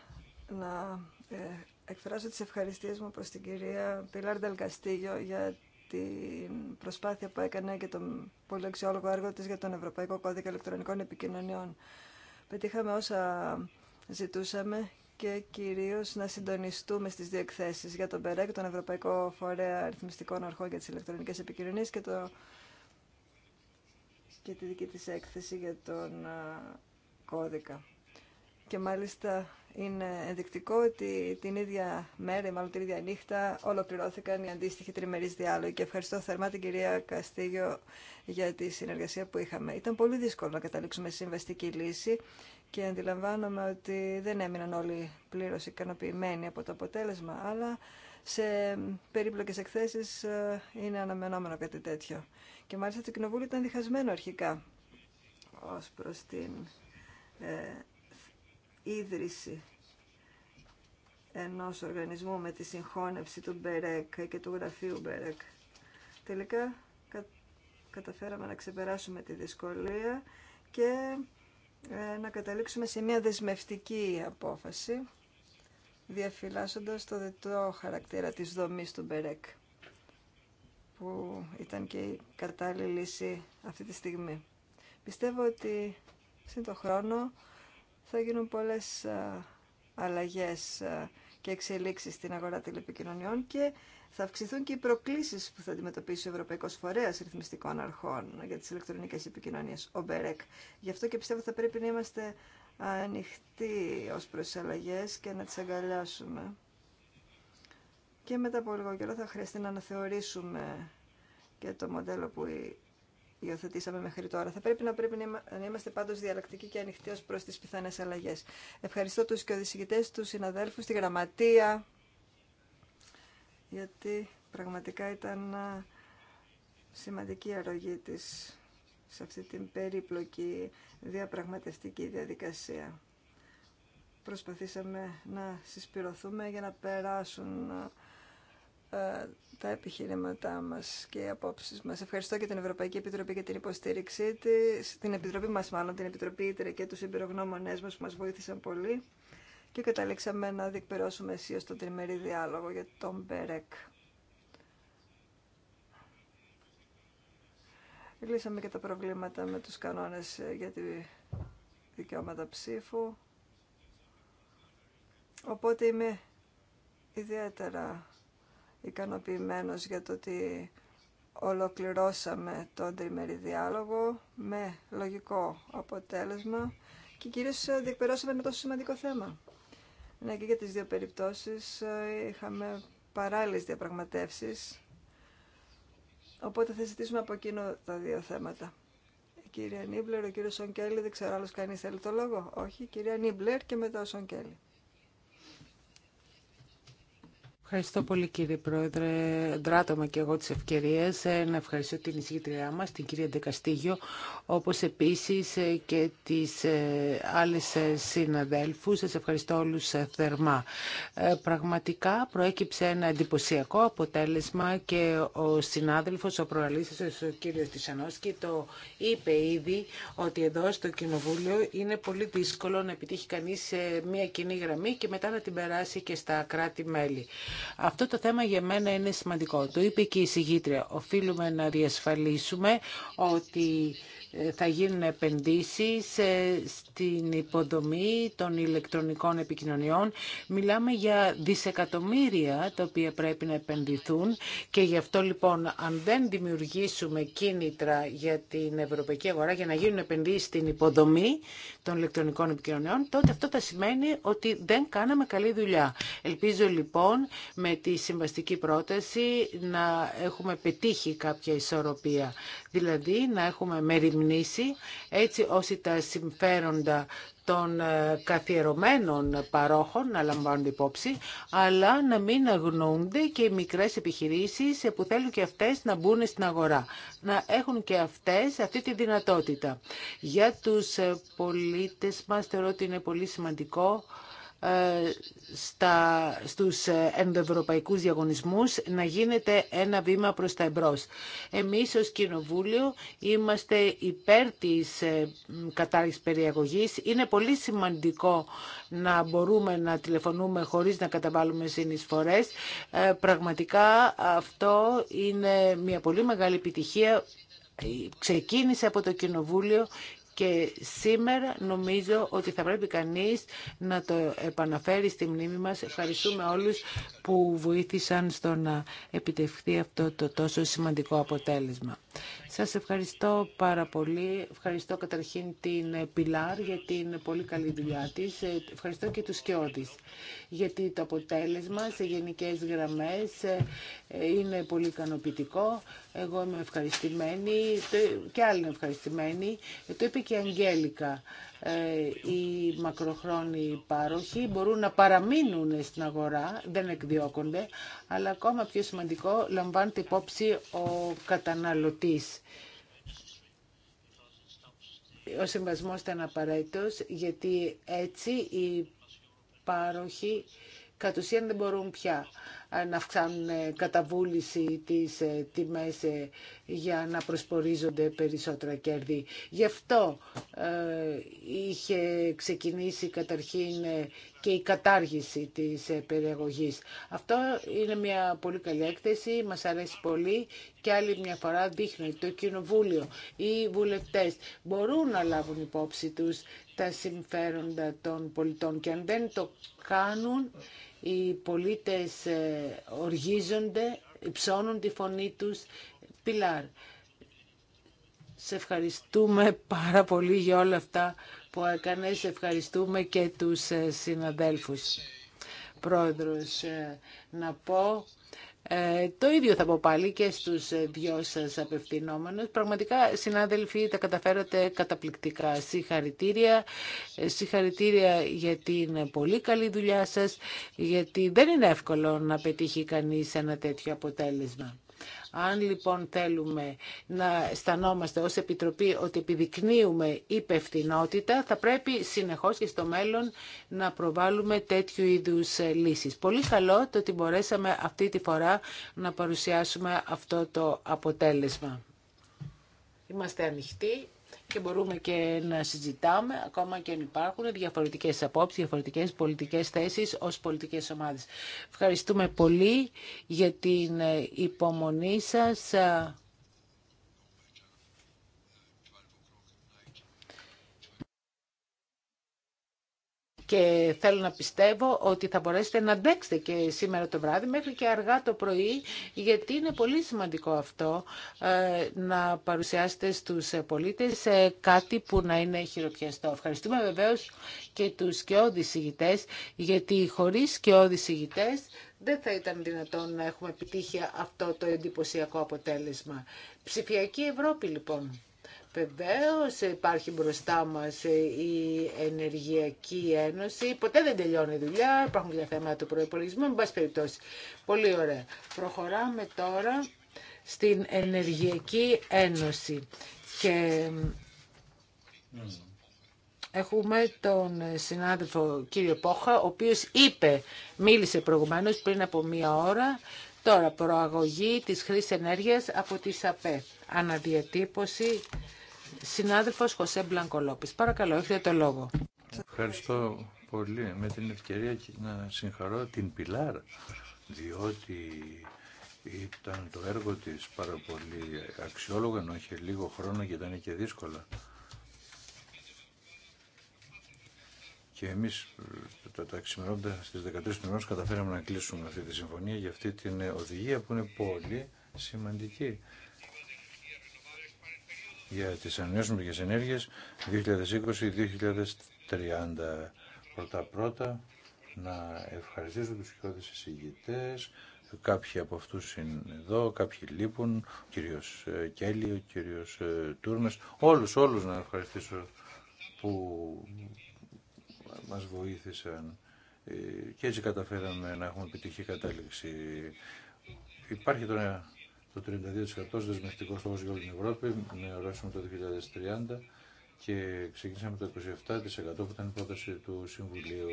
να ε, εκφράσω τις ευχαριστίες μου προς την κυρία Πιλάρ Καστίγιο για την προσπάθεια που έκανε και το πολύ αξιόλογο έργο της για τον Ευρωπαϊκό Κώδικα Ελεκτρονικών Επικοινωνιών. Πετύχαμε όσα ζητούσαμε και κυρίως να συντονιστούμε στις δύο εκθέσεις για τον ΠΕΡΕΚ, τον Ευρωπαϊκό Φορέα Αριθμιστικών Αρχών για τις Ελεκτρονικές Επικοινωνίες και, το... και τη δική της έκθεση για τον ε, κώδικα. Και μάλιστα είναι ενδεικτικό ότι την ίδια μέρα, μάλλον την ίδια νύχτα, ολοκληρώθηκαν οι αντίστοιχοι τριμερεί διάλογοι. Και ευχαριστώ θερμά την κυρία Καστίγιο για τη συνεργασία που είχαμε. Ήταν πολύ δύσκολο να καταλήξουμε σε συμβαστική λύση και αντιλαμβάνομαι ότι δεν έμειναν όλοι πλήρω ικανοποιημένοι από το αποτέλεσμα, αλλά σε περίπλοκες εκθέσει ε, είναι αναμενόμενο κάτι τέτοιο. Και μάλιστα το Κοινοβούλιο ήταν διχασμένο αρχικά ω προ την ε, ίδρυση ενός οργανισμού με τη συγχώνευση του Μπερέκ και του γραφείου Μπερέκ. Τελικά καταφέραμε να ξεπεράσουμε τη δυσκολία και ε, να καταλήξουμε σε μια δεσμευτική απόφαση διαφυλάσσοντας το δετό χαρακτήρα της δομής του Μπερέκ που ήταν και η κατάλληλη λύση αυτή τη στιγμή. Πιστεύω ότι σύντο χρόνο θα γίνουν πολλές αλλαγές και εξελίξεις στην αγορά τηλεπικοινωνιών και θα αυξηθούν και οι προκλήσεις που θα αντιμετωπίσει ο Ευρωπαϊκός Φορέας Ρυθμιστικών Αρχών για τις ηλεκτρονικές επικοινωνίες, ο Μπερέκ. Γι' αυτό και πιστεύω θα πρέπει να είμαστε ανοιχτοί ως προς τις αλλαγές και να τις αγκαλιάσουμε. Και μετά από λίγο καιρό θα χρειαστεί να αναθεωρήσουμε και το μοντέλο που υιοθετήσαμε μέχρι τώρα. Θα πρέπει να, πρέπει να είμαστε πάντως διαλλακτικοί και ανοιχτοί ω προ τι πιθανές αλλαγές. Ευχαριστώ τους και οδησηγητές, τους συναδέλφους, τη γραμματεία, γιατί πραγματικά ήταν σημαντική αρρωγή της σε αυτή την περίπλοκη διαπραγματευτική διαδικασία. Προσπαθήσαμε να συσπηρωθούμε για να περάσουν ε, τα επιχειρήματά μας και οι απόψεις μας. Ευχαριστώ και την Ευρωπαϊκή Επιτροπή για την υποστήριξή της, την Επιτροπή μας μάλλον, την Επιτροπή Ήτρε και τους εμπειρογνώμονές μας που μας βοήθησαν πολύ και καταλήξαμε να διεκπαιρώσουμε αισίως τον τριμερή διάλογο για τον Μπερέκ. Λύσαμε και τα προβλήματα με τους κανόνες για τη δικαιώματα ψήφου. Οπότε είμαι ιδιαίτερα ικανοποιημένος για το ότι ολοκληρώσαμε τον τριμερή διάλογο με λογικό αποτέλεσμα και κυρίως ε, διεκπαιρώσαμε ένα τόσο σημαντικό θέμα. Ναι, και για τις δύο περιπτώσεις ε, είχαμε παράλληλες διαπραγματεύσεις, οπότε θα ζητήσουμε από εκείνο τα δύο θέματα. Η κυρία Νίμπλερ, ο κύριος Σον δεν ξέρω άλλος κανείς θέλει το λόγο. Όχι, κυρία Νίμπλερ και μετά ο Σον Ευχαριστώ πολύ κύριε Πρόεδρε. Δράτομαι και εγώ τις ευκαιρίες ε, να ευχαριστώ την εισηγητριά μας, την κυρία Ντεκαστήγιο, όπως επίσης ε, και τις ε, άλλες συναδέλφους. Σας ευχαριστώ όλους θερμά. Πραγματικά προέκυψε ένα εντυπωσιακό αποτέλεσμα και ο συνάδελφος, ο προαλήσεως, ο κύριος Τισανόσκη, το είπε ήδη ότι εδώ στο Κοινοβούλιο είναι πολύ δύσκολο να επιτύχει κανείς μια κοινή γραμμή και μετά να την περάσει και στα κράτη-μέλη. Αυτό το θέμα για μένα είναι σημαντικό. Το είπε και η συγγήτρια. Οφείλουμε να διασφαλίσουμε ότι θα γίνουν επενδύσεις ε, στην υποδομή των ηλεκτρονικών επικοινωνιών. Μιλάμε για δισεκατομμύρια τα οποία πρέπει να επενδυθούν και γι' αυτό λοιπόν αν δεν δημιουργήσουμε κίνητρα για την ευρωπαϊκή αγορά για να γίνουν επενδύσεις στην υποδομή των ηλεκτρονικών επικοινωνιών τότε αυτό θα σημαίνει ότι δεν κάναμε καλή δουλειά. Ελπίζω λοιπόν με τη συμβαστική πρόταση να έχουμε πετύχει κάποια ισορροπία. Δηλαδή να έχουμε έτσι ώστε τα συμφέροντα των ε, καθιερωμένων παρόχων να λαμβάνουν υπόψη, αλλά να μην αγνοούνται και οι μικρές επιχειρήσεις που θέλουν και αυτές να μπουν στην αγορά. Να έχουν και αυτές αυτή τη δυνατότητα. Για τους ε, πολίτες μας θεωρώ ότι είναι πολύ σημαντικό ε, στα, στους ενδοευρωπαϊκούς διαγωνισμούς να γίνεται ένα βήμα προς τα εμπρός. Εμείς ως Κοινοβούλιο είμαστε υπέρ της ε, κατάρρησης περιαγωγής. Είναι πολύ σημαντικό να μπορούμε να τηλεφωνούμε χωρίς να καταβάλουμε συνεισφορές. Ε, πραγματικά αυτό είναι μια πολύ μεγάλη επιτυχία ξεκίνησε από το Κοινοβούλιο και σήμερα νομίζω ότι θα πρέπει κανείς να το επαναφέρει στη μνήμη μας. Ευχαριστούμε όλους που βοήθησαν στο να επιτευχθεί αυτό το τόσο σημαντικό αποτέλεσμα. Σας ευχαριστώ πάρα πολύ. Ευχαριστώ καταρχήν την Πιλάρ για την πολύ καλή δουλειά της. Ευχαριστώ και τους Σκιώτης γιατί το αποτέλεσμα σε γενικές γραμμές ε, είναι πολύ ικανοποιητικό. Εγώ είμαι ευχαριστημένη και άλλοι είναι ευχαριστημένοι. Ε, το είπε και η Αγγέλικα. Ε, οι μακροχρόνιοι πάροχοι μπορούν να παραμείνουν στην αγορά, δεν εκδιώκονται, αλλά ακόμα πιο σημαντικό λαμβάνεται υπόψη ο καταναλωτής. Ο συμβασμός ήταν απαραίτητος, γιατί έτσι οι πάροχοι κατ' ουσίαν δεν μπορούν πια να αυξάνουν ε, κατά τις ε, τιμές ε, για να προσπορίζονται περισσότερα κέρδη. Γι' αυτό είχε ξεκινήσει καταρχήν και η κατάργηση της περιεγωγής. Αυτό είναι μια πολύ καλή έκθεση, μας αρέσει πολύ και άλλη μια φορά δείχνει το Κοινοβούλιο οι βουλευτές μπορούν να λάβουν υπόψη τους τα συμφέροντα των πολιτών και αν δεν το κάνουν οι πολίτες ε, οργίζονται, ψώνουν τη φωνή τους. Πιλάρ, σε ευχαριστούμε πάρα πολύ για όλα αυτά που έκανες. Σε ευχαριστούμε και τους ε, συναδέλφους. Πρόεδρος, ε, να πω ε, το ίδιο θα πω πάλι και στους δυο σας απευθυνόμενους. Πραγματικά, συνάδελφοι, τα καταφέρατε καταπληκτικά. Συγχαρητήρια, ε, συγχαρητήρια για την πολύ καλή δουλειά σας, γιατί δεν είναι εύκολο να πετύχει κανείς ένα τέτοιο αποτέλεσμα. Αν λοιπόν θέλουμε να αισθανόμαστε ως Επιτροπή ότι επιδεικνύουμε υπευθυνότητα, θα πρέπει συνεχώς και στο μέλλον να προβάλλουμε τέτοιου είδους ε, λύσεις. Πολύ καλό το ότι μπορέσαμε αυτή τη φορά να παρουσιάσουμε αυτό το αποτέλεσμα. Είμαστε ανοιχτοί και μπορούμε και να συζητάμε, ακόμα και αν υπάρχουν διαφορετικές απόψεις, διαφορετικές πολιτικές θέσεις ως πολιτικές ομάδες. Ευχαριστούμε πολύ για την ε, υπομονή σας. Ε, και θέλω να πιστεύω ότι θα μπορέσετε να αντέξετε και σήμερα το βράδυ μέχρι και αργά το πρωί γιατί είναι πολύ σημαντικό αυτό ε, να παρουσιάσετε στους πολίτες ε, κάτι που να είναι χειροπιαστό. Ευχαριστούμε βεβαίως και τους σκιώδης ηγητές γιατί χωρίς σκιώδης ηγητές δεν θα ήταν δυνατόν να έχουμε επιτύχει αυτό το εντυπωσιακό αποτέλεσμα. Ψηφιακή Ευρώπη λοιπόν. Βεβαίως υπάρχει μπροστά μας η Ενεργειακή Ένωση. Ποτέ δεν τελειώνει η δουλειά, υπάρχουν και θέματα του προϋπολογισμού, εν πάση περιπτώσει. Πολύ ωραία. Προχωράμε τώρα στην Ενεργειακή Ένωση. Και Έχουμε τον συνάδελφο κύριο Πόχα, ο οποίος είπε, μίλησε προηγουμένως πριν από μία ώρα, τώρα προαγωγή της χρήσης ενέργειας από τη ΣΑΠΕ. Αναδιατύπωση Συνάδελφος Χωσέ Μπλανκολόπης. Παρακαλώ, έχετε το λόγο. Ευχαριστώ πολύ με την ευκαιρία να συγχαρώ την Πιλάρ, διότι ήταν το έργο της πάρα πολύ αξιόλογο, ενώ είχε λίγο χρόνο και ήταν και δύσκολα. Και εμείς ε, τα, τα στις 13 του καταφέραμε να κλείσουμε αυτή τη συμφωνία για αυτή την οδηγία που είναι πολύ σημαντική για τις ανανεώσιμες ενέργειες 2020-2030. Πρώτα-πρώτα να ευχαριστήσω τους κοιόδες εισηγητές, κάποιοι από αυτούς είναι εδώ, κάποιοι λείπουν, ο κύριος ε, Κέλλη, ο κύριος ε, Τούρμες, όλους, όλους να ευχαριστήσω που μας βοήθησαν ε, και έτσι καταφέραμε να έχουμε επιτυχή κατάληξη. Υπάρχει τώρα το 32% δεσμευτικό στόχο για όλη την Ευρώπη με ορόσημο το 2030 και ξεκίνησαμε το 27% που ήταν η πρόταση του Συμβουλίου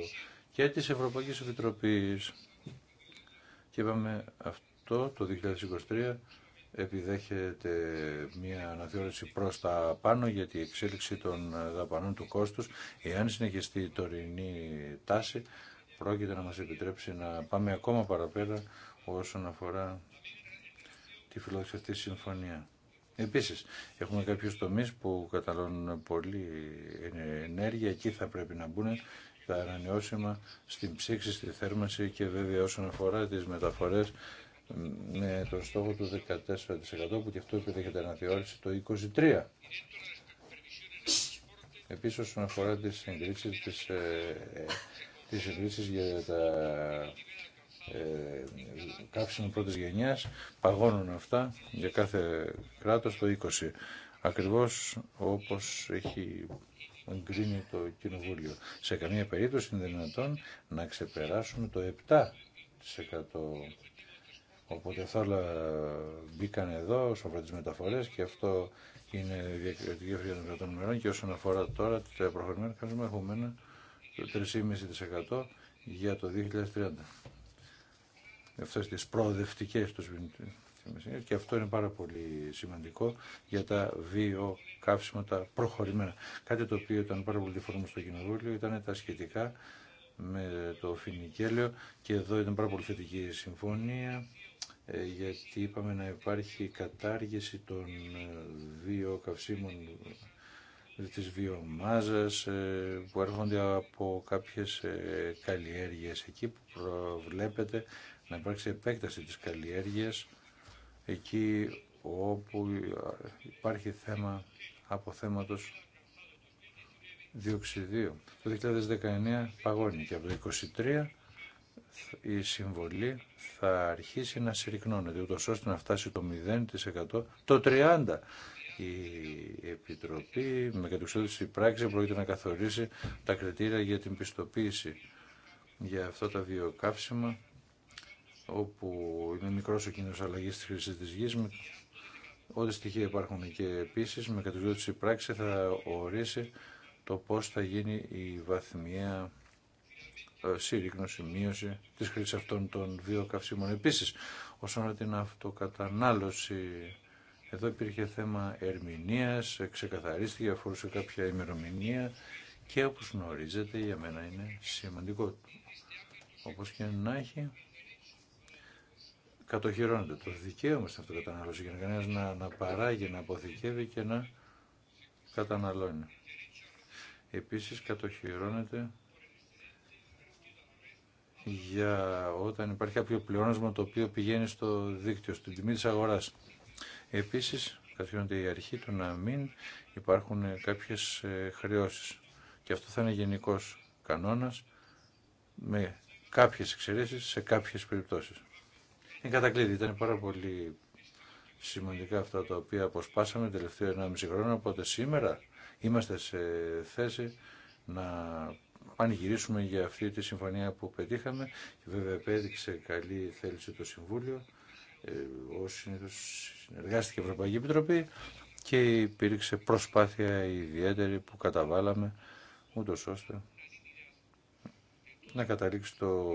και της Ευρωπαϊκής Επιτροπής. Και είπαμε αυτό το 2023 επιδέχεται μια αναθεώρηση προς τα πάνω για τη εξέλιξη των δαπανών του κόστους. Εάν συνεχιστεί η τωρινή τάση, πρόκειται να μας επιτρέψει να πάμε ακόμα παραπέρα όσον αφορά τη φιλοξευτή συμφωνία. Επίσης, έχουμε κάποιους τομείς που καταλώνουν πολύ ενέργεια, εκεί θα πρέπει να μπουν τα ανανεώσιμα στην ψήξη, στη θέρμανση και βέβαια όσον αφορά τις μεταφορές με το στόχο του 14% που και αυτό επιδέχεται θεώρησε το 23%. Επίσης όσον αφορά τις συγκρίσεις, τις, ε, ε τις συγκρίσεις για τα ε, καύσιμο πρώτης γενιάς, παγώνουν αυτά για κάθε κράτος το 20. Ακριβώς όπως έχει εγκρίνει το Κοινοβούλιο. Σε καμία περίπτωση είναι δυνατόν να ξεπεράσουμε το 7%. Οπότε αυτά όλα μπήκαν εδώ όσον αφορά μεταφορές και αυτό είναι διακριτική ευκαιρία των κρατών και όσον αφορά τώρα τα προχωρημένα έχουμε ένα 3,5% για το 2030 αυτές τις προοδευτικές τους και αυτό είναι πάρα πολύ σημαντικό για τα βίο τα προχωρημένα. Κάτι το οποίο ήταν πάρα πολύ διαφορετικό στο κοινοβούλιο ήταν τα σχετικά με το φινικέλαιο και εδώ ήταν πάρα πολύ θετική συμφωνία ε, γιατί είπαμε να υπάρχει κατάργηση των δύο ε, καυσίμων της βιομάζας ε, που έρχονται από κάποιες ε, καλλιέργειες. Εκεί που προβλέπεται να υπάρξει επέκταση της καλλιέργειας, εκεί όπου υπάρχει θέμα από θέματος διοξιδίου. Το 2019 παγώνει και από το 2023 η συμβολή θα αρχίσει να συρρυκνώνεται, ούτως ώστε να φτάσει το 0% το 30% η Επιτροπή με τη πράξη πρόκειται να καθορίσει τα κριτήρια για την πιστοποίηση για αυτά τα βιοκαύσιμα όπου είναι μικρό ο κίνδυνος αλλαγής της χρήσης της γη. ό,τι στοιχεία υπάρχουν και επίσης με στην πράξη θα ορίσει το πώς θα γίνει η βαθμιαία ε, σύρρυκνωση, μείωση της χρήσης αυτών των βιοκαυσίμων. Επίσης, όσον αφορά την αυτοκατανάλωση εδώ υπήρχε θέμα ερμηνείας, ξεκαθαρίστηκε, αφορούσε κάποια ημερομηνία και όπως γνωρίζετε για μένα είναι σημαντικό. Όπως και να έχει, κατοχυρώνεται το δικαίωμα στην αυτοκατανάλωση για να να, να παράγει, να αποθηκεύει και να καταναλώνει. Επίσης κατοχυρώνεται για όταν υπάρχει κάποιο πλεόνασμα το οποίο πηγαίνει στο δίκτυο, στην τιμή της αγοράς. Επίσης, καθιόνται η αρχή του να μην υπάρχουν κάποιες ε, χρεώσεις. Και αυτό θα είναι γενικός κανόνας με κάποιες εξαιρέσεις σε κάποιες περιπτώσεις. Είναι κατακλείδη, ήταν πάρα πολύ σημαντικά αυτά τα οποία αποσπάσαμε τελευταίο 1,5 χρόνο, οπότε σήμερα είμαστε σε θέση να πανηγυρίσουμε για αυτή τη συμφωνία που πετύχαμε και βέβαια επέδειξε καλή θέληση το Συμβούλιο όσοι ε, συνεργάστηκε η Ευρωπαϊκή Επιτροπή και υπήρξε προσπάθεια ιδιαίτερη που καταβάλαμε ούτω ώστε να καταλήξει το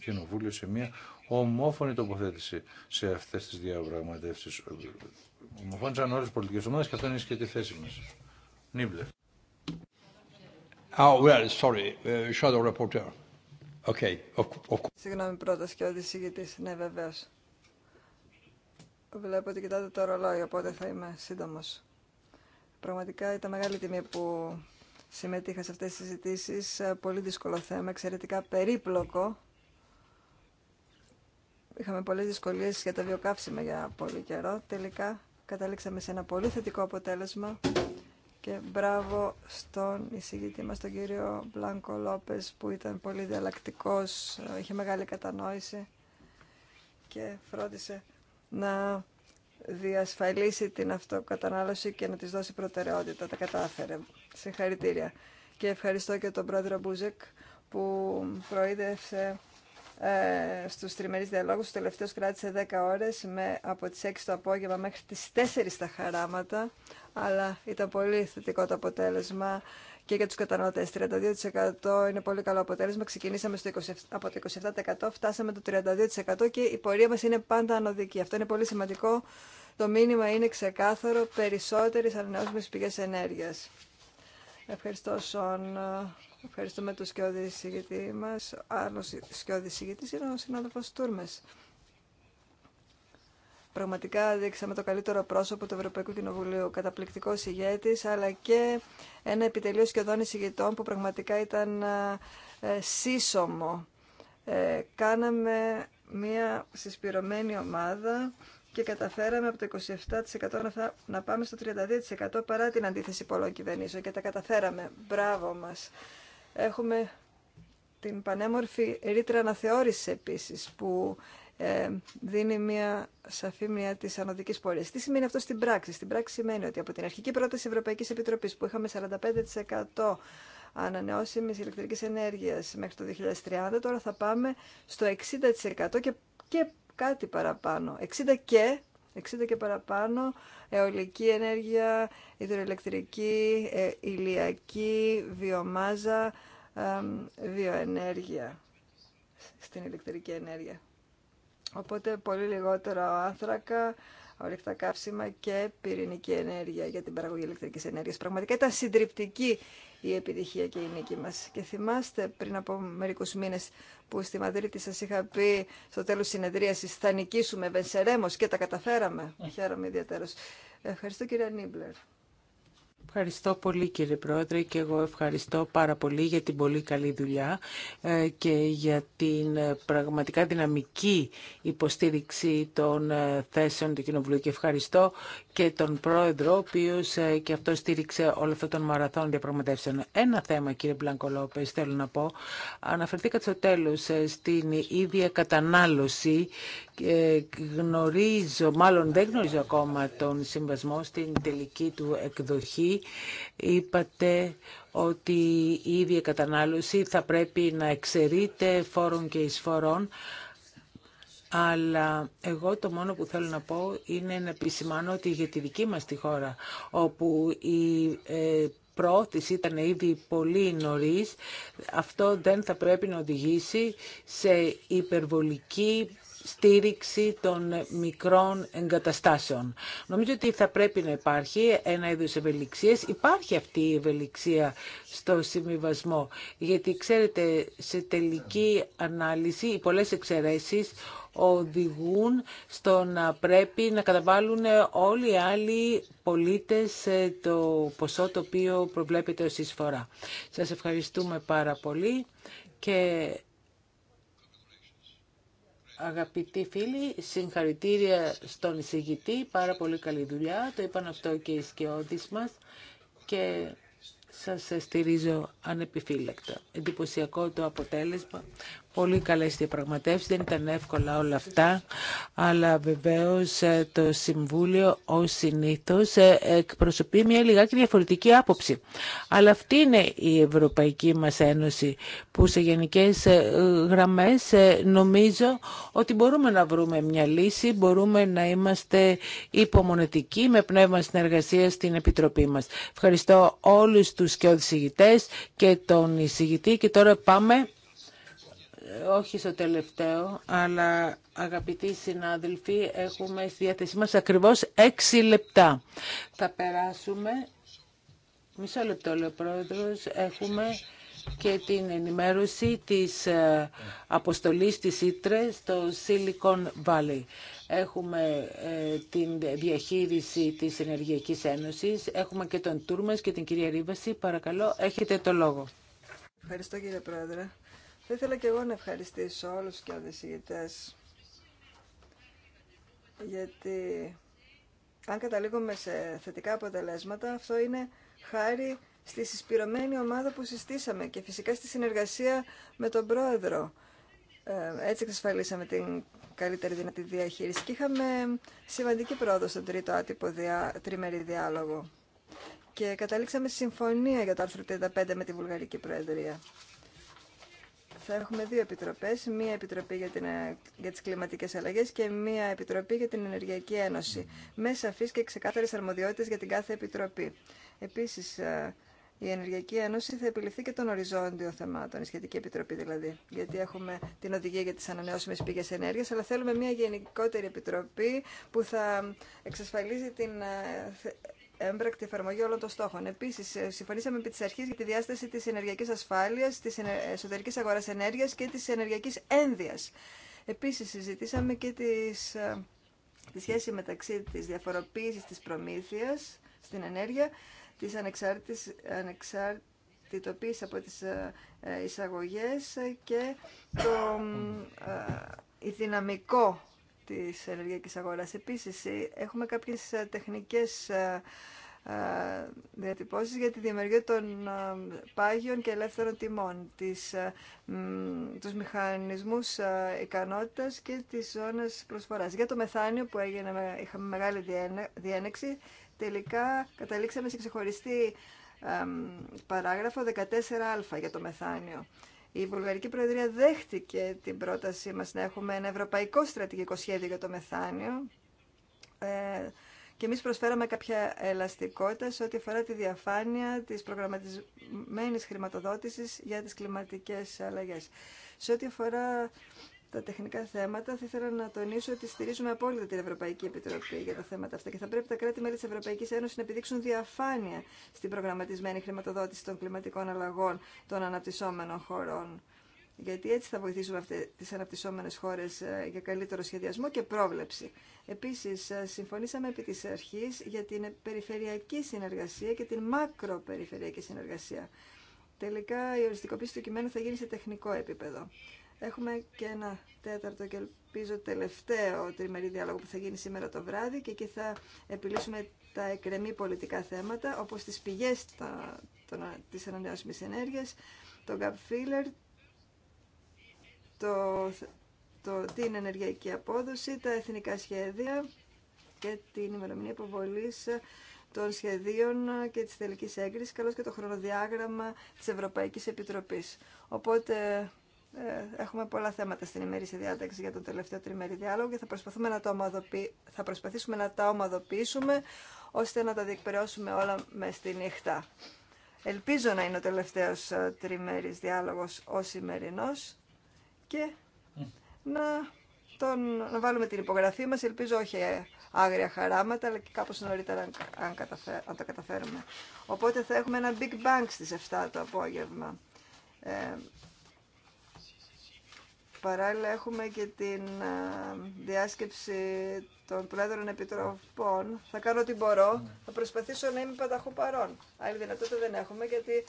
Κοινοβούλιο σε μια ομόφωνη τοποθέτηση σε αυτές τις διαπραγματεύσεις. Ομοφώνησαν όλες τις πολιτικές ομάδες και αυτό είναι και τη θέση μας. Νίμπλε. Oh, well, sorry, uh, shadow reporter. Okay, of, Συγγνώμη πρώτα και ο Ναι, βεβαίω. Βλέπω ότι κοιτάτε το ρολόι, οπότε θα είμαι σύντομος. Πραγματικά ήταν μεγάλη τιμή που συμμετείχα σε αυτές τις συζητήσεις. Ε, πολύ δύσκολο θέμα, εξαιρετικά περίπλοκο. Είχαμε πολλές δυσκολίες για τα βιοκαύσιμα για πολύ καιρό. Τελικά καταλήξαμε σε ένα πολύ θετικό αποτέλεσμα και μπράβο στον εισηγητή μας, τον κύριο Μπλάνκο Λόπες, που ήταν πολύ διαλλακτικός, ε, είχε μεγάλη κατανόηση και φρόντισε να διασφαλίσει την αυτοκατανάλωση και να της δώσει προτεραιότητα. Τα κατάφερε. Συγχαρητήρια. Και ευχαριστώ και τον πρόεδρο Μπούζεκ που προείδευσε ε, στους τριμερείς διαλόγους. Το τελευταίο κράτησε 10 ώρες με, από τις 6 το απόγευμα μέχρι τις 4 τα χαράματα. Αλλά ήταν πολύ θετικό το αποτέλεσμα και για τους καταναλωτές. 32% είναι πολύ καλό αποτέλεσμα. Ξεκινήσαμε στο 27, από το 27%, φτάσαμε το 32% και η πορεία μας είναι πάντα ανωδική. Αυτό είναι πολύ σημαντικό. Το μήνυμα είναι ξεκάθαρο, περισσότερες ανανεώσιμες πηγές ενέργειας. Ευχαριστώ, Σον. Ευχαριστούμε τον σκιώδη συγγητή μας. Άλλο σκιώδη συγγητής είναι ο συνάδελφος Τούρμες. Πραγματικά δείξαμε το καλύτερο πρόσωπο του Ευρωπαϊκού Κοινοβουλίου. Καταπληκτικό ηγέτη, αλλά και ένα επιτελείο σχεδόν εισηγητών που πραγματικά ήταν ε, σύσσωμο. Ε, κάναμε μια συσπηρωμένη ομάδα και καταφέραμε από το 27% να πάμε στο 32% παρά την αντίθεση πολλών κυβερνήσεων και τα καταφέραμε. Μπράβο μας. Έχουμε την πανέμορφη ρήτρα αναθεώρηση επίσης που ε, δίνει μια σαφή μια τη ανωδική πορεία. Τι σημαίνει αυτό στην πράξη. Στην πράξη σημαίνει ότι από την αρχική πρόταση Ευρωπαϊκή Επιτροπή που είχαμε 45% ανανεώσιμης ηλεκτρικής ενέργειας μέχρι το 2030, τώρα θα πάμε στο 60% και, και κάτι παραπάνω. 60 και, 60 και παραπάνω, αιωλική ενέργεια, υδροελεκτρική, ε, ηλιακή, βιομάζα, βιοενέργεια στην ηλεκτρική ενέργεια. Οπότε πολύ λιγότερο άνθρακα, ορυκτά καύσιμα και πυρηνική ενέργεια για την παραγωγή ηλεκτρικής ενέργειας. Πραγματικά ήταν συντριπτική η επιτυχία και η νίκη μας. Και θυμάστε πριν από μερικού μήνες που στη Μαδρίτη σας είχα πει στο τέλος συνεδρίασης θα νικήσουμε Βενσερέμος και τα καταφέραμε. Ε. Χαίρομαι ιδιαίτερος. Ευχαριστώ κύριε Νίμπλερ. Ευχαριστώ πολύ κύριε Πρόεδρε και εγώ ευχαριστώ πάρα πολύ για την πολύ καλή δουλειά ε, και για την ε, πραγματικά δυναμική υποστήριξη των ε, θέσεων του Κοινοβουλίου και ευχαριστώ και τον πρόεδρο, ο οποίο ε, και αυτό στήριξε όλο αυτό τον μαραθών διαπραγματεύσεων. Ένα θέμα, κύριε Μπλανκολόπε, θέλω να πω. Αναφερθήκατε στο τέλο ε, στην ίδια κατανάλωση. Ε, γνωρίζω, μάλλον δεν γνωρίζω ακόμα τον συμβασμό στην τελική του εκδοχή. Είπατε ότι η ίδια κατανάλωση θα πρέπει να εξαιρείται φόρων και εισφορών αλλά εγώ το μόνο που θέλω να πω είναι να επισημάνω ότι για τη δική μας τη χώρα, όπου η ε, ήταν ήδη πολύ νωρίς, αυτό δεν θα πρέπει να οδηγήσει σε υπερβολική στήριξη των μικρών εγκαταστάσεων. Νομίζω ότι θα πρέπει να υπάρχει ένα είδος ευελιξίας. Υπάρχει αυτή η ευελιξία στο συμβιβασμό, γιατί ξέρετε σε τελική ανάλυση οι πολλές εξαιρέσεις οδηγούν στο να πρέπει να καταβάλουν όλοι οι άλλοι πολίτες ε, το ποσό το οποίο προβλέπεται ως εισφορά. Σας ευχαριστούμε πάρα πολύ και Αγαπητοί φίλοι, συγχαρητήρια στον εισηγητή, πάρα πολύ καλή δουλειά, το είπαν αυτό και οι σκιώδεις μας και σας στηρίζω ανεπιφύλακτα. Εντυπωσιακό το αποτέλεσμα πολύ καλές διαπραγματεύσεις, δεν ήταν εύκολα όλα αυτά, αλλά βεβαίως ε, το Συμβούλιο ως συνήθως ε, εκπροσωπεί μια λιγάκι διαφορετική άποψη. Αλλά αυτή είναι η Ευρωπαϊκή μας Ένωση που σε γενικές ε, γραμμές νομίζω ότι μπορούμε να βρούμε μια λύση, μπορούμε να είμαστε υπομονετικοί με πνεύμα συνεργασία στην Επιτροπή μας. Ευχαριστώ όλους τους και οδησηγητές και τον εισηγητή και τώρα πάμε όχι στο τελευταίο, αλλά αγαπητοί συνάδελφοι, έχουμε στη διάθεσή μας ακριβώς έξι λεπτά. Θα περάσουμε, μισό λεπτό λέει ο Πρόεδρος, έχουμε και την ενημέρωση της ε, αποστολής της Ήτρε στο Silicon Valley. Έχουμε ε, την διαχείριση της Ενεργειακής Ένωσης, έχουμε και τον Τούρμες και την κυρία Ρίβαση. Παρακαλώ, έχετε το λόγο. Ευχαριστώ κύριε Πρόεδρε. Θα ήθελα και εγώ να ευχαριστήσω όλους και οδησηγητές γιατί αν καταλήγουμε σε θετικά αποτελέσματα αυτό είναι χάρη στη συσπηρωμένη ομάδα που συστήσαμε και φυσικά στη συνεργασία με τον πρόεδρο. Ε, έτσι εξασφαλίσαμε την καλύτερη δυνατή διαχείριση και είχαμε σημαντική πρόοδο στον τρίτο άτυπο διά, τριμερή διάλογο. Και καταλήξαμε συμφωνία για το άρθρο 35 με τη Βουλγαρική Προεδρία θα έχουμε δύο επιτροπές, μία επιτροπή για, την, για τις κλιματικές αλλαγές και μία επιτροπή για την Ενεργειακή Ένωση, με σαφείς και ξεκάθαρες αρμοδιότητες για την κάθε επιτροπή. Επίσης, ε, η Ενεργειακή Ένωση θα επιληφθεί και τον οριζόντιο θεμάτων, η σχετική επιτροπή δηλαδή. Γιατί έχουμε την οδηγία για τις ανανεώσιμες πήγες ενέργειας, αλλά θέλουμε μια γενικότερη επιτροπή που θα εξασφαλίζει την ε, έμπρακτη εφαρμογή όλων των στόχων. Επίση, ε, συμφωνήσαμε επί τη αρχή για τη διάσταση τη ενεργειακή ασφάλεια, τη εσωτερική αγορά ενέργεια και τη ενεργειακή ένδυα. Επίση, συζητήσαμε και τις, ε, τη σχέση μεταξύ τη διαφοροποίηση τη προμήθεια στην ενέργεια, τη ανεξάρτητοποίηση από τι ε, εισαγωγέ και το δυναμικό της ενεργειακής αγοράς. Επίσης, ε, έχουμε κάποιες ε, τεχνικές ε, διατυπώσεις για τη δημιουργία των πάγιων και ελεύθερων τιμών, τις, τους μηχανισμούς ικανότητας και τις ζώνες προσφοράς. Για το μεθάνιο που έγινε, είχαμε μεγάλη διένεξη, τελικά καταλήξαμε σε ξεχωριστή παράγραφο 14α για το μεθάνιο. Η Βουλγαρική Προεδρία δέχτηκε την πρότασή μας να έχουμε ένα ευρωπαϊκό στρατηγικό σχέδιο για το μεθάνιο ε, και εμείς προσφέραμε κάποια ελαστικότητα σε ό,τι αφορά τη διαφάνεια της προγραμματισμένης χρηματοδότησης για τις κλιματικές αλλαγές. Σε ό,τι αφορά τα τεχνικά θέματα, θα ήθελα να τονίσω ότι στηρίζουμε απόλυτα την Ευρωπαϊκή Επιτροπή για τα θέματα αυτά και θα πρέπει τα κράτη-μέλη τη Ευρωπαϊκή Ένωση να επιδείξουν διαφάνεια στην προγραμματισμένη χρηματοδότηση των κλιματικών αλλαγών των αναπτυσσόμενων χωρών. Γιατί έτσι θα βοηθήσουμε αυτέ τι αναπτυσσόμενε χώρε ε, για καλύτερο σχεδιασμό και πρόβλεψη. Επίση, ε, συμφωνήσαμε επί τη αρχή για την περιφερειακή συνεργασία και την μακροπεριφερειακή συνεργασία. Τελικά, η οριστικοποίηση του κειμένου θα γίνει σε τεχνικό επίπεδο. Έχουμε και ένα τέταρτο και ελπίζω τελευταίο τριμερή διάλογο που θα γίνει σήμερα το βράδυ και εκεί θα επιλύσουμε τα εκρεμή πολιτικά θέματα όπως τις πηγές τα, της ανανεώσιμης ενέργειας, το gap filler, το, το, την ενεργειακή απόδοση, τα εθνικά σχέδια και την ημερομηνία υποβολή των σχεδίων και της τελικής έγκρισης, καλώς και το χρονοδιάγραμμα της Ευρωπαϊκής Επιτροπής. Οπότε ε, έχουμε πολλά θέματα στην ημερήσια διάταξη για τον τελευταίο τριμερή διάλογο και θα, προσπαθούμε να το θα προσπαθήσουμε να τα ομαδοποιήσουμε ώστε να τα διεκπαιρεώσουμε όλα με στη νύχτα. Ελπίζω να είναι ο τελευταίος ε, τριμερής διάλογος ο σημερινός και να, τον, να βάλουμε την υπογραφή μας. Ελπίζω όχι ε, άγρια χαράματα, αλλά και κάπως νωρίτερα αν, καταφέ, τα καταφέρουμε. Οπότε θα έχουμε ένα Big Bang στις 7 το απόγευμα. Ε, Παράλληλα έχουμε και την ε, διάσκεψη των Πρόεδρων Επιτροπών. Θα κάνω ό,τι μπορώ. Ναι. Θα προσπαθήσω να είμαι πανταχού παρόν. Άλλη δυνατότητα δεν έχουμε γιατί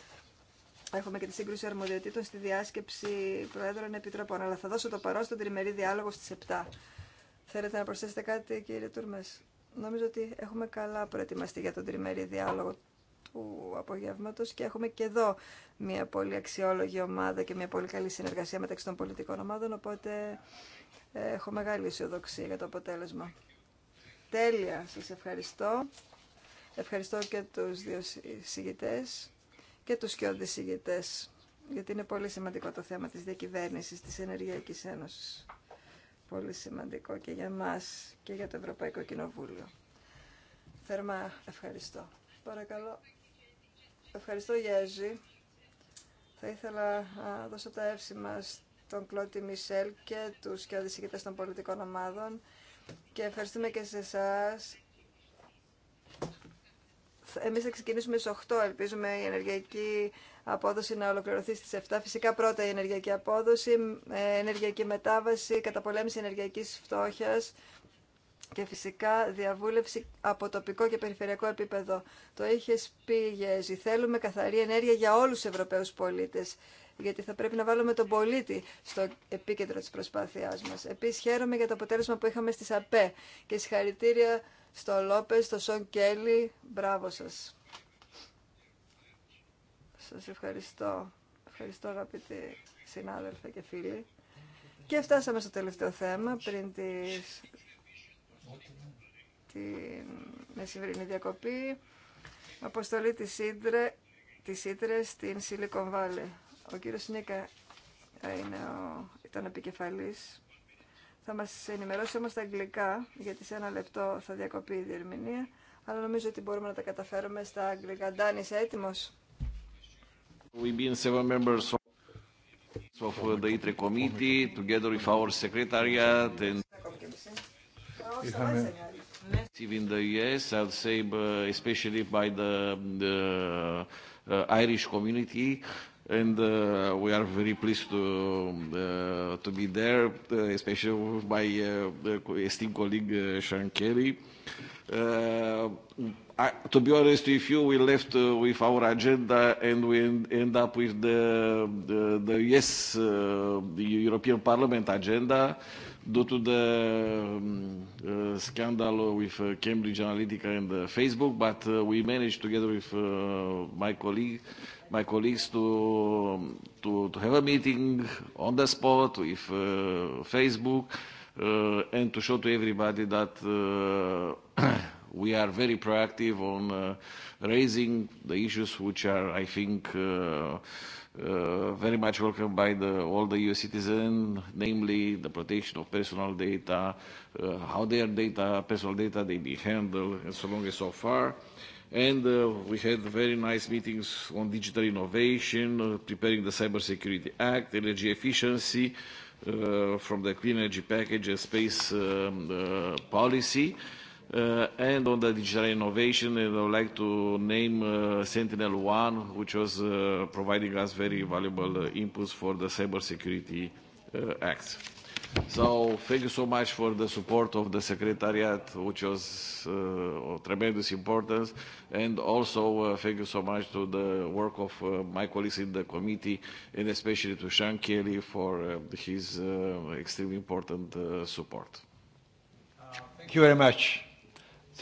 έχουμε και τη σύγκρουση αρμοδιοτήτων στη διάσκεψη Πρόεδρων Επιτροπών. Αλλά θα δώσω το παρόν στον τριμερή διάλογο στις 7. Θέλετε να προσθέσετε κάτι κύριε Τουρμές. Νομίζω ότι έχουμε καλά προετοιμαστεί για τον τριμερή διάλογο του απογεύματος και έχουμε και εδώ μια πολύ αξιόλογη ομάδα και μια πολύ καλή συνεργασία μεταξύ των πολιτικών ομάδων, οπότε ε, έχω μεγάλη αισιοδοξία για το αποτέλεσμα. Τέλεια, σας ευχαριστώ. Ευχαριστώ και τους δύο συγητές και τους κοιόντες συγητές, γιατί είναι πολύ σημαντικό το θέμα της διακυβέρνησης της Ενεργειακής Ένωσης. Πολύ σημαντικό και για μας και για το Ευρωπαϊκό Κοινοβούλιο. Θερμά ευχαριστώ. Παρακαλώ, Ευχαριστώ, Γιέζη. Θα ήθελα να δώσω τα εύσημα στον Κλώτη Μισελ και τους και οδησυγητές των πολιτικών ομάδων και ευχαριστούμε και σε εσά. Εμείς θα ξεκινήσουμε στις 8, ελπίζουμε η ενεργειακή απόδοση να ολοκληρωθεί στις 7. Φυσικά πρώτα η ενεργειακή απόδοση, ε, ενεργειακή μετάβαση, καταπολέμηση ενεργειακής φτώχειας, και φυσικά διαβούλευση από τοπικό και περιφερειακό επίπεδο. Το είχε πει, Γέζη. Θέλουμε καθαρή ενέργεια για όλου του Ευρωπαίου πολίτε. Γιατί θα πρέπει να βάλουμε τον πολίτη στο επίκεντρο τη προσπάθειά μα. Επίση, χαίρομαι για το αποτέλεσμα που είχαμε στι ΑΠΕ. Και συγχαρητήρια στο Λόπε, στο Σον Κέλλη. Μπράβο σα. Σα ευχαριστώ. Ευχαριστώ, αγαπητοί συνάδελφοι και φίλοι. Και φτάσαμε στο τελευταίο θέμα πριν τις τη μεσημβρινή διακοπή. Αποστολή της Ίντρε, της στην Silicon Valley. Ο κύριος Νίκα ε, είναι ο, ήταν επικεφαλής. Θα μας ενημερώσει όμως τα αγγλικά, γιατί σε ένα λεπτό θα διακοπεί η διερμηνία. Αλλά νομίζω ότι μπορούμε να τα καταφέρουμε στα αγγλικά. Ντάνι, είσαι έτοιμος? been seven members of the ITRE committee, together with our secretariat and in the US, I'll say, especially by the, the uh, Irish community, and uh, we are very pleased to uh, to be there, especially with my uh, esteemed colleague uh, Sean Kelly. Uh, I, to be honest with you, we left uh, with our agenda and we end up with the the, the yes, uh, the European Parliament agenda due to the scandal with Cambridge Analytica and Facebook, but we managed together with my colleague, my colleagues to to to have a meeting on the spot with Facebook and to show to everybody that we are very proactive on raising the issues which are, I think very much welcomed by all the EU citizens, namely the protection of personal data, how their data, personal data, they be handled, and so long and so far. And we had very nice meetings on digital innovation, preparing the Cybersecurity Act, energy efficiency, from the clean energy package and space policy and on the digital innovation, and I would like to name Sentinel-1, which was providing us very valuable inputs for the cybersecurity acts. So thank you so much for the support of the Secretariat, which was of tremendous importance, and also thank you so much to the work of my colleagues in the committee, and especially to Sean Kelly for his extremely important support. Thank you very much.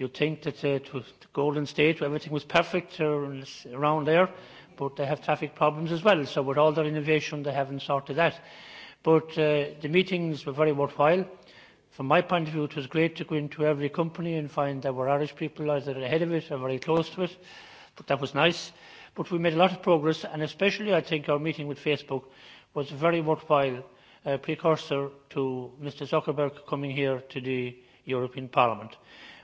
You think that uh, the Golden State, where everything was perfect around there, but they have traffic problems as well. So with all their innovation, they haven't sorted that. But the meetings were very worthwhile. From my point of view, it was great to go into every company and find there were Irish people either ahead of it or very close to it. But that was nice. But we made a lot of progress, and especially I think our meeting with Facebook was a very worthwhile precursor to Mr. Zuckerberg coming here to the European Parliament.